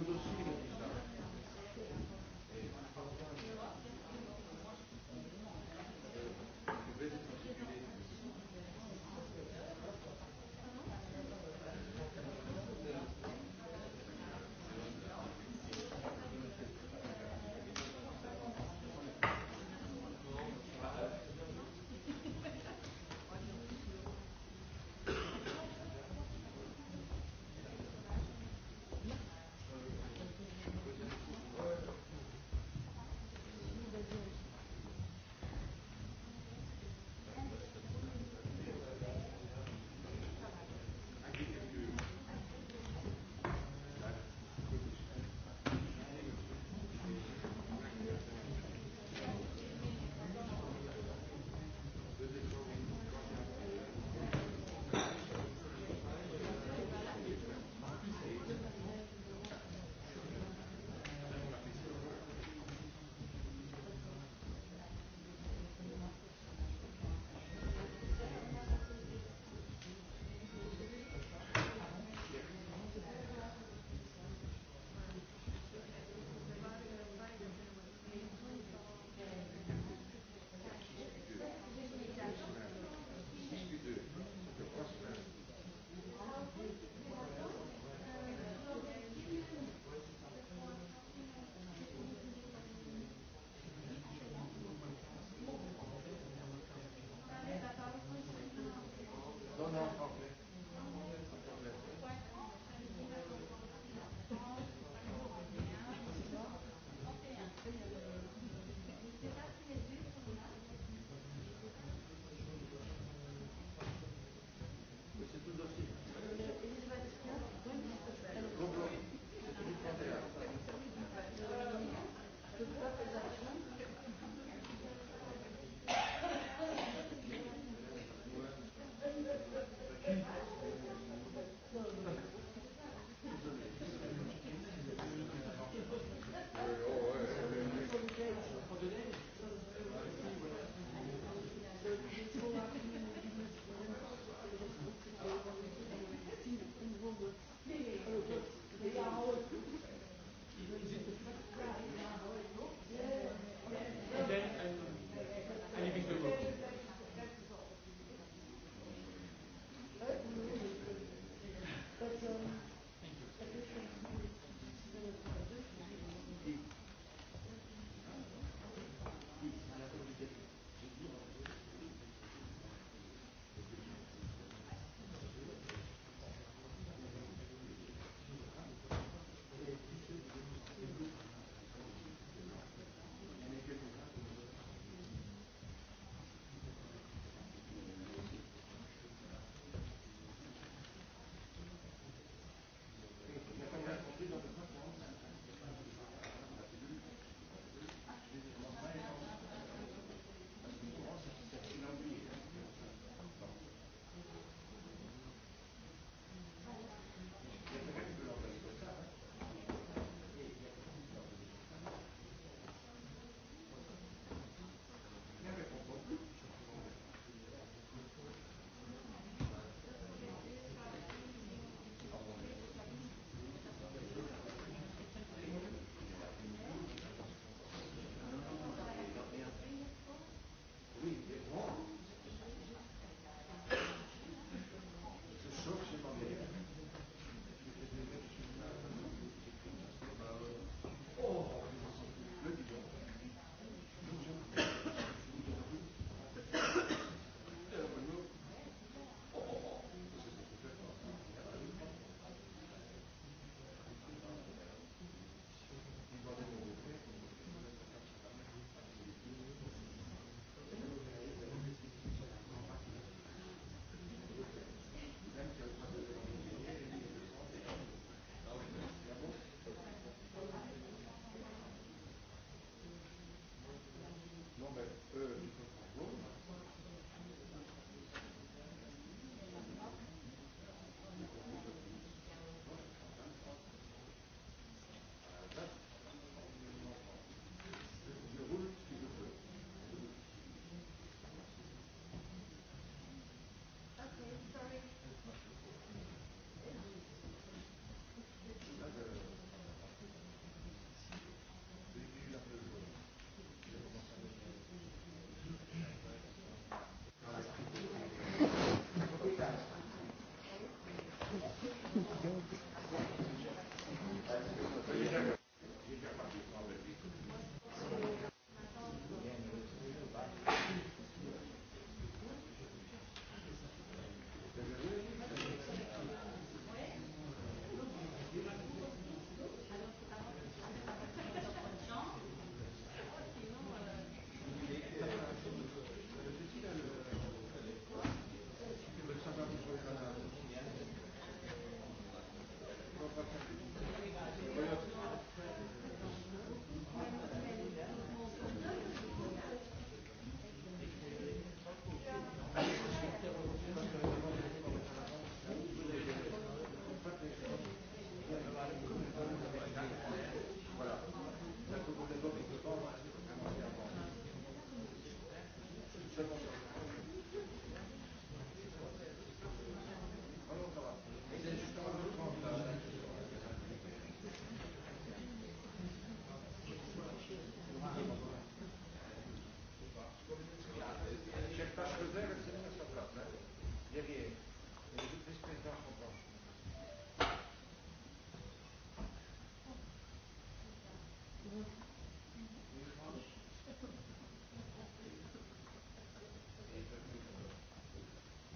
Hindus Благодаря.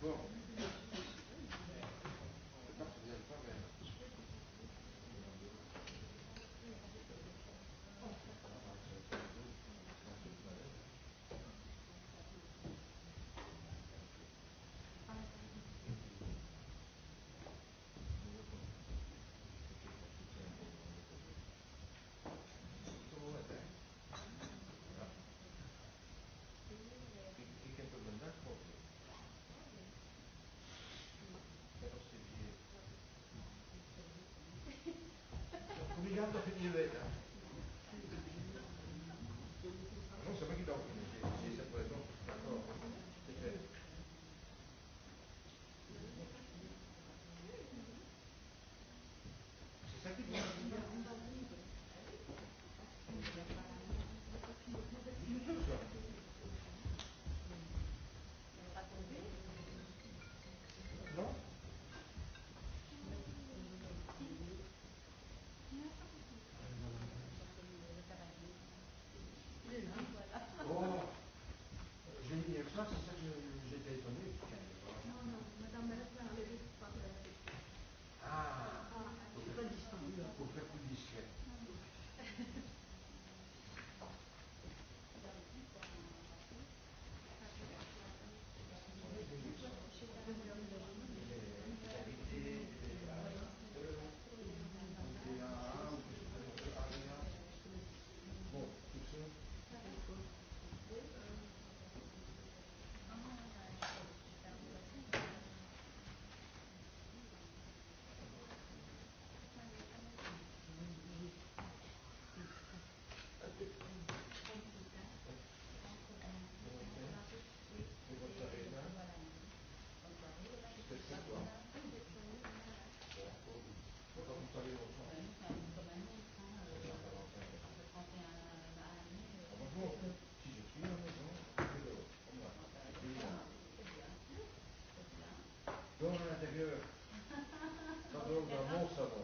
Well, obligato a finire Думаю, это герой. Подруга Мусова.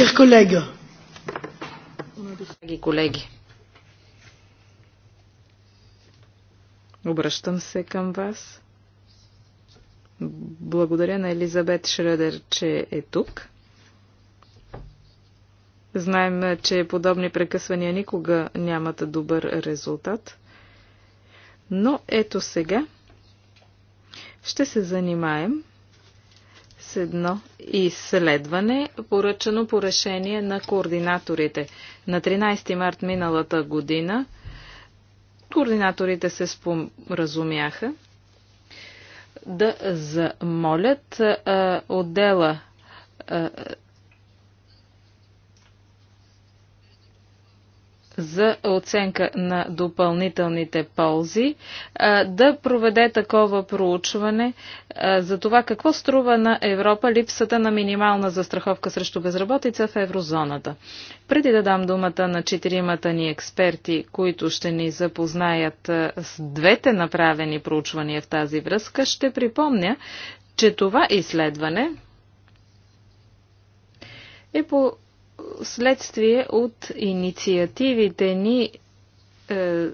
Chers collègues, колеги, обръщам се към вас. Благодаря на Елизабет Шредер, че е тук. Знаем, че подобни прекъсвания никога нямат добър резултат. Но ето сега ще се занимаем с едно изследване, поръчано по решение на координаторите. На 13 март миналата година координаторите се споразумяха да замолят а, отдела а, за оценка на допълнителните ползи, да проведе такова проучване за това какво струва на Европа липсата на минимална застраховка срещу безработица в еврозоната. Преди да дам думата на четиримата ни експерти, които ще ни запознаят с двете направени проучвания в тази връзка, ще припомня, че това изследване е по следствие от инициативите ни е,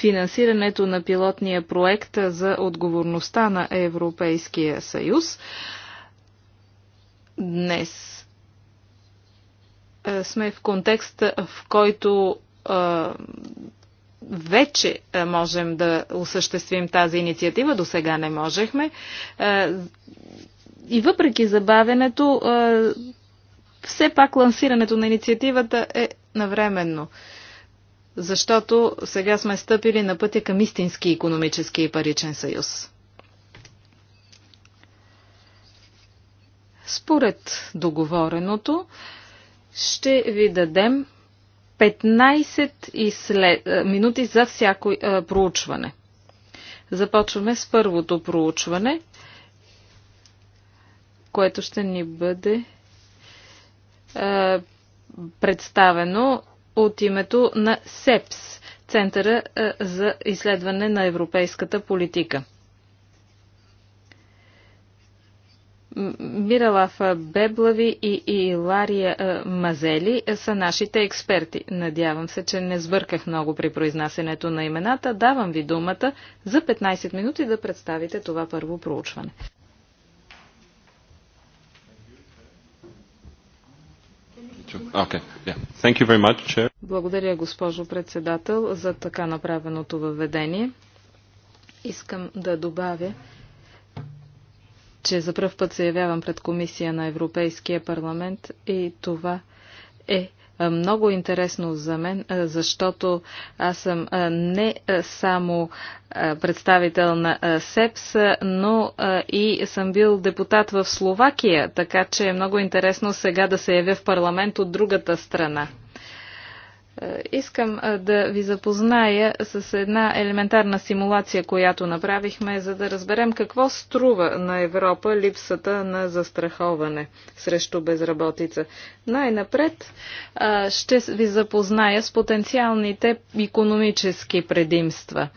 финансирането на пилотния проект за отговорността на Европейския съюз. Днес е, сме в контекст, в който е, вече можем да осъществим тази инициатива, до сега не можехме. И въпреки забавянето, все пак лансирането на инициативата е навременно. Защото сега сме стъпили на пътя към истински економически и паричен съюз. Според договореното, ще ви дадем 15 изслед... минути за всяко е, проучване. Започваме с първото проучване, което ще ни бъде е, представено от името на СЕПС, Центъра е, за изследване на европейската политика. Миралав Беблави и Илария е, Мазели са нашите експерти. Надявам се, че не сбърках много при произнасянето на имената. Давам ви думата за 15 минути да представите това първо проучване. Благодаря, госпожо председател, за така направеното въведение. Искам да добавя, че за пръв път се явявам пред комисия на Европейския парламент и това е е, много интересно за мен, е, защото аз съм е, не само представител на СЕПС, но и съм бил депутат в Словакия, така че е много интересно сега да се явя в парламент от другата страна. Е, искам е, да ви запозная с една елементарна симулация, която направихме, за да разберем какво струва на Европа липсата на застраховане срещу безработица. Най-напред е, ще ви запозная с потенциалните економически предимства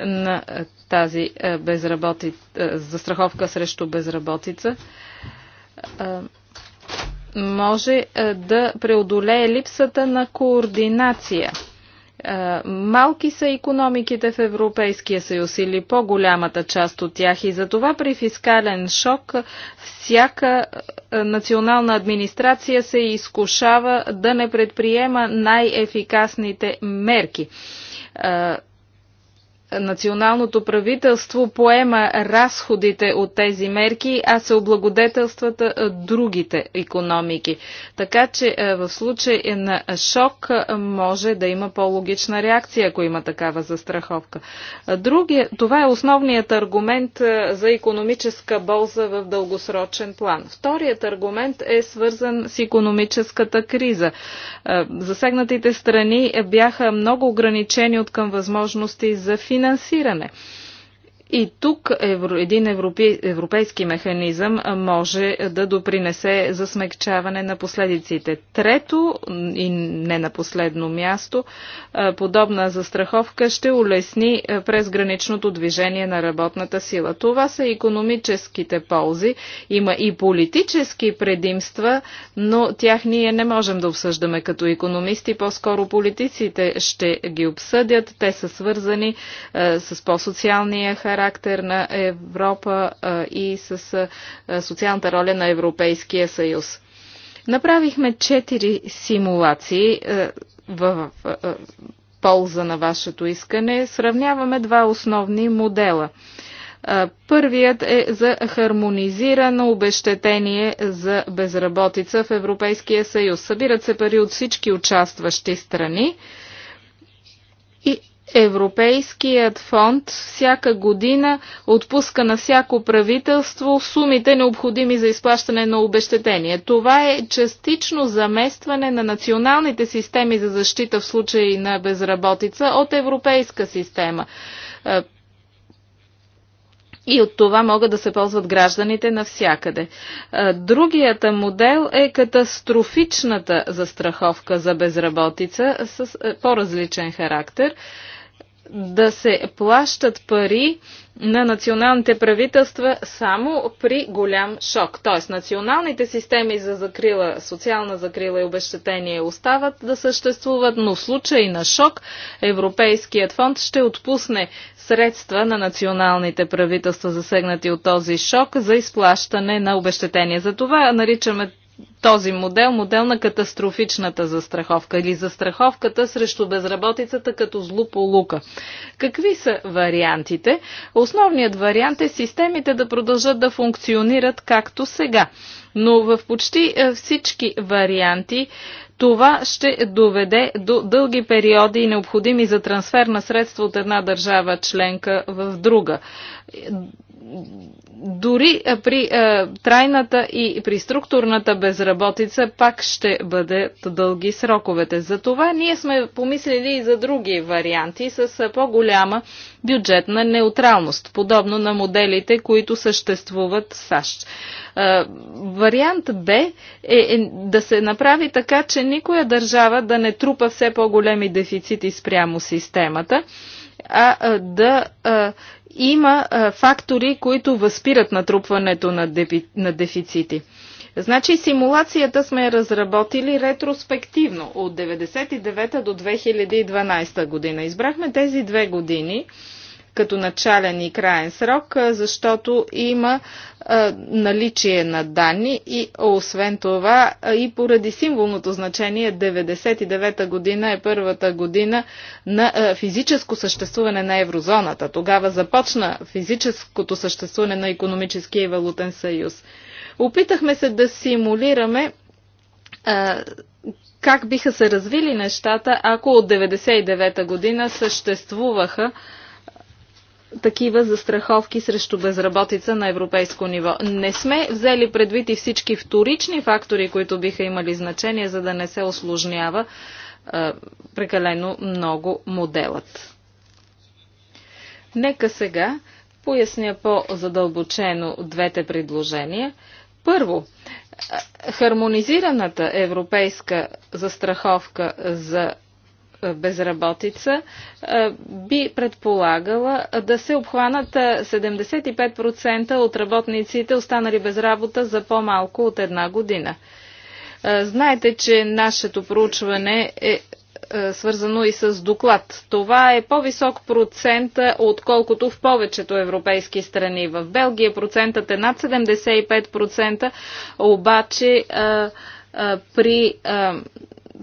на тази безработи... застраховка срещу безработица може е, да преодолее липсата на координация. Е, малки са економиките в Европейския съюз или по-голямата част от тях и затова при фискален шок всяка е, национална администрация се изкушава да не предприема най-ефикасните мерки националното правителство поема разходите от тези мерки, а се облагодетелстват другите економики. Така че в случай на шок може да има по-логична реакция, ако има такава застраховка. Другия, това е основният аргумент за економическа болза в дългосрочен план. Вторият аргумент е свързан с економическата криза. Засегнатите страни бяха много ограничени от към възможности за финансиране финансиране. И тук един европейски механизъм може да допринесе за смягчаване на последиците. Трето и не на последно място, подобна застраховка ще улесни през граничното движение на работната сила. Това са економическите ползи. Има и политически предимства, но тях ние не можем да обсъждаме като економисти. По-скоро политиците ще ги обсъдят. Те са свързани с по-социалния характер характер на Европа и с социалната роля на Европейския съюз. Направихме четири симулации в полза на вашето искане. Сравняваме два основни модела. Първият е за хармонизирано обещетение за безработица в Европейския съюз. Събират се пари от всички участващи страни и Европейският фонд всяка година отпуска на всяко правителство сумите необходими за изплащане на обещетение. Това е частично заместване на националните системи за защита в случай на безработица от европейска система. Е, и от това могат да се ползват гражданите навсякъде. Е, другият модел е катастрофичната застраховка за безработица с е, по-различен характер – да се плащат пари на националните правителства само при голям шок. Т.е. националните системи за закрила, социална закрила и обещетение остават да съществуват, но в случай на шок Европейският фонд ще отпусне средства на националните правителства, засегнати от този шок, за изплащане на обещетение. За това наричаме този модел, модел на катастрофичната застраховка или застраховката срещу безработицата като злополука. Какви са вариантите? Основният вариант е системите да продължат да функционират както сега. Но в почти е, всички варианти това ще доведе до дълги периоди, необходими за трансфер на средства от една държава членка в друга дори е, при е, трайната и при структурната безработица пак ще бъдат дълги сроковете. Затова ние сме помислили и за други варианти с е, по-голяма бюджетна неутралност, подобно на моделите, които съществуват в САЩ. Е, вариант Б е, е да се направи така, че никоя държава да не трупа все по-големи дефицити спрямо системата а е, да Е, има фактори, които възпират натрупването на, на дефицити. Значи симулацията сме разработили ретроспективно от 1999 до 2012 година. Избрахме тези две години като начален и краен срок, защото има наличие на данни и освен това и поради символното значение 99-та година е първата година на физическо съществуване на еврозоната. Тогава започна физическото съществуване на економическия и валутен съюз. Опитахме се да симулираме как биха се развили нещата, ако от 99-та година съществуваха такива застраховки срещу безработица на европейско ниво. Не сме взели предвид и всички вторични фактори, които биха имали значение, за да не се осложнява е, прекалено много моделът. Нека сега поясня по-задълбочено двете предложения. Първо, хармонизираната европейска застраховка за безработица би предполагала да се обхванат 75% от работниците, останали без работа за по-малко от една година. Знаете, че нашето проучване е свързано и с доклад. Това е по-висок процент, отколкото в повечето европейски страни. В Белгия процентът е над 75%, обаче при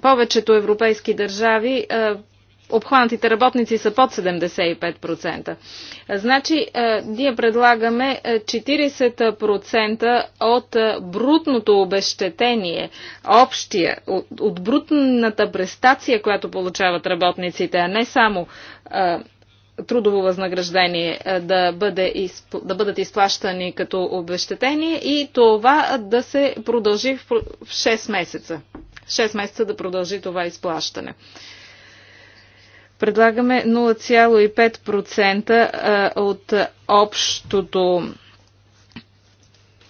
повечето европейски държави е, обхванатите работници са под 75%. Значи, е, ние предлагаме 40% е, от брутното обещетение, общия, от, брутната престация, която получават работниците, а не само трудово възнаграждение да, бъде да бъдат изплащани като обещетение и това да се продължи в 6 месеца. 6 месеца да продължи това изплащане. Предлагаме 0,5% от общото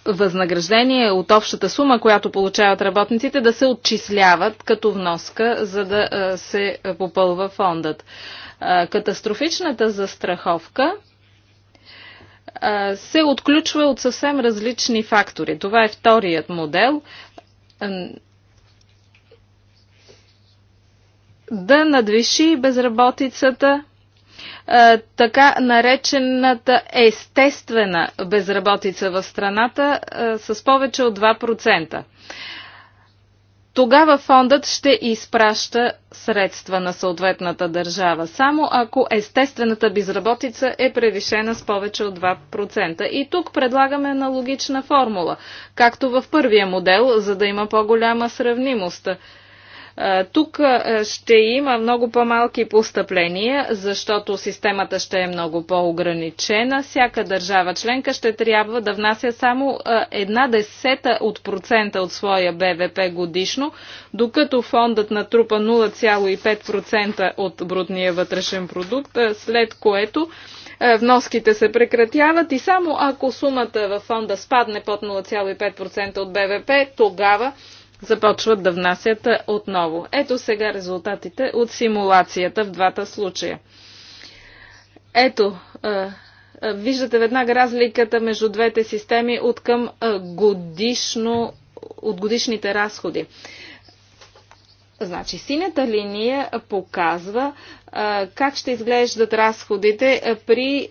възнаграждение от общата сума, която получават работниците, да се отчисляват като вноска, за да се попълва фондът. Катастрофичната застраховка се отключва от съвсем различни фактори. Това е вторият модел. да надвиши безработицата, е, така наречената естествена безработица в страната е, с повече от 2%. Тогава фондът ще изпраща средства на съответната държава, само ако естествената безработица е превишена с повече от 2%. И тук предлагаме аналогична формула, както в първия модел, за да има по-голяма сравнимост. Тук ще има много по-малки постъпления, защото системата ще е много по-ограничена. Всяка държава членка ще трябва да внася само една десета от процента от своя БВП годишно, докато фондът натрупа 0,5% от брутния вътрешен продукт, след което вноските се прекратяват и само ако сумата във фонда спадне под 0,5% от БВП, тогава започват да внасят отново. Ето сега резултатите от симулацията в двата случая. Ето, виждате веднага разликата между двете системи от към годишно, от годишните разходи. Значи, синята линия показва как ще изглеждат разходите при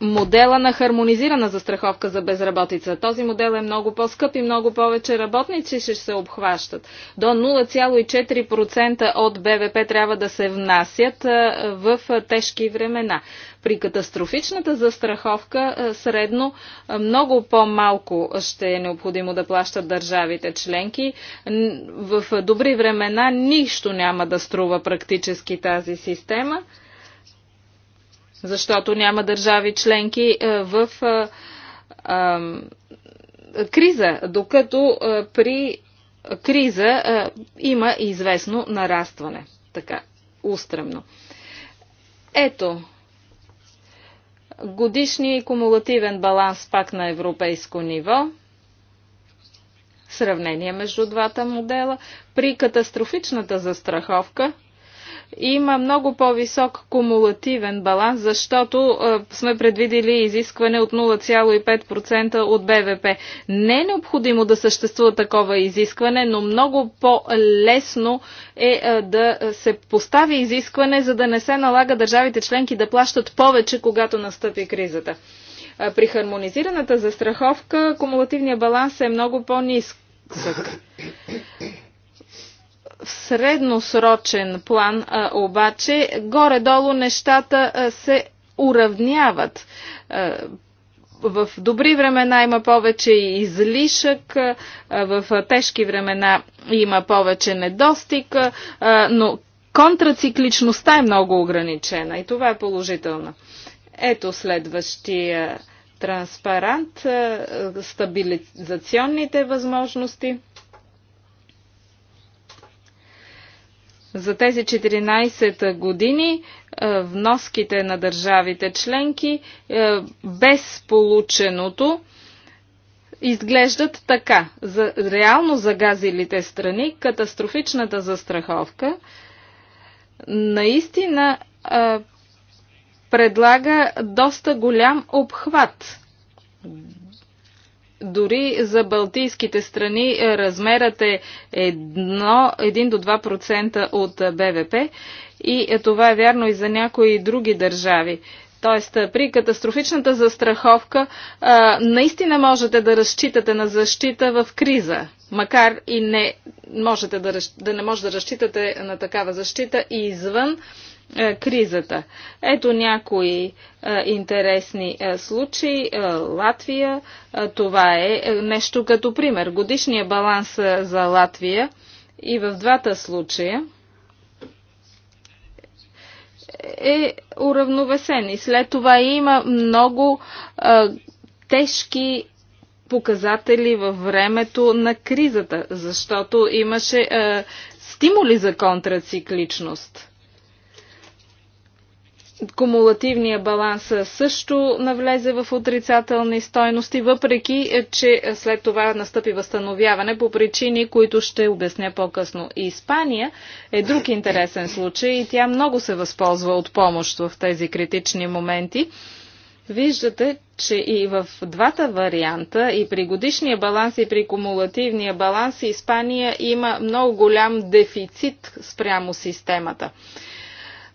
модела на хармонизирана застраховка за безработица. Този модел е много по-скъп и много повече работници ще се обхващат. До 0,4% от БВП трябва да се внасят в тежки времена. При катастрофичната застраховка средно много по-малко ще е необходимо да плащат държавите членки. В добри времена нищо няма да струва практически тази система защото няма държави членки е, в е, е, криза, докато при криза има известно нарастване, така устремно. Ето, годишния и кумулативен баланс пак на европейско ниво, сравнение между двата модела, при катастрофичната застраховка – има много по-висок кумулативен баланс, защото е, сме предвидили изискване от 0,5% от БВП. Не е необходимо да съществува такова изискване, но много по-лесно е, е да се постави изискване, за да не се налага държавите членки да плащат повече, когато настъпи кризата. Е, при хармонизираната застраховка кумулативният баланс е много по-нисък в средносрочен план а, обаче горе-долу нещата а, се уравняват. А, в добри времена има повече излишък, в тежки времена има повече недостиг, но контрацикличността е много ограничена и това е положително. Ето следващия транспарант, стабилизационните възможности – За тези 14 години е, вноските на държавите членки е, без полученото изглеждат така. За реално загазилите страни катастрофичната застраховка наистина е, предлага доста голям обхват дори за балтийските страни е, размерът е 1 до 2% от е, БВП и е, това е вярно и за някои други държави. Тоест, при катастрофичната застраховка наистина можете да разчитате на защита в криза, макар и не можете да, да не можете да разчитате на такава защита и извън е, кризата. Ето някои е, интересни е, случаи. Латвия, това е нещо като пример. Годишния баланс за Латвия и в двата случая е уравновесен. И след това има много тежки показатели във времето на кризата, защото имаше стимули за контрацикличност. Кумулативния баланс също навлезе в отрицателни стойности, въпреки че след това настъпи възстановяване по причини, които ще обясня по-късно. Испания е друг интересен случай и тя много се възползва от помощ в тези критични моменти. Виждате, че и в двата варианта, и при годишния баланс, и при кумулативния баланс, Испания има много голям дефицит спрямо системата.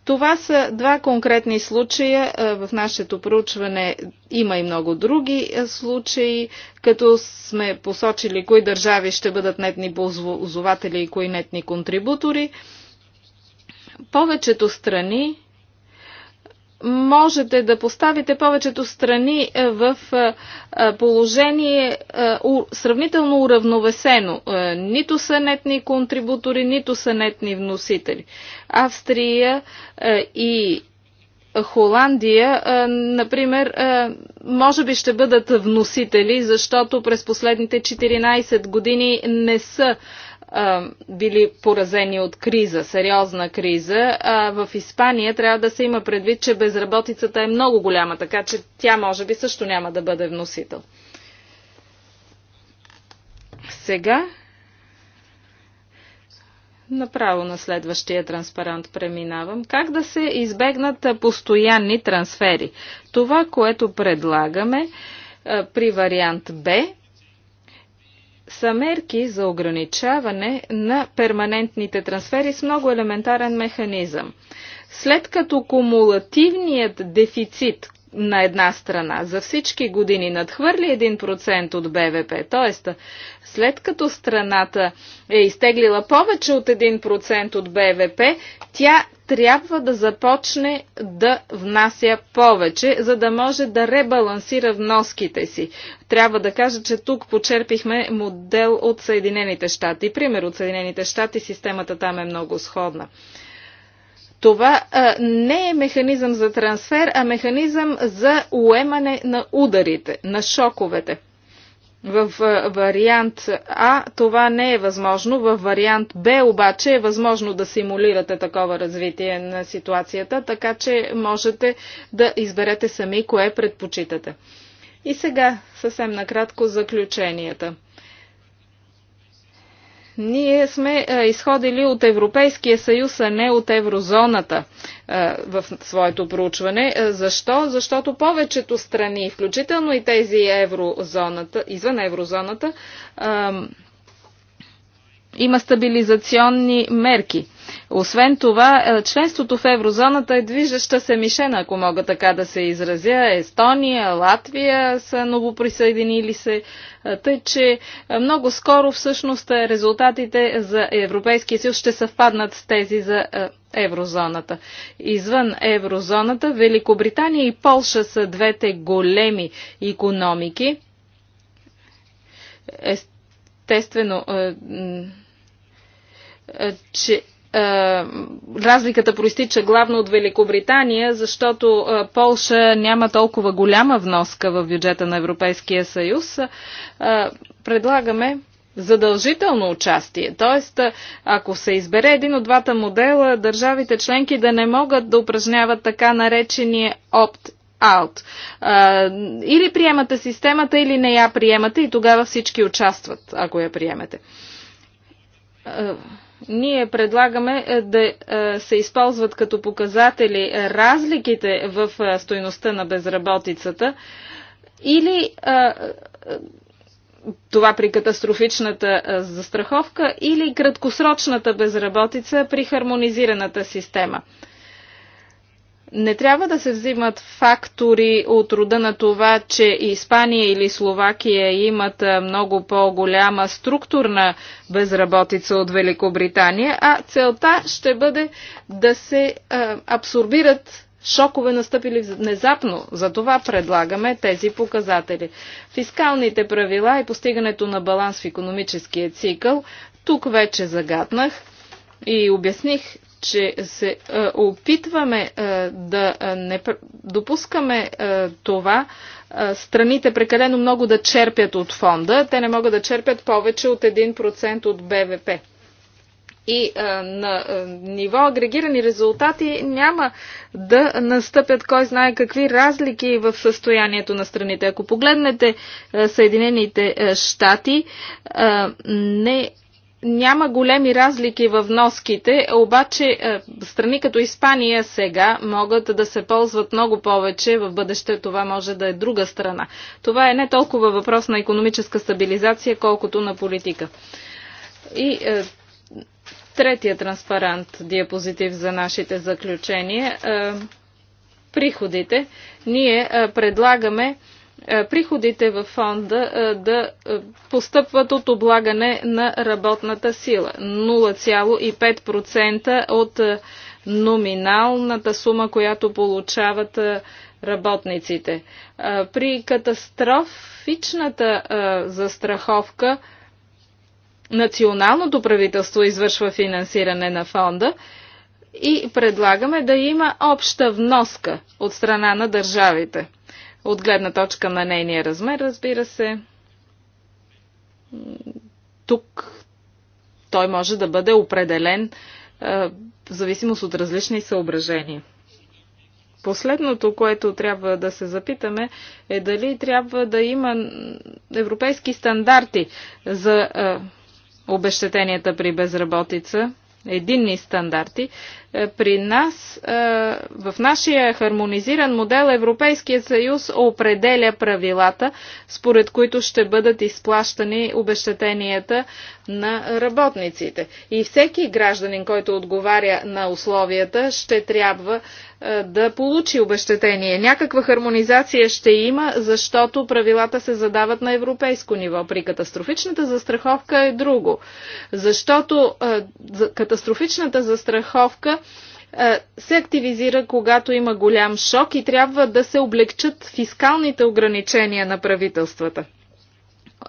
Това са два конкретни случая. Е, в нашето проучване има и много други е, случаи, като сме посочили кои държави ще бъдат нетни ползователи и кои нетни контрибутори. Повечето страни можете да поставите повечето страни е, в е, е, положение сравнително уравновесено. Нито са нетни контрибутори, нито са нетни вносители. Австрия и Холандия, например, може би ще бъдат вносители, защото през последните 14 години не са били поразени от криза, сериозна криза. А в Испания трябва да се има предвид, че безработицата е много голяма, така че тя може би също няма да бъде вносител. Сега направо на следващия транспарант преминавам. Как да се избегнат постоянни трансфери? Това, което предлагаме при вариант Б, са мерки за ограничаване на перманентните трансфери с много елементарен механизъм. След като кумулативният дефицит, на една страна за всички години надхвърли 1% от БВП, т.е. след като страната е изтеглила повече от 1% от БВП, тя трябва да започне да внася повече, за да може да ребалансира вноските си. Трябва да кажа, че тук почерпихме модел от Съединените щати. Пример от Съединените щати, системата там е много сходна. Това а, не е механизъм за трансфер, а механизъм за уемане на ударите, на шоковете. В вариант А това не е възможно, в вариант Б обаче е възможно да симулирате такова развитие на ситуацията, така че можете да изберете сами кое предпочитате. И сега съвсем накратко заключенията. Ние сме е, изходили от Европейския съюз, а не от еврозоната е, в своето проучване. Е, защо? Защото повечето страни, включително и тези еврозоната, извън еврозоната, има стабилизационни мерки. Освен това, е, членството в еврозоната е движеща се мишена, ако мога така да се изразя. Естония, Латвия са новоприсъединили се. Е, тъй, че е, много скоро всъщност резултатите за Европейския съюз ще съвпаднат с тези за еврозоната. Извън еврозоната, Великобритания и Полша са двете големи економики. Е, естествено, е, е, че е, разликата проистича главно от Великобритания, защото Полша няма толкова голяма вноска в бюджета на Европейския съюз. Предлагаме задължително участие. Тоест, ако се избере един от двата модела, държавите членки да не могат да упражняват така наречения опт out. Или приемате системата, или не я приемате и тогава всички участват, ако я приемете. Ние предлагаме е, да е, се използват като показатели е, разликите в стоеността на безработицата или това при катастрофичната застраховка или краткосрочната безработица при хармонизираната система. Не трябва да се взимат фактори от рода на това, че Испания или Словакия имат много по-голяма структурна безработица от Великобритания, а целта ще бъде да се абсорбират шокове настъпили внезапно. За това предлагаме тези показатели. Фискалните правила и постигането на баланс в економическия цикъл, тук вече загаднах и обясних, че се е, опитваме е, да е, не допускаме това страните прекалено много да черпят от фонда. Те не могат да черпят повече от 1% от БВП. И на ниво агрегирани резултати няма да настъпят кой знае какви разлики в състоянието на страните. Ако погледнете Съединените щати, не няма големи разлики в вноските, обаче е, страни като Испания сега могат да се ползват много повече, в бъдеще това може да е друга страна. Това е не толкова въпрос на економическа стабилизация, колкото на политика. И е, третия транспарант диапозитив за нашите заключения. Е, приходите. Ние е, предлагаме е, приходите в фонда е, да е, постъпват от облагане на работната сила. 0,5% от номиналната сума, която получават работниците. При катастрофичната застраховка националното правителство извършва финансиране на фонда и предлагаме да има обща вноска от страна на държавите от гледна точка на нейния размер, разбира се. Тук той може да бъде определен е, в зависимост от различни съображения. Последното, което трябва да се запитаме, е дали трябва да има европейски стандарти за е, обещетенията при безработица, единни стандарти, е, при нас, е, в нашия хармонизиран модел, Европейският съюз определя правилата, според които ще бъдат изплащани обещетенията на работниците. И всеки гражданин, който отговаря на условията, ще трябва е, да получи обещетение. Някаква хармонизация ще има, защото правилата се задават на европейско ниво. При катастрофичната застраховка е друго. Защото катастрофичната застраховка е, се активизира, когато има голям шок и трябва да се облегчат фискалните ограничения на правителствата.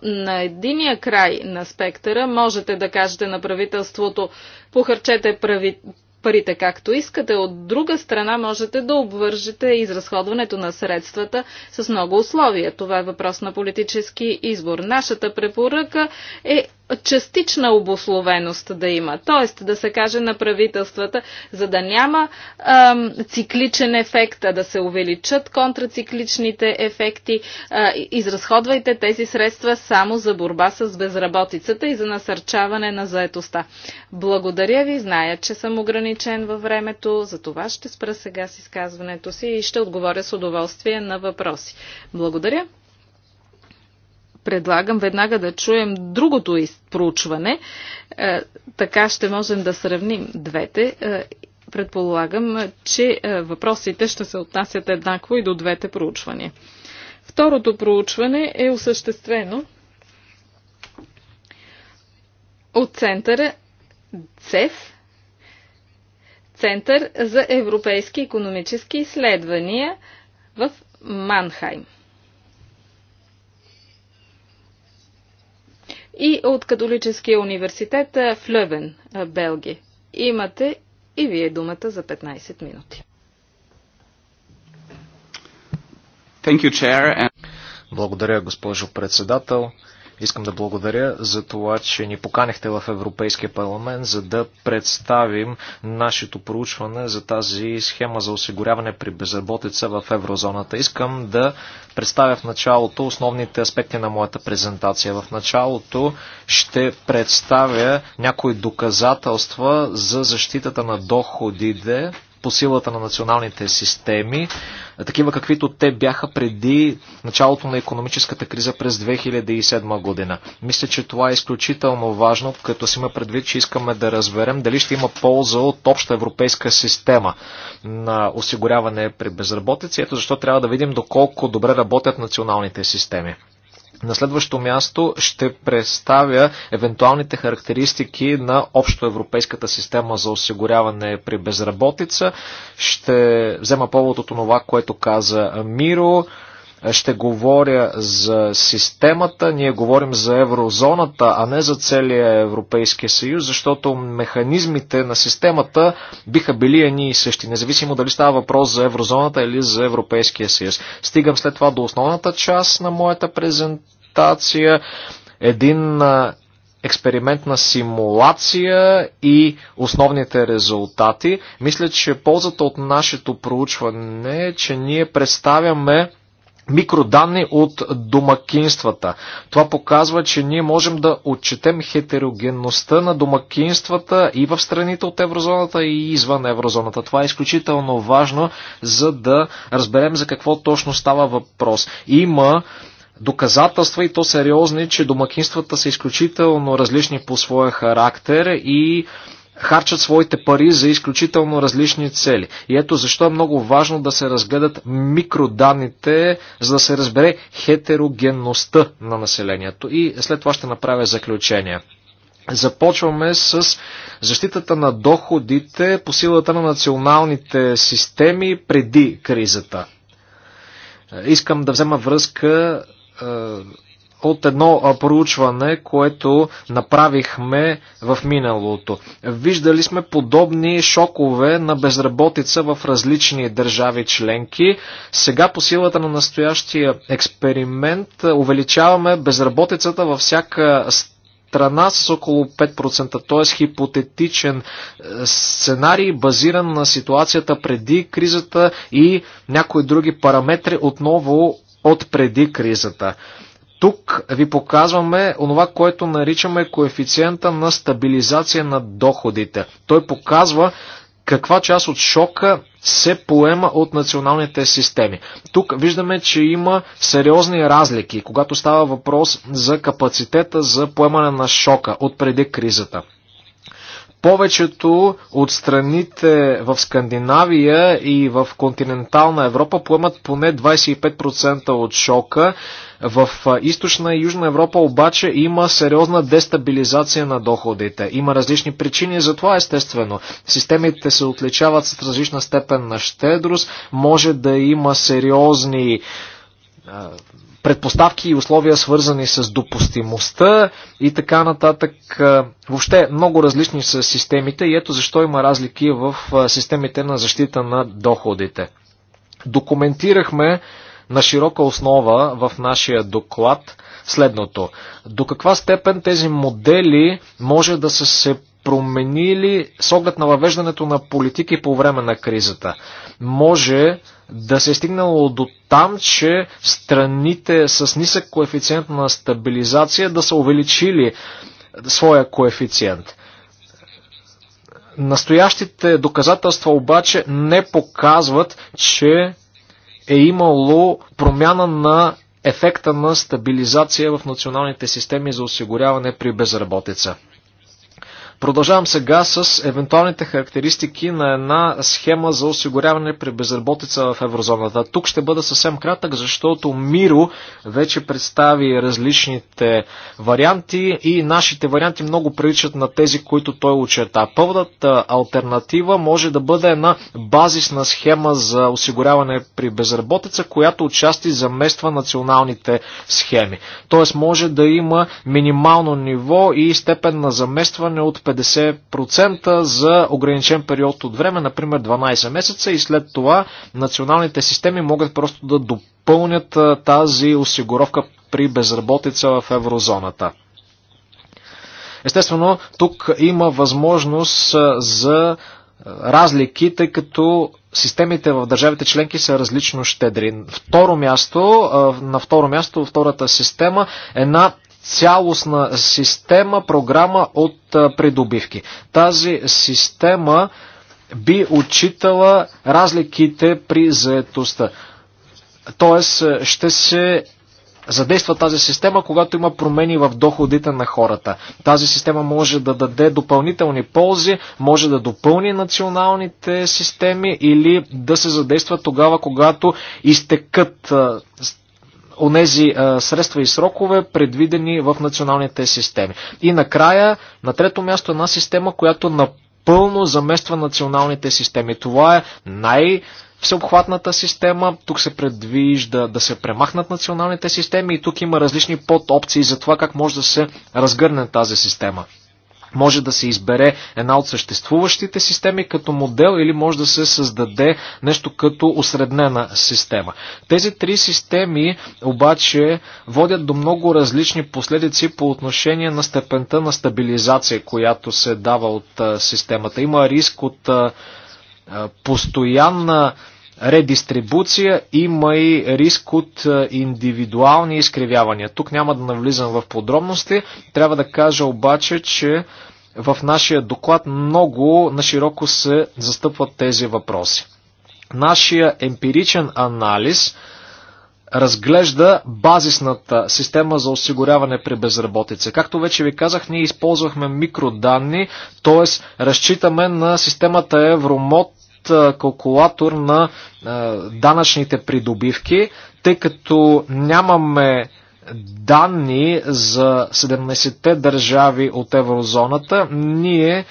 На единия край на спектъра можете да кажете на правителството похарчете прави... парите както искате, от друга страна можете да обвържете изразходването на средствата с много условия. Това е въпрос на политически избор. Нашата препоръка е частична обословеност да има. Т.е. да се каже на правителствата, за да няма ам, цикличен ефект, а да се увеличат контрацикличните ефекти. А, изразходвайте тези средства само за борба с безработицата и за насърчаване на заетостта. Благодаря ви, зная, че съм ограничен във времето, за това ще спра сега с изказването си и ще отговоря с удоволствие на въпроси. Благодаря предлагам веднага да чуем другото проучване. Е, така ще можем да сравним двете. Е, предполагам, че е, въпросите ще се отнасят еднакво и до двете проучвания. Второто проучване е осъществено от центъра ЦЕФ, Център за европейски економически изследвания в Манхайм. и от католическия университет в Лъвен, Белгия. Имате и вие думата за 15 минути. Благодаря, госпожо председател. Искам да благодаря за това, че ни поканихте в Европейския парламент, за да представим нашето проучване за тази схема за осигуряване при безработица в еврозоната. Искам да представя в началото основните аспекти на моята презентация. В началото ще представя някои доказателства за защитата на доходите по силата на националните системи, такива каквито те бяха преди началото на економическата криза през 2007 година. Мисля, че това е изключително важно, като си има предвид, че искаме да разберем дали ще има полза от обща европейска система на осигуряване при безработица. Ето защо трябва да видим доколко добре работят националните системи. На следващо място ще представя евентуалните характеристики на общоевропейската система за осигуряване при безработица. Ще взема повод от това, което каза Миро ще говоря за системата, ние говорим за еврозоната, а не за целия Европейския съюз, защото механизмите на системата биха били едни и същи, независимо дали става въпрос за еврозоната или за Европейския съюз. Стигам след това до основната част на моята презентация. Един експеримент на симулация и основните резултати. Мисля, че ползата от нашето проучване е, че ние представяме микроданни от домакинствата. Това показва, че ние можем да отчетем хетерогенността на домакинствата и в страните от еврозоната и извън еврозоната. Това е изключително важно, за да разберем за какво точно става въпрос. Има доказателства и то сериозни, че домакинствата са изключително различни по своя характер и харчат своите пари за изключително различни цели. И ето защо е много важно да се разгледат микроданните, за да се разбере хетерогенността на населението. И след това ще направя заключение. Започваме с защитата на доходите по силата на националните системи преди кризата. Искам да взема връзка е, от едно проучване, което направихме в миналото. Виждали сме подобни шокове на безработица в различни държави членки. Сега по силата на настоящия експеримент увеличаваме безработицата във всяка страна с около 5%, т.е. хипотетичен сценарий, базиран на ситуацията преди кризата и някои други параметри отново от преди кризата. Тук ви показваме онова, което наричаме коефициента на стабилизация на доходите. Той показва каква част от шока се поема от националните системи. Тук виждаме, че има сериозни разлики, когато става въпрос за капацитета за поемане на шока от преди кризата. Повечето от страните в Скандинавия и в континентална Европа поемат поне 25% от шока, в източна и южна Европа обаче има сериозна дестабилизация на доходите. Има различни причини за това, естествено. Системите се отличават с различна степен на щедрост, може да има сериозни предпоставки и условия, свързани с допустимостта и така нататък. Въобще много различни са системите и ето защо има разлики в системите на защита на доходите. Документирахме на широка основа в нашия доклад следното. До каква степен тези модели може да са се променили с оглед на въвеждането на политики по време на кризата? Може да се е стигнало до там, че страните с нисък коефициент на стабилизация да са увеличили своя коефициент. Настоящите доказателства обаче не показват, че е имало промяна на ефекта на стабилизация в националните системи за осигуряване при безработица. Продължавам сега с евентуалните характеристики на една схема за осигуряване при безработица в еврозоната. Тук ще бъда съвсем кратък, защото Миро вече представи различните варианти и нашите варианти много приличат на тези, които той очерта. Първата альтернатива може да бъде една базисна схема за осигуряване при безработица, която отчасти замества националните схеми. Тоест може да има минимално ниво и степен на заместване от 50% за ограничен период от време, например 12 месеца и след това националните системи могат просто да допълнят тази осигуровка при безработица в еврозоната. Естествено, тук има възможност за разлики, тъй като системите в държавите членки са различно щедри. Второ място, на второ място, втората система, една цялостна система, програма от придобивки. Тази система би отчитала разликите при заетостта. Тоест, ще се задейства тази система, когато има промени в доходите на хората. Тази система може да даде допълнителни ползи, може да допълни националните системи или да се задейства тогава, когато изтекат онези а, средства и срокове, предвидени в националните системи. И накрая, на трето място, една система, която напълно замества националните системи. Това е най- всеобхватната система. Тук се предвижда да се премахнат националните системи и тук има различни подопции за това как може да се разгърне тази система може да се избере една от съществуващите системи като модел или може да се създаде нещо като осреднена система. Тези три системи обаче водят до много различни последици по отношение на степента на стабилизация, която се дава от системата. Има риск от постоянна редистрибуция, има и риск от индивидуални изкривявания. Тук няма да навлизам в подробности. Трябва да кажа обаче, че в нашия доклад много нашироко се застъпват тези въпроси. Нашия емпиричен анализ разглежда базисната система за осигуряване при безработица. Както вече ви казах, ние използвахме микроданни, т.е. разчитаме на системата Евромод калкулатор на данъчните придобивки, тъй като нямаме данни за 17-те държави от еврозоната, ние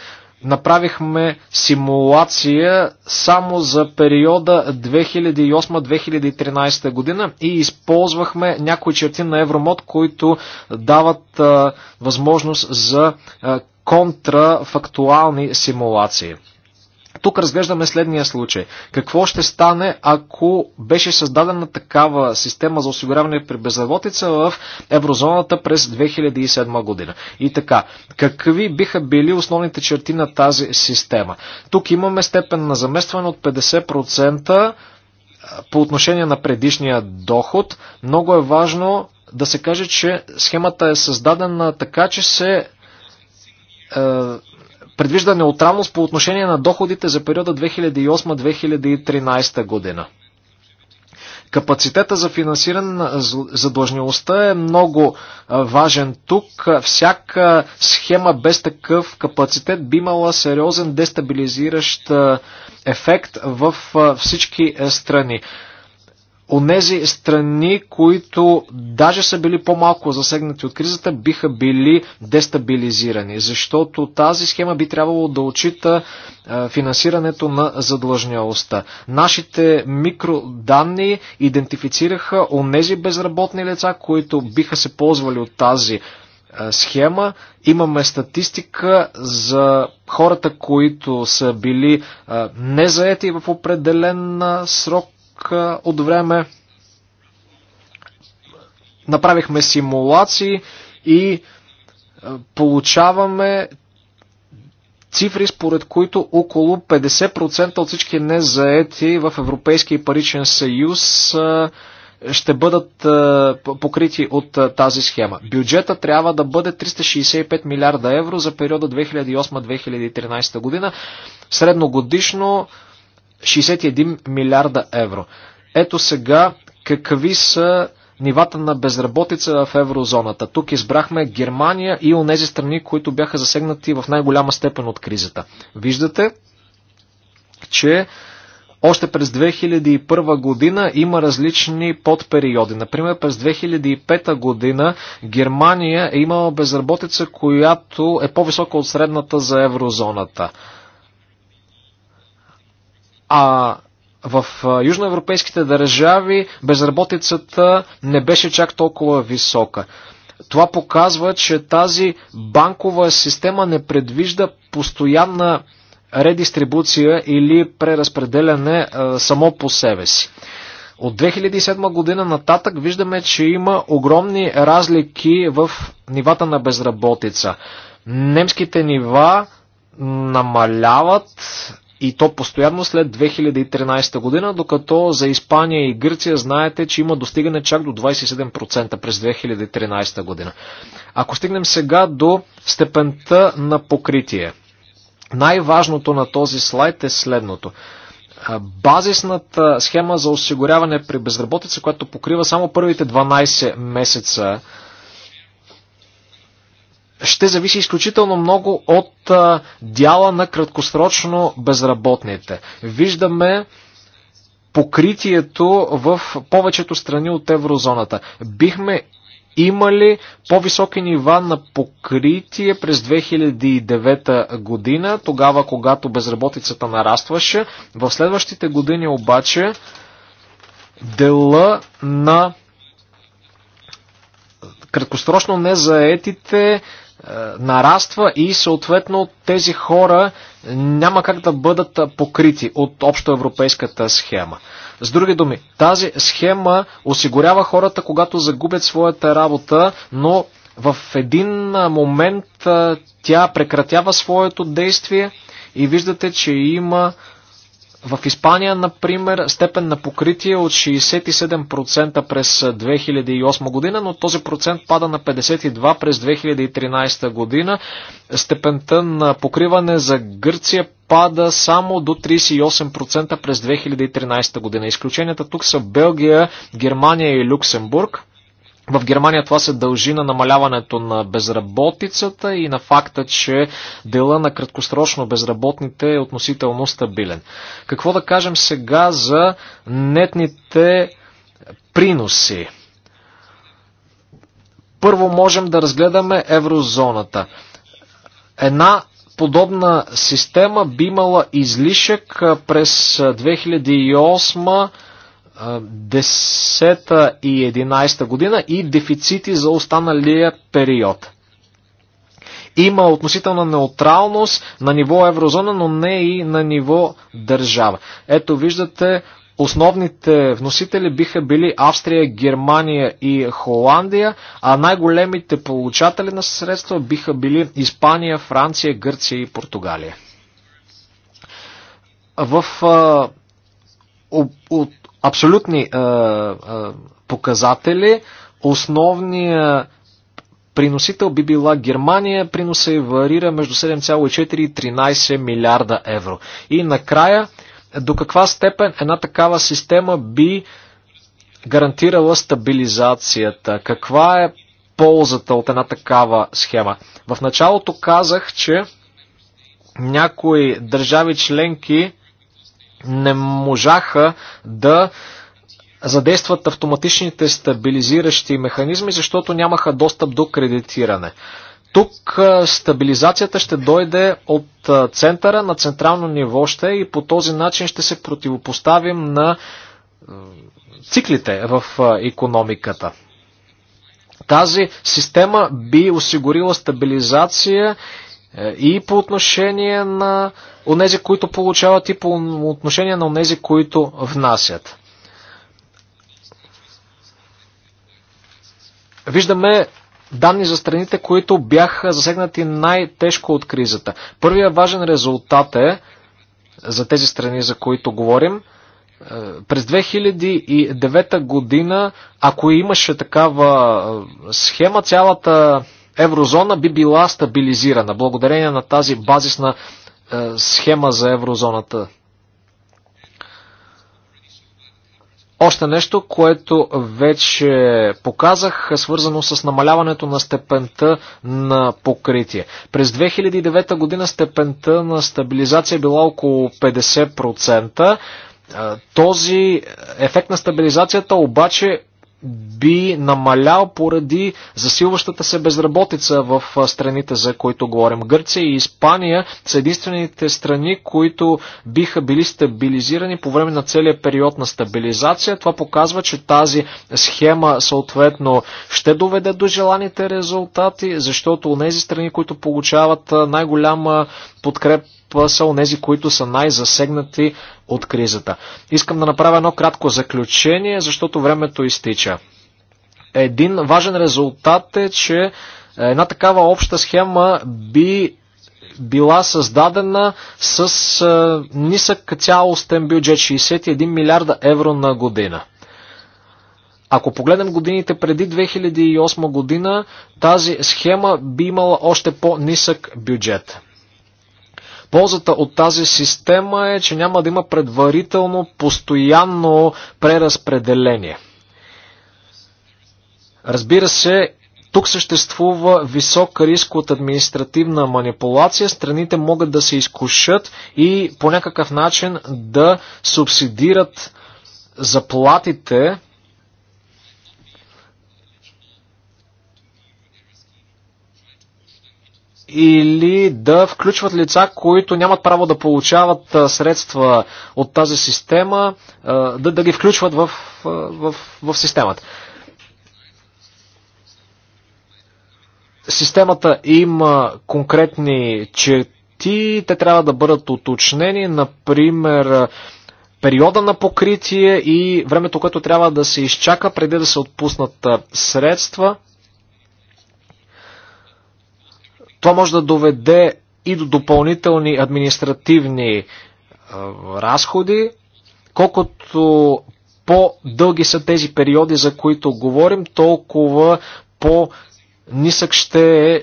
направихме симулация само за периода 2008-2013 година и използвахме някои черти на Евромод, които дават а, възможност за а, контрафактуални симулации. Тук разглеждаме следния случай. Какво ще стане, ако беше създадена такава система за осигуряване при безработица в еврозоната през 2007 година? И така, какви биха били основните черти на тази система? Тук имаме степен на заместване от 50% по отношение на предишния доход. Много е важно да се каже, че схемата е създадена така, че се е, предвижда неутралност по отношение на доходите за периода 2008-2013 година. Капацитета за финансиране на задлъжнилостта е много важен тук. Всяка схема без такъв капацитет би имала сериозен дестабилизиращ ефект в всички страни онези страни, които даже са били по-малко засегнати от кризата, биха били дестабилизирани, защото тази схема би трябвало да отчита е, финансирането на задлъжнялостта. Нашите микроданни идентифицираха онези безработни лица, които биха се ползвали от тази е, схема. Имаме статистика за хората, които са били е, незаети в определен срок от време. Направихме симулации и получаваме цифри, според които около 50% от всички незаети в Европейския паричен съюз ще бъдат покрити от тази схема. Бюджета трябва да бъде 365 милиарда евро за периода 2008-2013 година. Средногодишно 61 милиарда евро. Ето сега какви са нивата на безработица в еврозоната. Тук избрахме Германия и онези страни, които бяха засегнати в най-голяма степен от кризата. Виждате, че още през 2001 година има различни подпериоди. Например, през 2005 година Германия е имала безработица, която е по-висока от средната за еврозоната. А в южноевропейските държави безработицата не беше чак толкова висока. Това показва, че тази банкова система не предвижда постоянна редистрибуция или преразпределяне само по себе си. От 2007 година нататък виждаме, че има огромни разлики в нивата на безработица. Немските нива намаляват и то постоянно след 2013 година, докато за Испания и Гърция знаете, че има достигане чак до 27% през 2013 година. Ако стигнем сега до степента на покритие, най-важното на този слайд е следното. Базисната схема за осигуряване при безработица, която покрива само първите 12 месеца ще зависи изключително много от а, дяла на краткосрочно безработните. Виждаме покритието в повечето страни от еврозоната. Бихме имали по-високи нива на покритие през 2009 година, тогава когато безработицата нарастваше. В следващите години обаче дела на краткосрочно незаетите е, нараства и съответно тези хора няма как да бъдат покрити от общоевропейската схема. С други думи, тази схема осигурява хората, когато загубят своята работа, но в един момент е, тя прекратява своето действие и виждате, че има в Испания, например, степен на покритие е от 67% през 2008 година, но този процент пада на 52% през 2013 година. Степента на покриване за Гърция пада само до 38% през 2013 година. Изключенията тук са Белгия, Германия и Люксембург. В Германия това се дължи на намаляването на безработицата и на факта, че дела на краткосрочно безработните е относително стабилен. Какво да кажем сега за нетните приноси? Първо можем да разгледаме еврозоната. Една подобна система би имала излишък през 2008 10 и 11 година и дефицити за останалия период. Има относителна неутралност на ниво еврозона, но не и на ниво държава. Ето виждате, основните вносители биха били Австрия, Германия и Холандия, а най-големите получатели на средства биха били Испания, Франция, Гърция и Португалия. В от абсолютни а, е, а, е, показатели, основният приносител би била Германия. Приноса и варира между 7,4 и 13 милиарда евро. И накрая, до каква степен една такава система би гарантирала стабилизацията? Каква е ползата от една такава схема? В началото казах, че някои държави членки не можаха да задействат автоматичните стабилизиращи механизми, защото нямаха достъп до кредитиране. Тук стабилизацията ще дойде от центъра на централно ниво ще и по този начин ще се противопоставим на циклите в економиката. Тази система би осигурила стабилизация е, и по отношение на онези, които получават и по отношение на онези, които внасят. Виждаме данни за страните, които бяха засегнати най-тежко от кризата. Първият важен резултат е за тези страни, за които говорим. Е, през 2009 година, ако имаше такава е, схема, цялата еврозона би била стабилизирана благодарение на тази базисна е, схема за еврозоната. Още нещо, което вече показах, е свързано с намаляването на степента на покритие. През 2009 година степента на стабилизация е била около 50%. Е, този ефект на стабилизацията обаче би намалял поради засилващата се безработица в страните, за които говорим. Гърция и Испания са единствените страни, които биха били стабилизирани по време на целия период на стабилизация. Това показва, че тази схема съответно ще доведе до желаните резултати, защото нези страни, които получават най-голяма подкрепа са онези, които са най-засегнати от кризата. Искам да направя едно кратко заключение, защото времето изтича. Един важен резултат е, че една такава обща схема би била създадена с а, е, нисък цялостен бюджет 61 милиарда евро на година. Ако погледнем годините преди 2008 година, тази схема би имала още по-нисък бюджет. Ползата от тази система е, че няма да има предварително постоянно преразпределение. Разбира се, тук съществува висок риск от административна манипулация. Страните могат да се изкушат и по някакъв начин да субсидират заплатите или да включват лица, които нямат право да получават средства от тази система, да, да ги включват в, в, в системата. Системата има конкретни черти, те трябва да бъдат уточнени, например периода на покритие и времето, което трябва да се изчака преди да се отпуснат средства – Това може да доведе и до допълнителни административни е, разходи. Колкото по-дълги са тези периоди, за които говорим, толкова по-нисък ще е,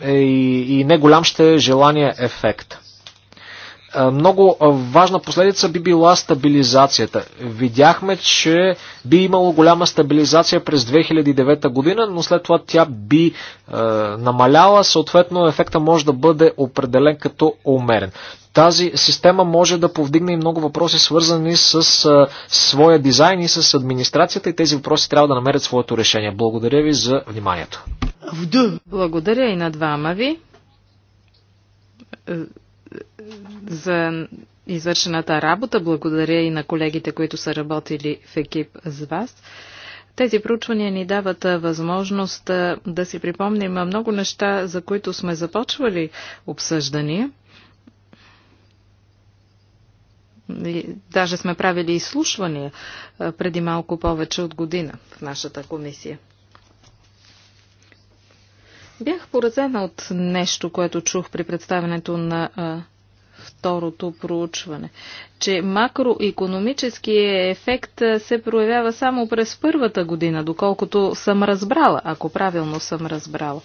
е и, и не голям ще е желания ефект много важна последица би била стабилизацията. Видяхме, че би имало голяма стабилизация през 2009 година, но след това тя би е, намаляла, съответно ефекта може да бъде определен като умерен. Тази система може да повдигне и много въпроси, свързани с е, своя дизайн и с администрацията и тези въпроси трябва да намерят своето решение. Благодаря ви за вниманието. Благодаря и на двама ви за извършената работа. Благодаря и на колегите, които са работили в екип с вас. Тези проучвания ни дават възможност да си припомним много неща, за които сме започвали обсъждания. Даже сме правили изслушвания преди малко повече от година в нашата комисия. Бях поразена от нещо, което чух при представенето на второто проучване, че макроекономическия ефект се проявява само през първата година, доколкото съм разбрала, ако правилно съм разбрала.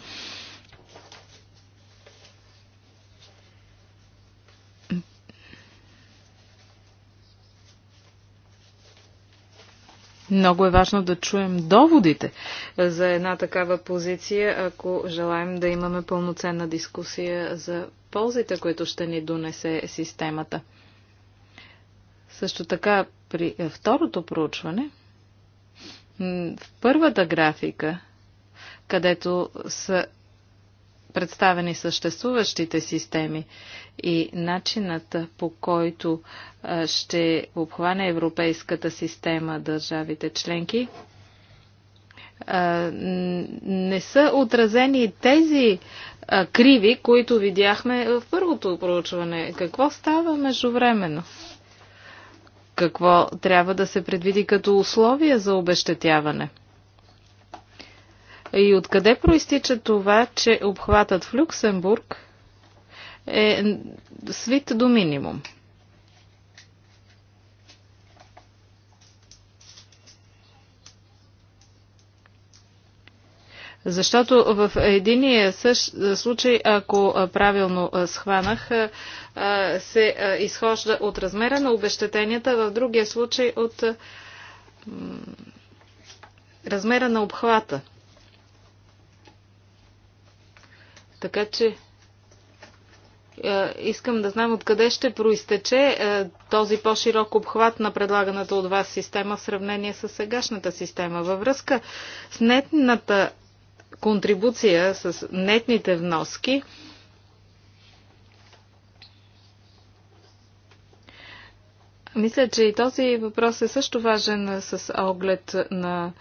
Много е важно да чуем доводите е, за една такава позиция, ако желаем да имаме пълноценна дискусия за ползите, които ще ни донесе системата. Също така, при второто проучване, в първата графика, където са представени съществуващите системи и начинът по който ще обхване европейската система държавите членки, не са отразени тези криви, които видяхме в първото проучване. Какво става междувременно? Какво трябва да се предвиди като условие за обещетяване? И откъде проистича това, че обхватът в Люксембург е свит до минимум? Защото в единия същ случай, ако правилно схванах, се изхожда от размера на обещетенията, в другия случай от размера на обхвата Така че е, искам да знам откъде ще проистече е, този по-широк обхват на предлаганата от вас система в сравнение с сегашната система. Във връзка с нетната контрибуция, с нетните вноски, мисля, че и този въпрос е също важен с оглед на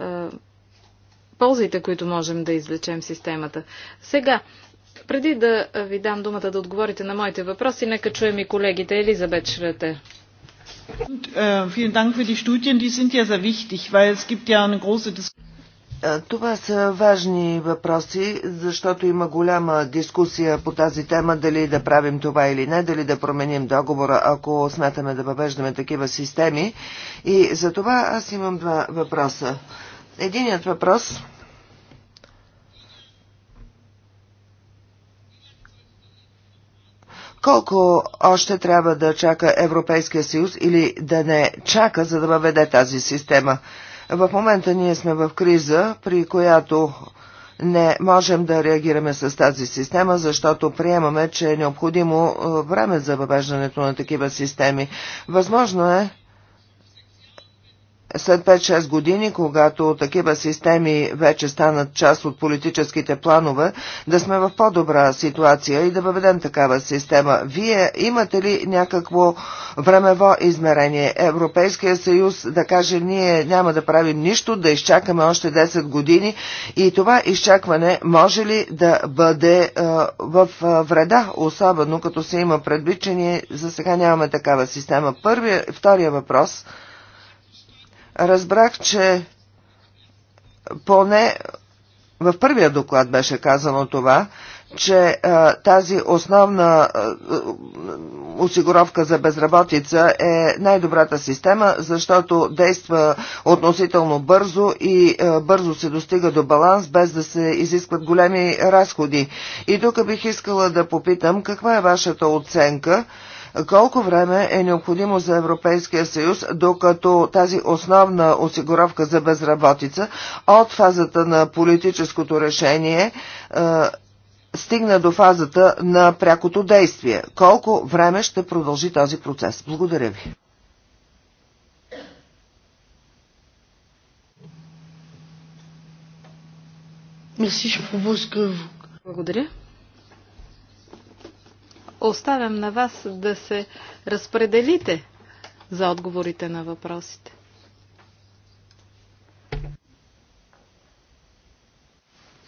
е, ползите, които можем да извлечем системата. Сега, преди да ви дам думата да отговорите на моите въпроси, нека чуем и колегите Елизабет Шрете. Е, е, това са важни въпроси, защото има голяма дискусия по тази тема, дали да правим това или не, дали да променим договора, ако смятаме да въвеждаме такива системи. И за това аз имам два въпроса. Единият въпрос Колко още трябва да чака Европейския съюз или да не чака, за да въведе тази система? В момента ние сме в криза, при която не можем да реагираме с тази система, защото приемаме, че е необходимо време за въвеждането на такива системи. Възможно е след 5-6 години, когато такива системи вече станат част от политическите планове, да сме в по-добра ситуация и да въведем такава система. Вие имате ли някакво времево измерение? Европейския съюз да каже ние няма да правим нищо, да изчакаме още 10 години и това изчакване може ли да бъде е, в е, вреда, особено като се има предвид, че ние за сега нямаме такава система. Първия, втория въпрос – разбрах, че поне в първия доклад беше казано това, че а, тази основна а, осигуровка за безработица е най-добрата система, защото действа относително бързо и а, бързо се достига до баланс, без да се изискват големи разходи. И тук бих искала да попитам каква е вашата оценка колко време е необходимо за Европейския съюз, докато тази основна осигуровка за безработица от фазата на политическото решение е, стигна до фазата на прякото действие? Колко време ще продължи този процес? Благодаря ви. Благодаря оставям на вас да се разпределите за отговорите на въпросите.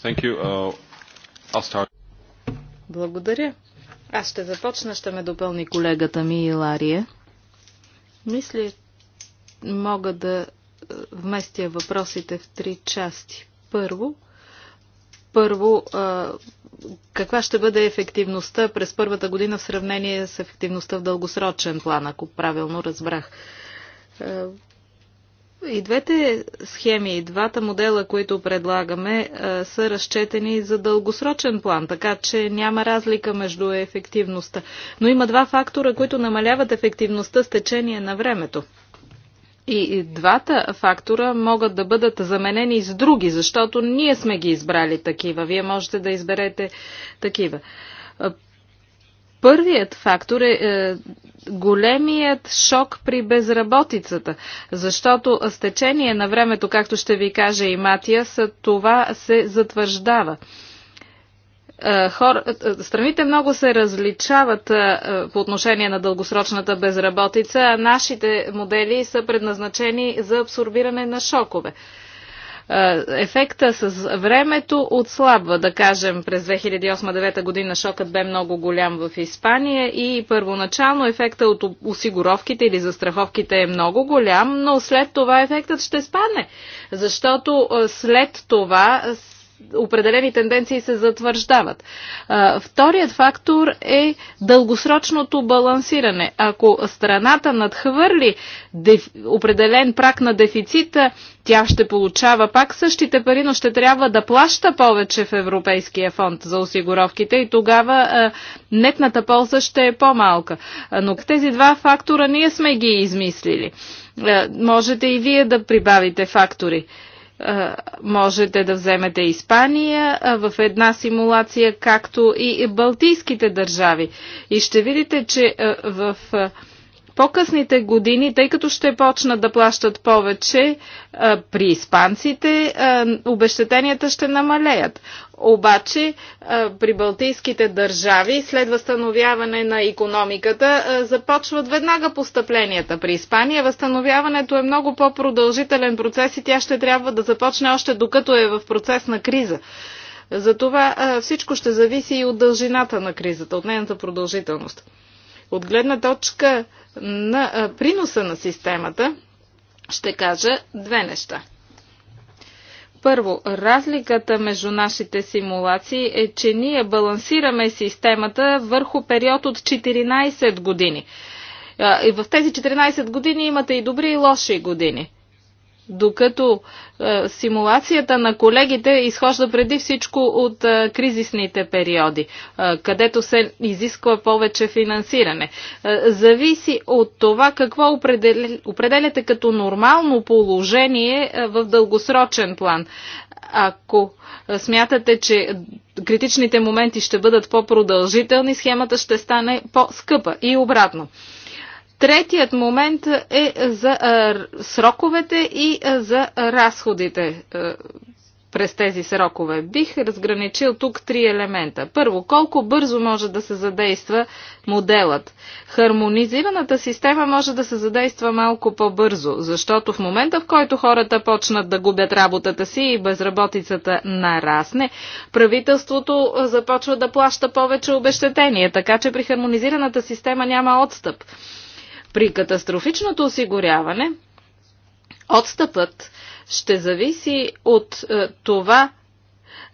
Thank you. Uh, I'll start. Благодаря. Аз ще започна, ще ме допълни колегата ми Илария. Мисля, мога да е, вместя въпросите в три части. Първо, първо е, каква ще бъде ефективността през първата година в сравнение с ефективността в дългосрочен план, ако правилно разбрах. Е, и двете схеми, и двата модела, които предлагаме, е, са разчетени за дългосрочен план, така че няма разлика между ефективността. Но има два фактора, които намаляват ефективността с течение на времето. И двата фактора могат да бъдат заменени с други, защото ние сме ги избрали такива. Вие можете да изберете такива. Първият фактор е, е, големият шок при безработицата, защото с течение на времето, както ще ви каже и Матиас, това се затвърждава. Е, хор... Е, страните много се различават е, по отношение на дългосрочната безработица, а нашите модели са предназначени за абсорбиране на шокове ефекта с времето отслабва. Да кажем, през 2008-2009 година шокът бе много голям в Испания и първоначално ефекта от осигуровките или застраховките е много голям, но след това ефектът ще спадне, защото след това определени тенденции се затвърждават. Вторият фактор е дългосрочното балансиране. Ако страната надхвърли определен прак на дефицита, тя ще получава пак същите пари, но ще трябва да плаща повече в Европейския фонд за осигуровките и тогава нетната полза ще е по-малка. Но тези два фактора ние сме ги измислили. Можете и вие да прибавите фактори можете да вземете Испания в една симулация, както и балтийските държави. И ще видите, че в по-късните години, тъй като ще почнат да плащат повече при испанците, обещетенията ще намалеят. Обаче при балтийските държави след възстановяване на економиката започват веднага постъпленията. При Испания възстановяването е много по-продължителен процес и тя ще трябва да започне още докато е в процес на криза. Затова всичко ще зависи и от дължината на кризата, от нейната продължителност. От гледна точка на приноса на системата, ще кажа две неща. Първо, разликата между нашите симулации е, че ние балансираме системата върху период от 14 години. И в тези 14 години имате и добри и лоши години докато е, симулацията на колегите изхожда преди всичко от е, кризисните периоди, е, където се изисква повече финансиране. Е, зависи от това какво определя, определяте като нормално положение е, в дългосрочен план. Ако е, смятате, че критичните моменти ще бъдат по-продължителни, схемата ще стане по-скъпа и обратно. Третият момент е за а, сроковете и а, за разходите а, през тези срокове. Бих разграничил тук три елемента. Първо, колко бързо може да се задейства моделът. Хармонизираната система може да се задейства малко по-бързо, защото в момента, в който хората почнат да губят работата си и безработицата нарасне, правителството започва да плаща повече обещетение, така че при хармонизираната система няма отстъп. При катастрофичното осигуряване отстъпът ще зависи от е, това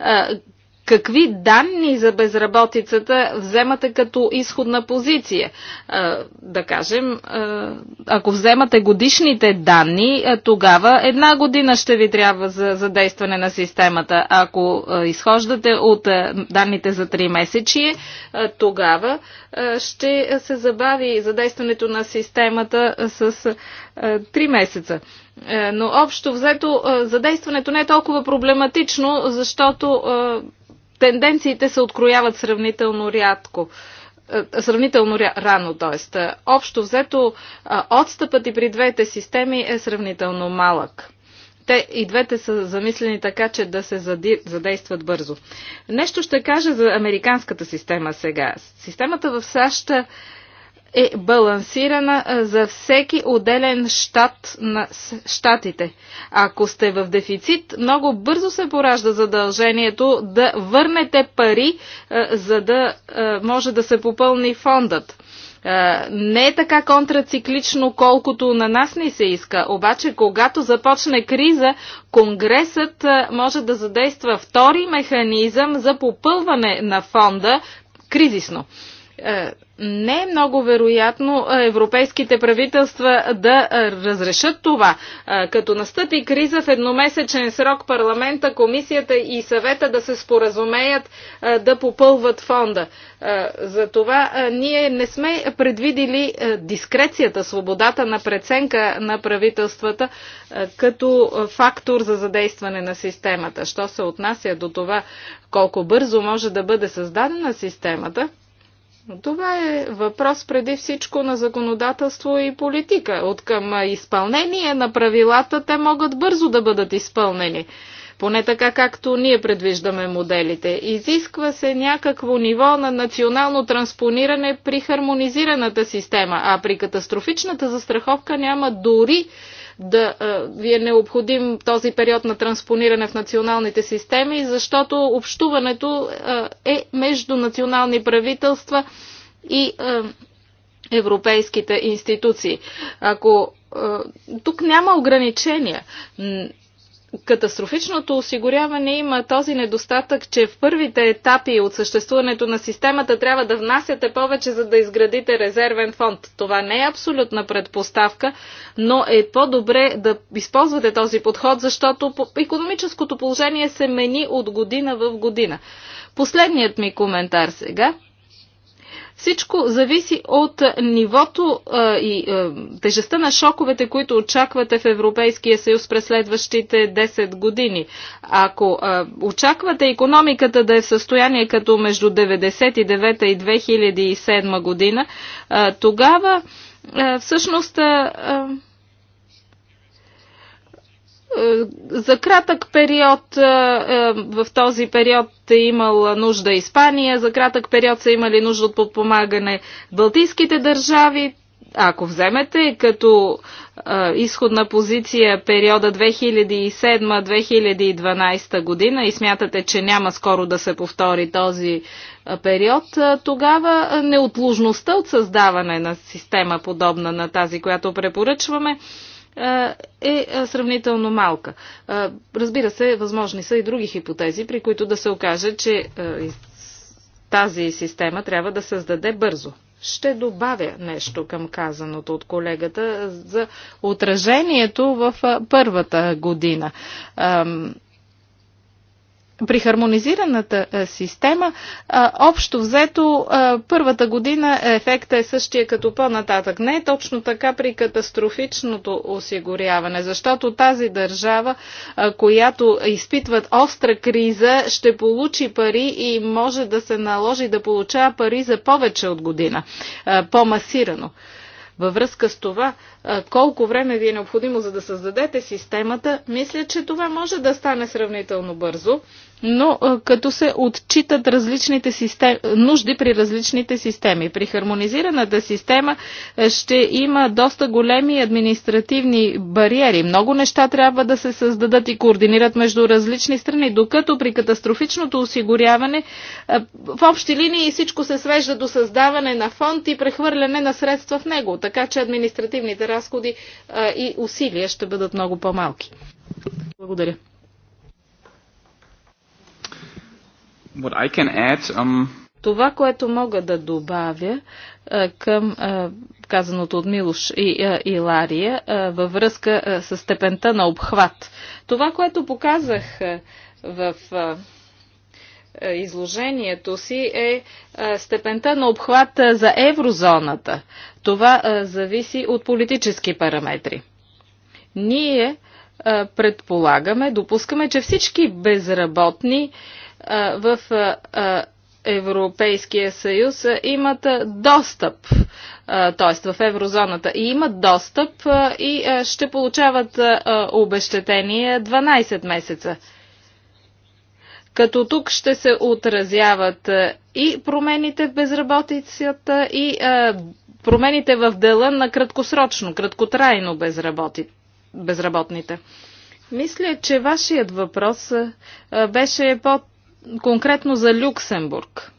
е, какви данни за безработицата вземате като изходна позиция. Да кажем, ако вземате годишните данни, тогава една година ще ви трябва за задействане на системата. Ако изхождате от данните за 3 месечие, тогава ще се забави задействането на системата с 3 месеца. Но общо взето задействането не е толкова проблематично, защото тенденциите се открояват сравнително рядко е, сравнително рано, т.е. Е, общо взето е, отстъпът и при двете системи е сравнително малък. Те и двете са замислени така, че да се задействат бързо. Нещо ще кажа за американската система сега. Системата в САЩ е балансирана за всеки отделен щат на щатите. Ако сте в дефицит, много бързо се поражда задължението да върнете пари, за да може да се попълни фондът. Не е така контрациклично, колкото на нас ни се иска. Обаче, когато започне криза, Конгресът може да задейства втори механизъм за попълване на фонда кризисно не е много вероятно европейските правителства да разрешат това. Като настъпи криза в едномесечен срок парламента, комисията и съвета да се споразумеят да попълват фонда. За това ние не сме предвидили дискрецията, свободата на преценка на правителствата като фактор за задействане на системата. Що се отнася до това колко бързо може да бъде създадена системата, но това е въпрос преди всичко на законодателство и политика. От към изпълнение на правилата те могат бързо да бъдат изпълнени. Поне така както ние предвиждаме моделите. Изисква се някакво ниво на национално транспониране при хармонизираната система, а при катастрофичната застраховка няма дори да ви е необходим този период на транспониране в националните системи, защото общуването е между национални правителства и европейските институции. Ако тук няма ограничения катастрофичното осигуряване има този недостатък, че в първите етапи от съществуването на системата трябва да внасяте повече, за да изградите резервен фонд. Това не е абсолютна предпоставка, но е по-добре да използвате този подход, защото економическото положение се мени от година в година. Последният ми коментар сега – всичко зависи от нивото а, и а, тежестта на шоковете, които очаквате в Европейския съюз през следващите 10 години. Ако а, очаквате економиката да е в състояние като между 1999 и 2007 година, а, тогава а, всъщност. А, а, е, за кратък период е, е, в този период е имала нужда Испания, за кратък период са имали нужда от подпомагане Балтийските държави. Ако вземете като изходна позиция периода 2007-2012 година и смятате, че няма скоро да се повтори този период, тогава неотложността от създаване на система подобна на тази, която препоръчваме, е, е, е сравнително малка. Е, разбира се, възможни са и други хипотези, при които да се окаже, че тази система трябва да създаде бързо. Ще добавя нещо към казаното от колегата за отражението в първата година при хармонизираната е, система, е, общо взето е, първата година ефектът е същия като по-нататък. Не е точно така при катастрофичното осигуряване, защото тази държава, която изпитват остра криза, ще получи пари и може да се наложи да получава пари за повече от година, по-масирано. Във връзка с това, колко време ви е необходимо за да създадете системата, мисля, че това може да стане сравнително бързо но като се отчитат различните систем, нужди при различните системи. При хармонизираната система ще има доста големи административни бариери. Много неща трябва да се създадат и координират между различни страни, докато при катастрофичното осигуряване в общи линии всичко се свежда до създаване на фонд и прехвърляне на средства в него, така че административните разходи и усилия ще бъдат много по-малки. Благодаря. add, um... Това, което мога да добавя а, е, към а, е, казаното от Милош и а, е, Илария във връзка с степента на обхват. Това, което показах в изложението си е степента на обхват за еврозоната. Това зависи от политически параметри. Ние предполагаме, допускаме, че всички безработни в Европейския съюз имат достъп, т.е. в еврозоната и имат достъп и ще получават обещетение 12 месеца. Като тук ще се отразяват и промените в безработицата и промените в дела на краткосрочно, краткотрайно безработи, безработните. Мисля, че вашият въпрос беше под конкретно за Люксембург.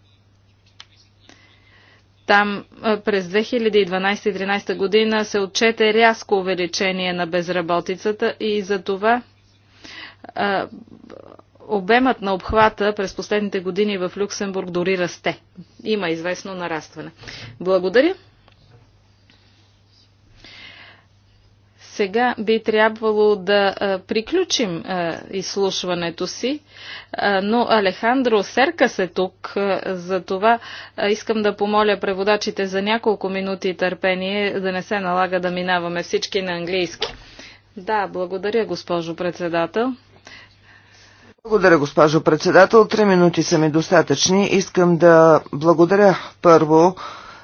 Там през 2012-2013 година се отчете рязко увеличение на безработицата и за това а, обемът на обхвата през последните години в Люксембург дори расте. Има известно нарастване. Благодаря. Сега би трябвало да приключим изслушването си, но Алехандро Серка се тук, за това искам да помоля преводачите за няколко минути търпение, да не се налага да минаваме всички на английски. Да, благодаря, госпожо председател. Благодаря, госпожо председател. Три минути са ми достатъчни. Искам да благодаря първо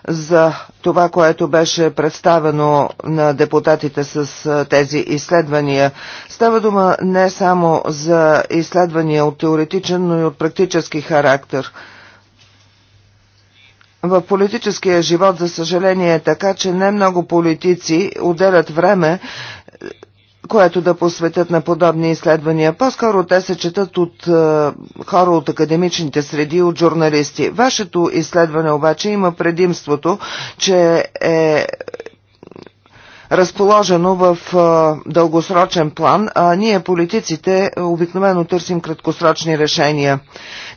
за това, което беше представено на депутатите с тези изследвания. Става дума не само за изследвания от теоретичен, но и от практически характер. В политическия живот, за съжаление, е така, че не много политици отделят време което да посветят на подобни изследвания. По-скоро те се четат от е, хора от академичните среди, от журналисти. Вашето изследване обаче има предимството, че е разположено в е, дългосрочен план, а ние политиците обикновено търсим краткосрочни решения.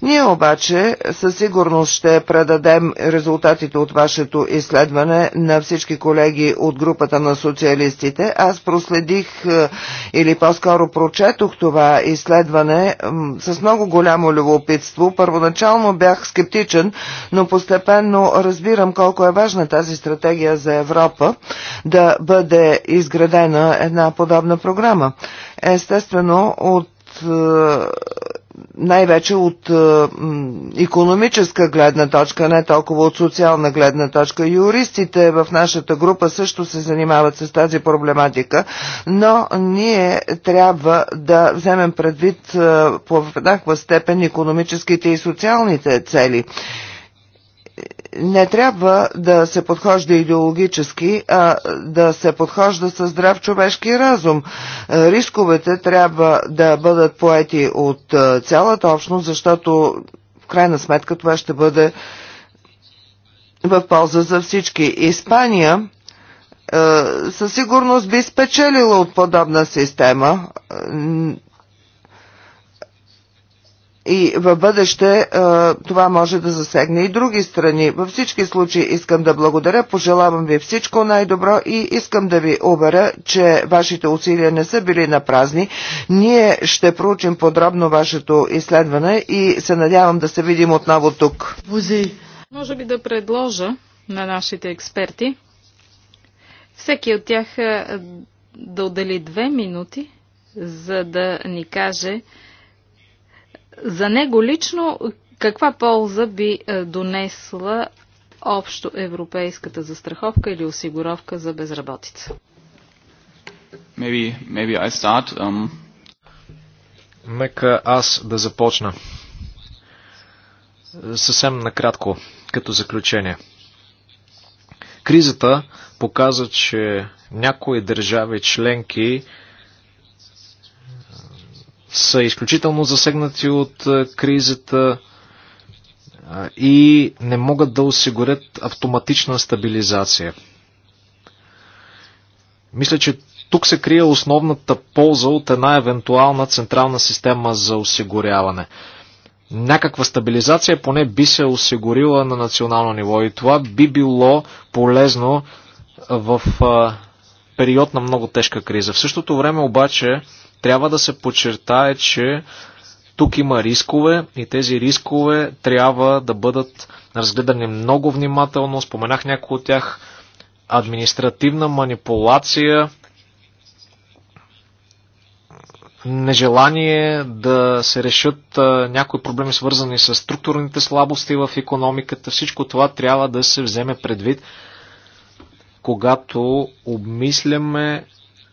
Ние обаче със сигурност ще предадем резултатите от вашето изследване на всички колеги от групата на социалистите. Аз проследих е, или по-скоро прочетох това изследване с много голямо любопитство. Първоначално бях скептичен, но постепенно разбирам колко е важна тази стратегия за Европа да бъде изградена една подобна програма. Естествено, от е, най-вече от е, економическа гледна точка, не толкова от социална гледна точка. Юристите в нашата група също се занимават с тази проблематика, но ние трябва да вземем предвид е, по еднаква степен економическите и социалните цели не трябва да се подхожда идеологически, а да се подхожда с здрав човешки разум. Е, рисковете трябва да бъдат поети от е, цялата общност, защото в крайна сметка това ще бъде в полза за всички. Испания е, със сигурност би спечелила от подобна система и в бъдеще е, това може да засегне и други страни. Във всички случаи искам да благодаря, пожелавам ви всичко най-добро и искам да ви уверя, че вашите усилия не са били на празни. Ние ще проучим подробно вашето изследване и се надявам да се видим отново тук. Бузи. Може би да предложа на нашите експерти всеки от тях е, да отдели две минути, за да ни каже за него лично каква полза би е, донесла общо европейската застраховка или осигуровка за безработица? Maybe, maybe I start, um... Нека аз да започна. Съвсем накратко, като заключение. Кризата показа, че някои държави членки са изключително засегнати от е, кризата е, и не могат да осигурят автоматична стабилизация. Мисля, че тук се крие основната полза от една евентуална централна система за осигуряване. Някаква стабилизация поне би се осигурила на национално ниво и това би било полезно в е, период на много тежка криза. В същото време обаче трябва да се подчертае, че тук има рискове и тези рискове трябва да бъдат разгледани много внимателно. Споменах някои от тях. Административна манипулация, нежелание да се решат някои проблеми, свързани с структурните слабости в економиката. Всичко това трябва да се вземе предвид, когато обмисляме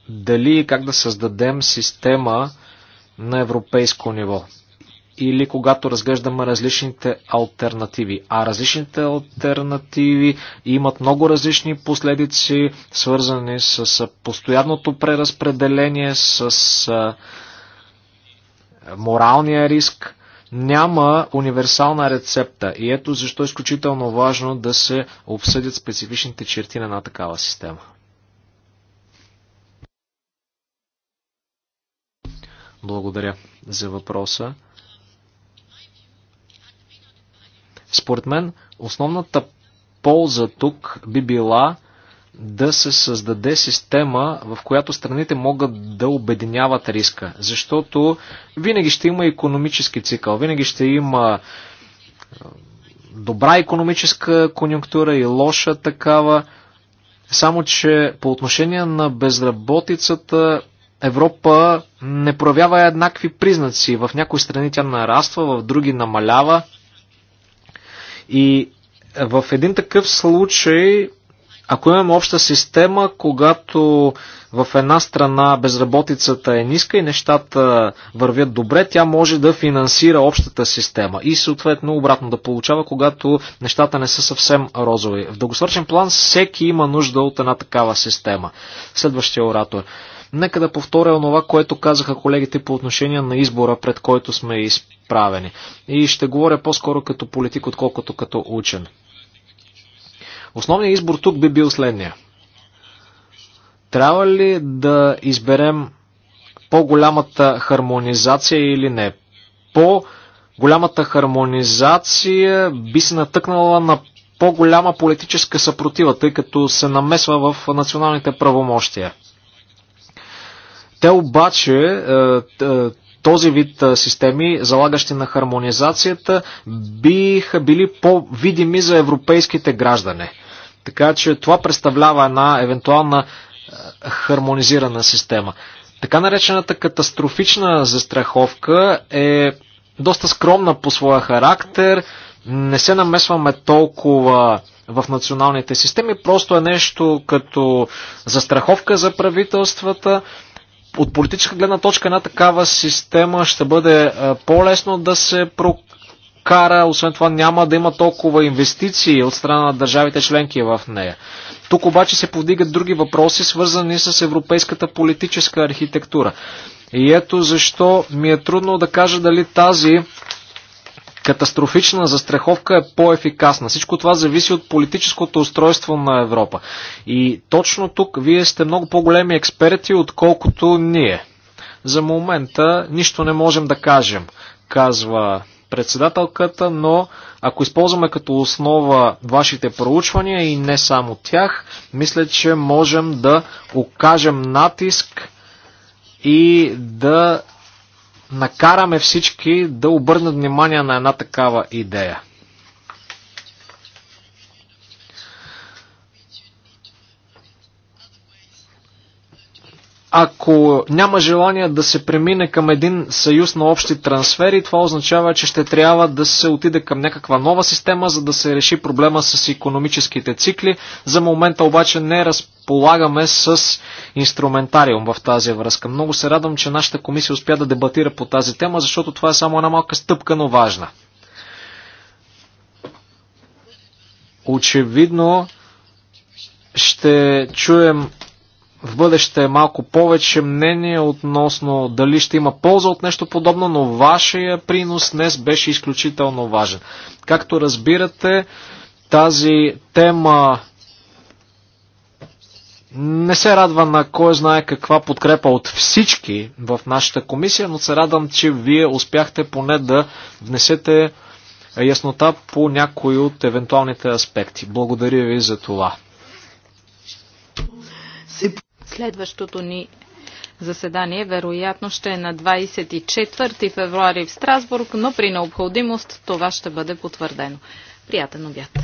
дали как да създадем система на европейско ниво или когато разглеждаме различните альтернативи. А различните альтернативи имат много различни последици, свързани с постоянното преразпределение, с моралния риск. Няма универсална рецепта и ето защо е изключително важно да се обсъдят специфичните черти на една такава система. Благодаря за въпроса. Според мен, основната полза тук би била да се създаде система, в която страните могат да обединяват риска. Защото винаги ще има економически цикъл, винаги ще има добра економическа конюнктура и лоша такава. Само, че по отношение на безработицата Европа не проявява еднакви признаци. В някои страни тя нараства, в други намалява. И в един такъв случай, ако имаме обща система, когато в една страна безработицата е ниска и нещата вървят добре, тя може да финансира общата система и съответно обратно да получава, когато нещата не са съвсем розови. В дългосрочен план всеки има нужда от една такава система. Следващия оратор. Нека да повторя онова, което казаха колегите по отношение на избора, пред който сме изправени. И ще говоря по-скоро като политик, отколкото като учен. Основният избор тук би бил следния. Трябва ли да изберем по-голямата хармонизация или не? По- голямата хармонизация би се натъкнала на по-голяма политическа съпротива, тъй като се намесва в националните правомощия. Те обаче, е, е, този вид е, системи, залагащи на хармонизацията, биха били по-видими за европейските граждане. Така че това представлява една евентуална хармонизирана система. Така наречената катастрофична застраховка е доста скромна по своя характер, не се намесваме толкова в националните системи, просто е нещо като застраховка за правителствата, от политическа гледна точка една такава система ще бъде е, по-лесно да се прокара, освен това няма да има толкова инвестиции от страна на държавите членки в нея. Тук обаче се повдигат други въпроси, свързани с европейската политическа архитектура. И ето защо ми е трудно да кажа дали тази катастрофична застраховка е по-ефикасна. Всичко това зависи от политическото устройство на Европа. И точно тук вие сте много по-големи експерти, отколкото ние. За момента нищо не можем да кажем, казва председателката, но ако използваме като основа вашите проучвания и не само тях, мисля, че можем да окажем натиск и да накараме всички да обърнат внимание на една такава идея. Ако няма желание да се премине към един съюз на общи трансфери, това означава, че ще трябва да се отиде към някаква нова система, за да се реши проблема с економическите цикли. За момента обаче не разполагаме с инструментариум в тази връзка. Много се радвам, че нашата комисия успя да дебатира по тази тема, защото това е само една малка стъпка, но важна. Очевидно ще чуем в бъдеще малко повече мнение относно дали ще има полза от нещо подобно, но вашия принос днес беше изключително важен. Както разбирате, тази тема не се радва на кой знае каква подкрепа от всички в нашата комисия, но се радвам, че вие успяхте поне да внесете яснота по някои от евентуалните аспекти. Благодаря ви за това. Следващото ни заседание вероятно ще е на 24 февруари в Страсбург, но при необходимост това ще бъде потвърдено. Приятен обяд!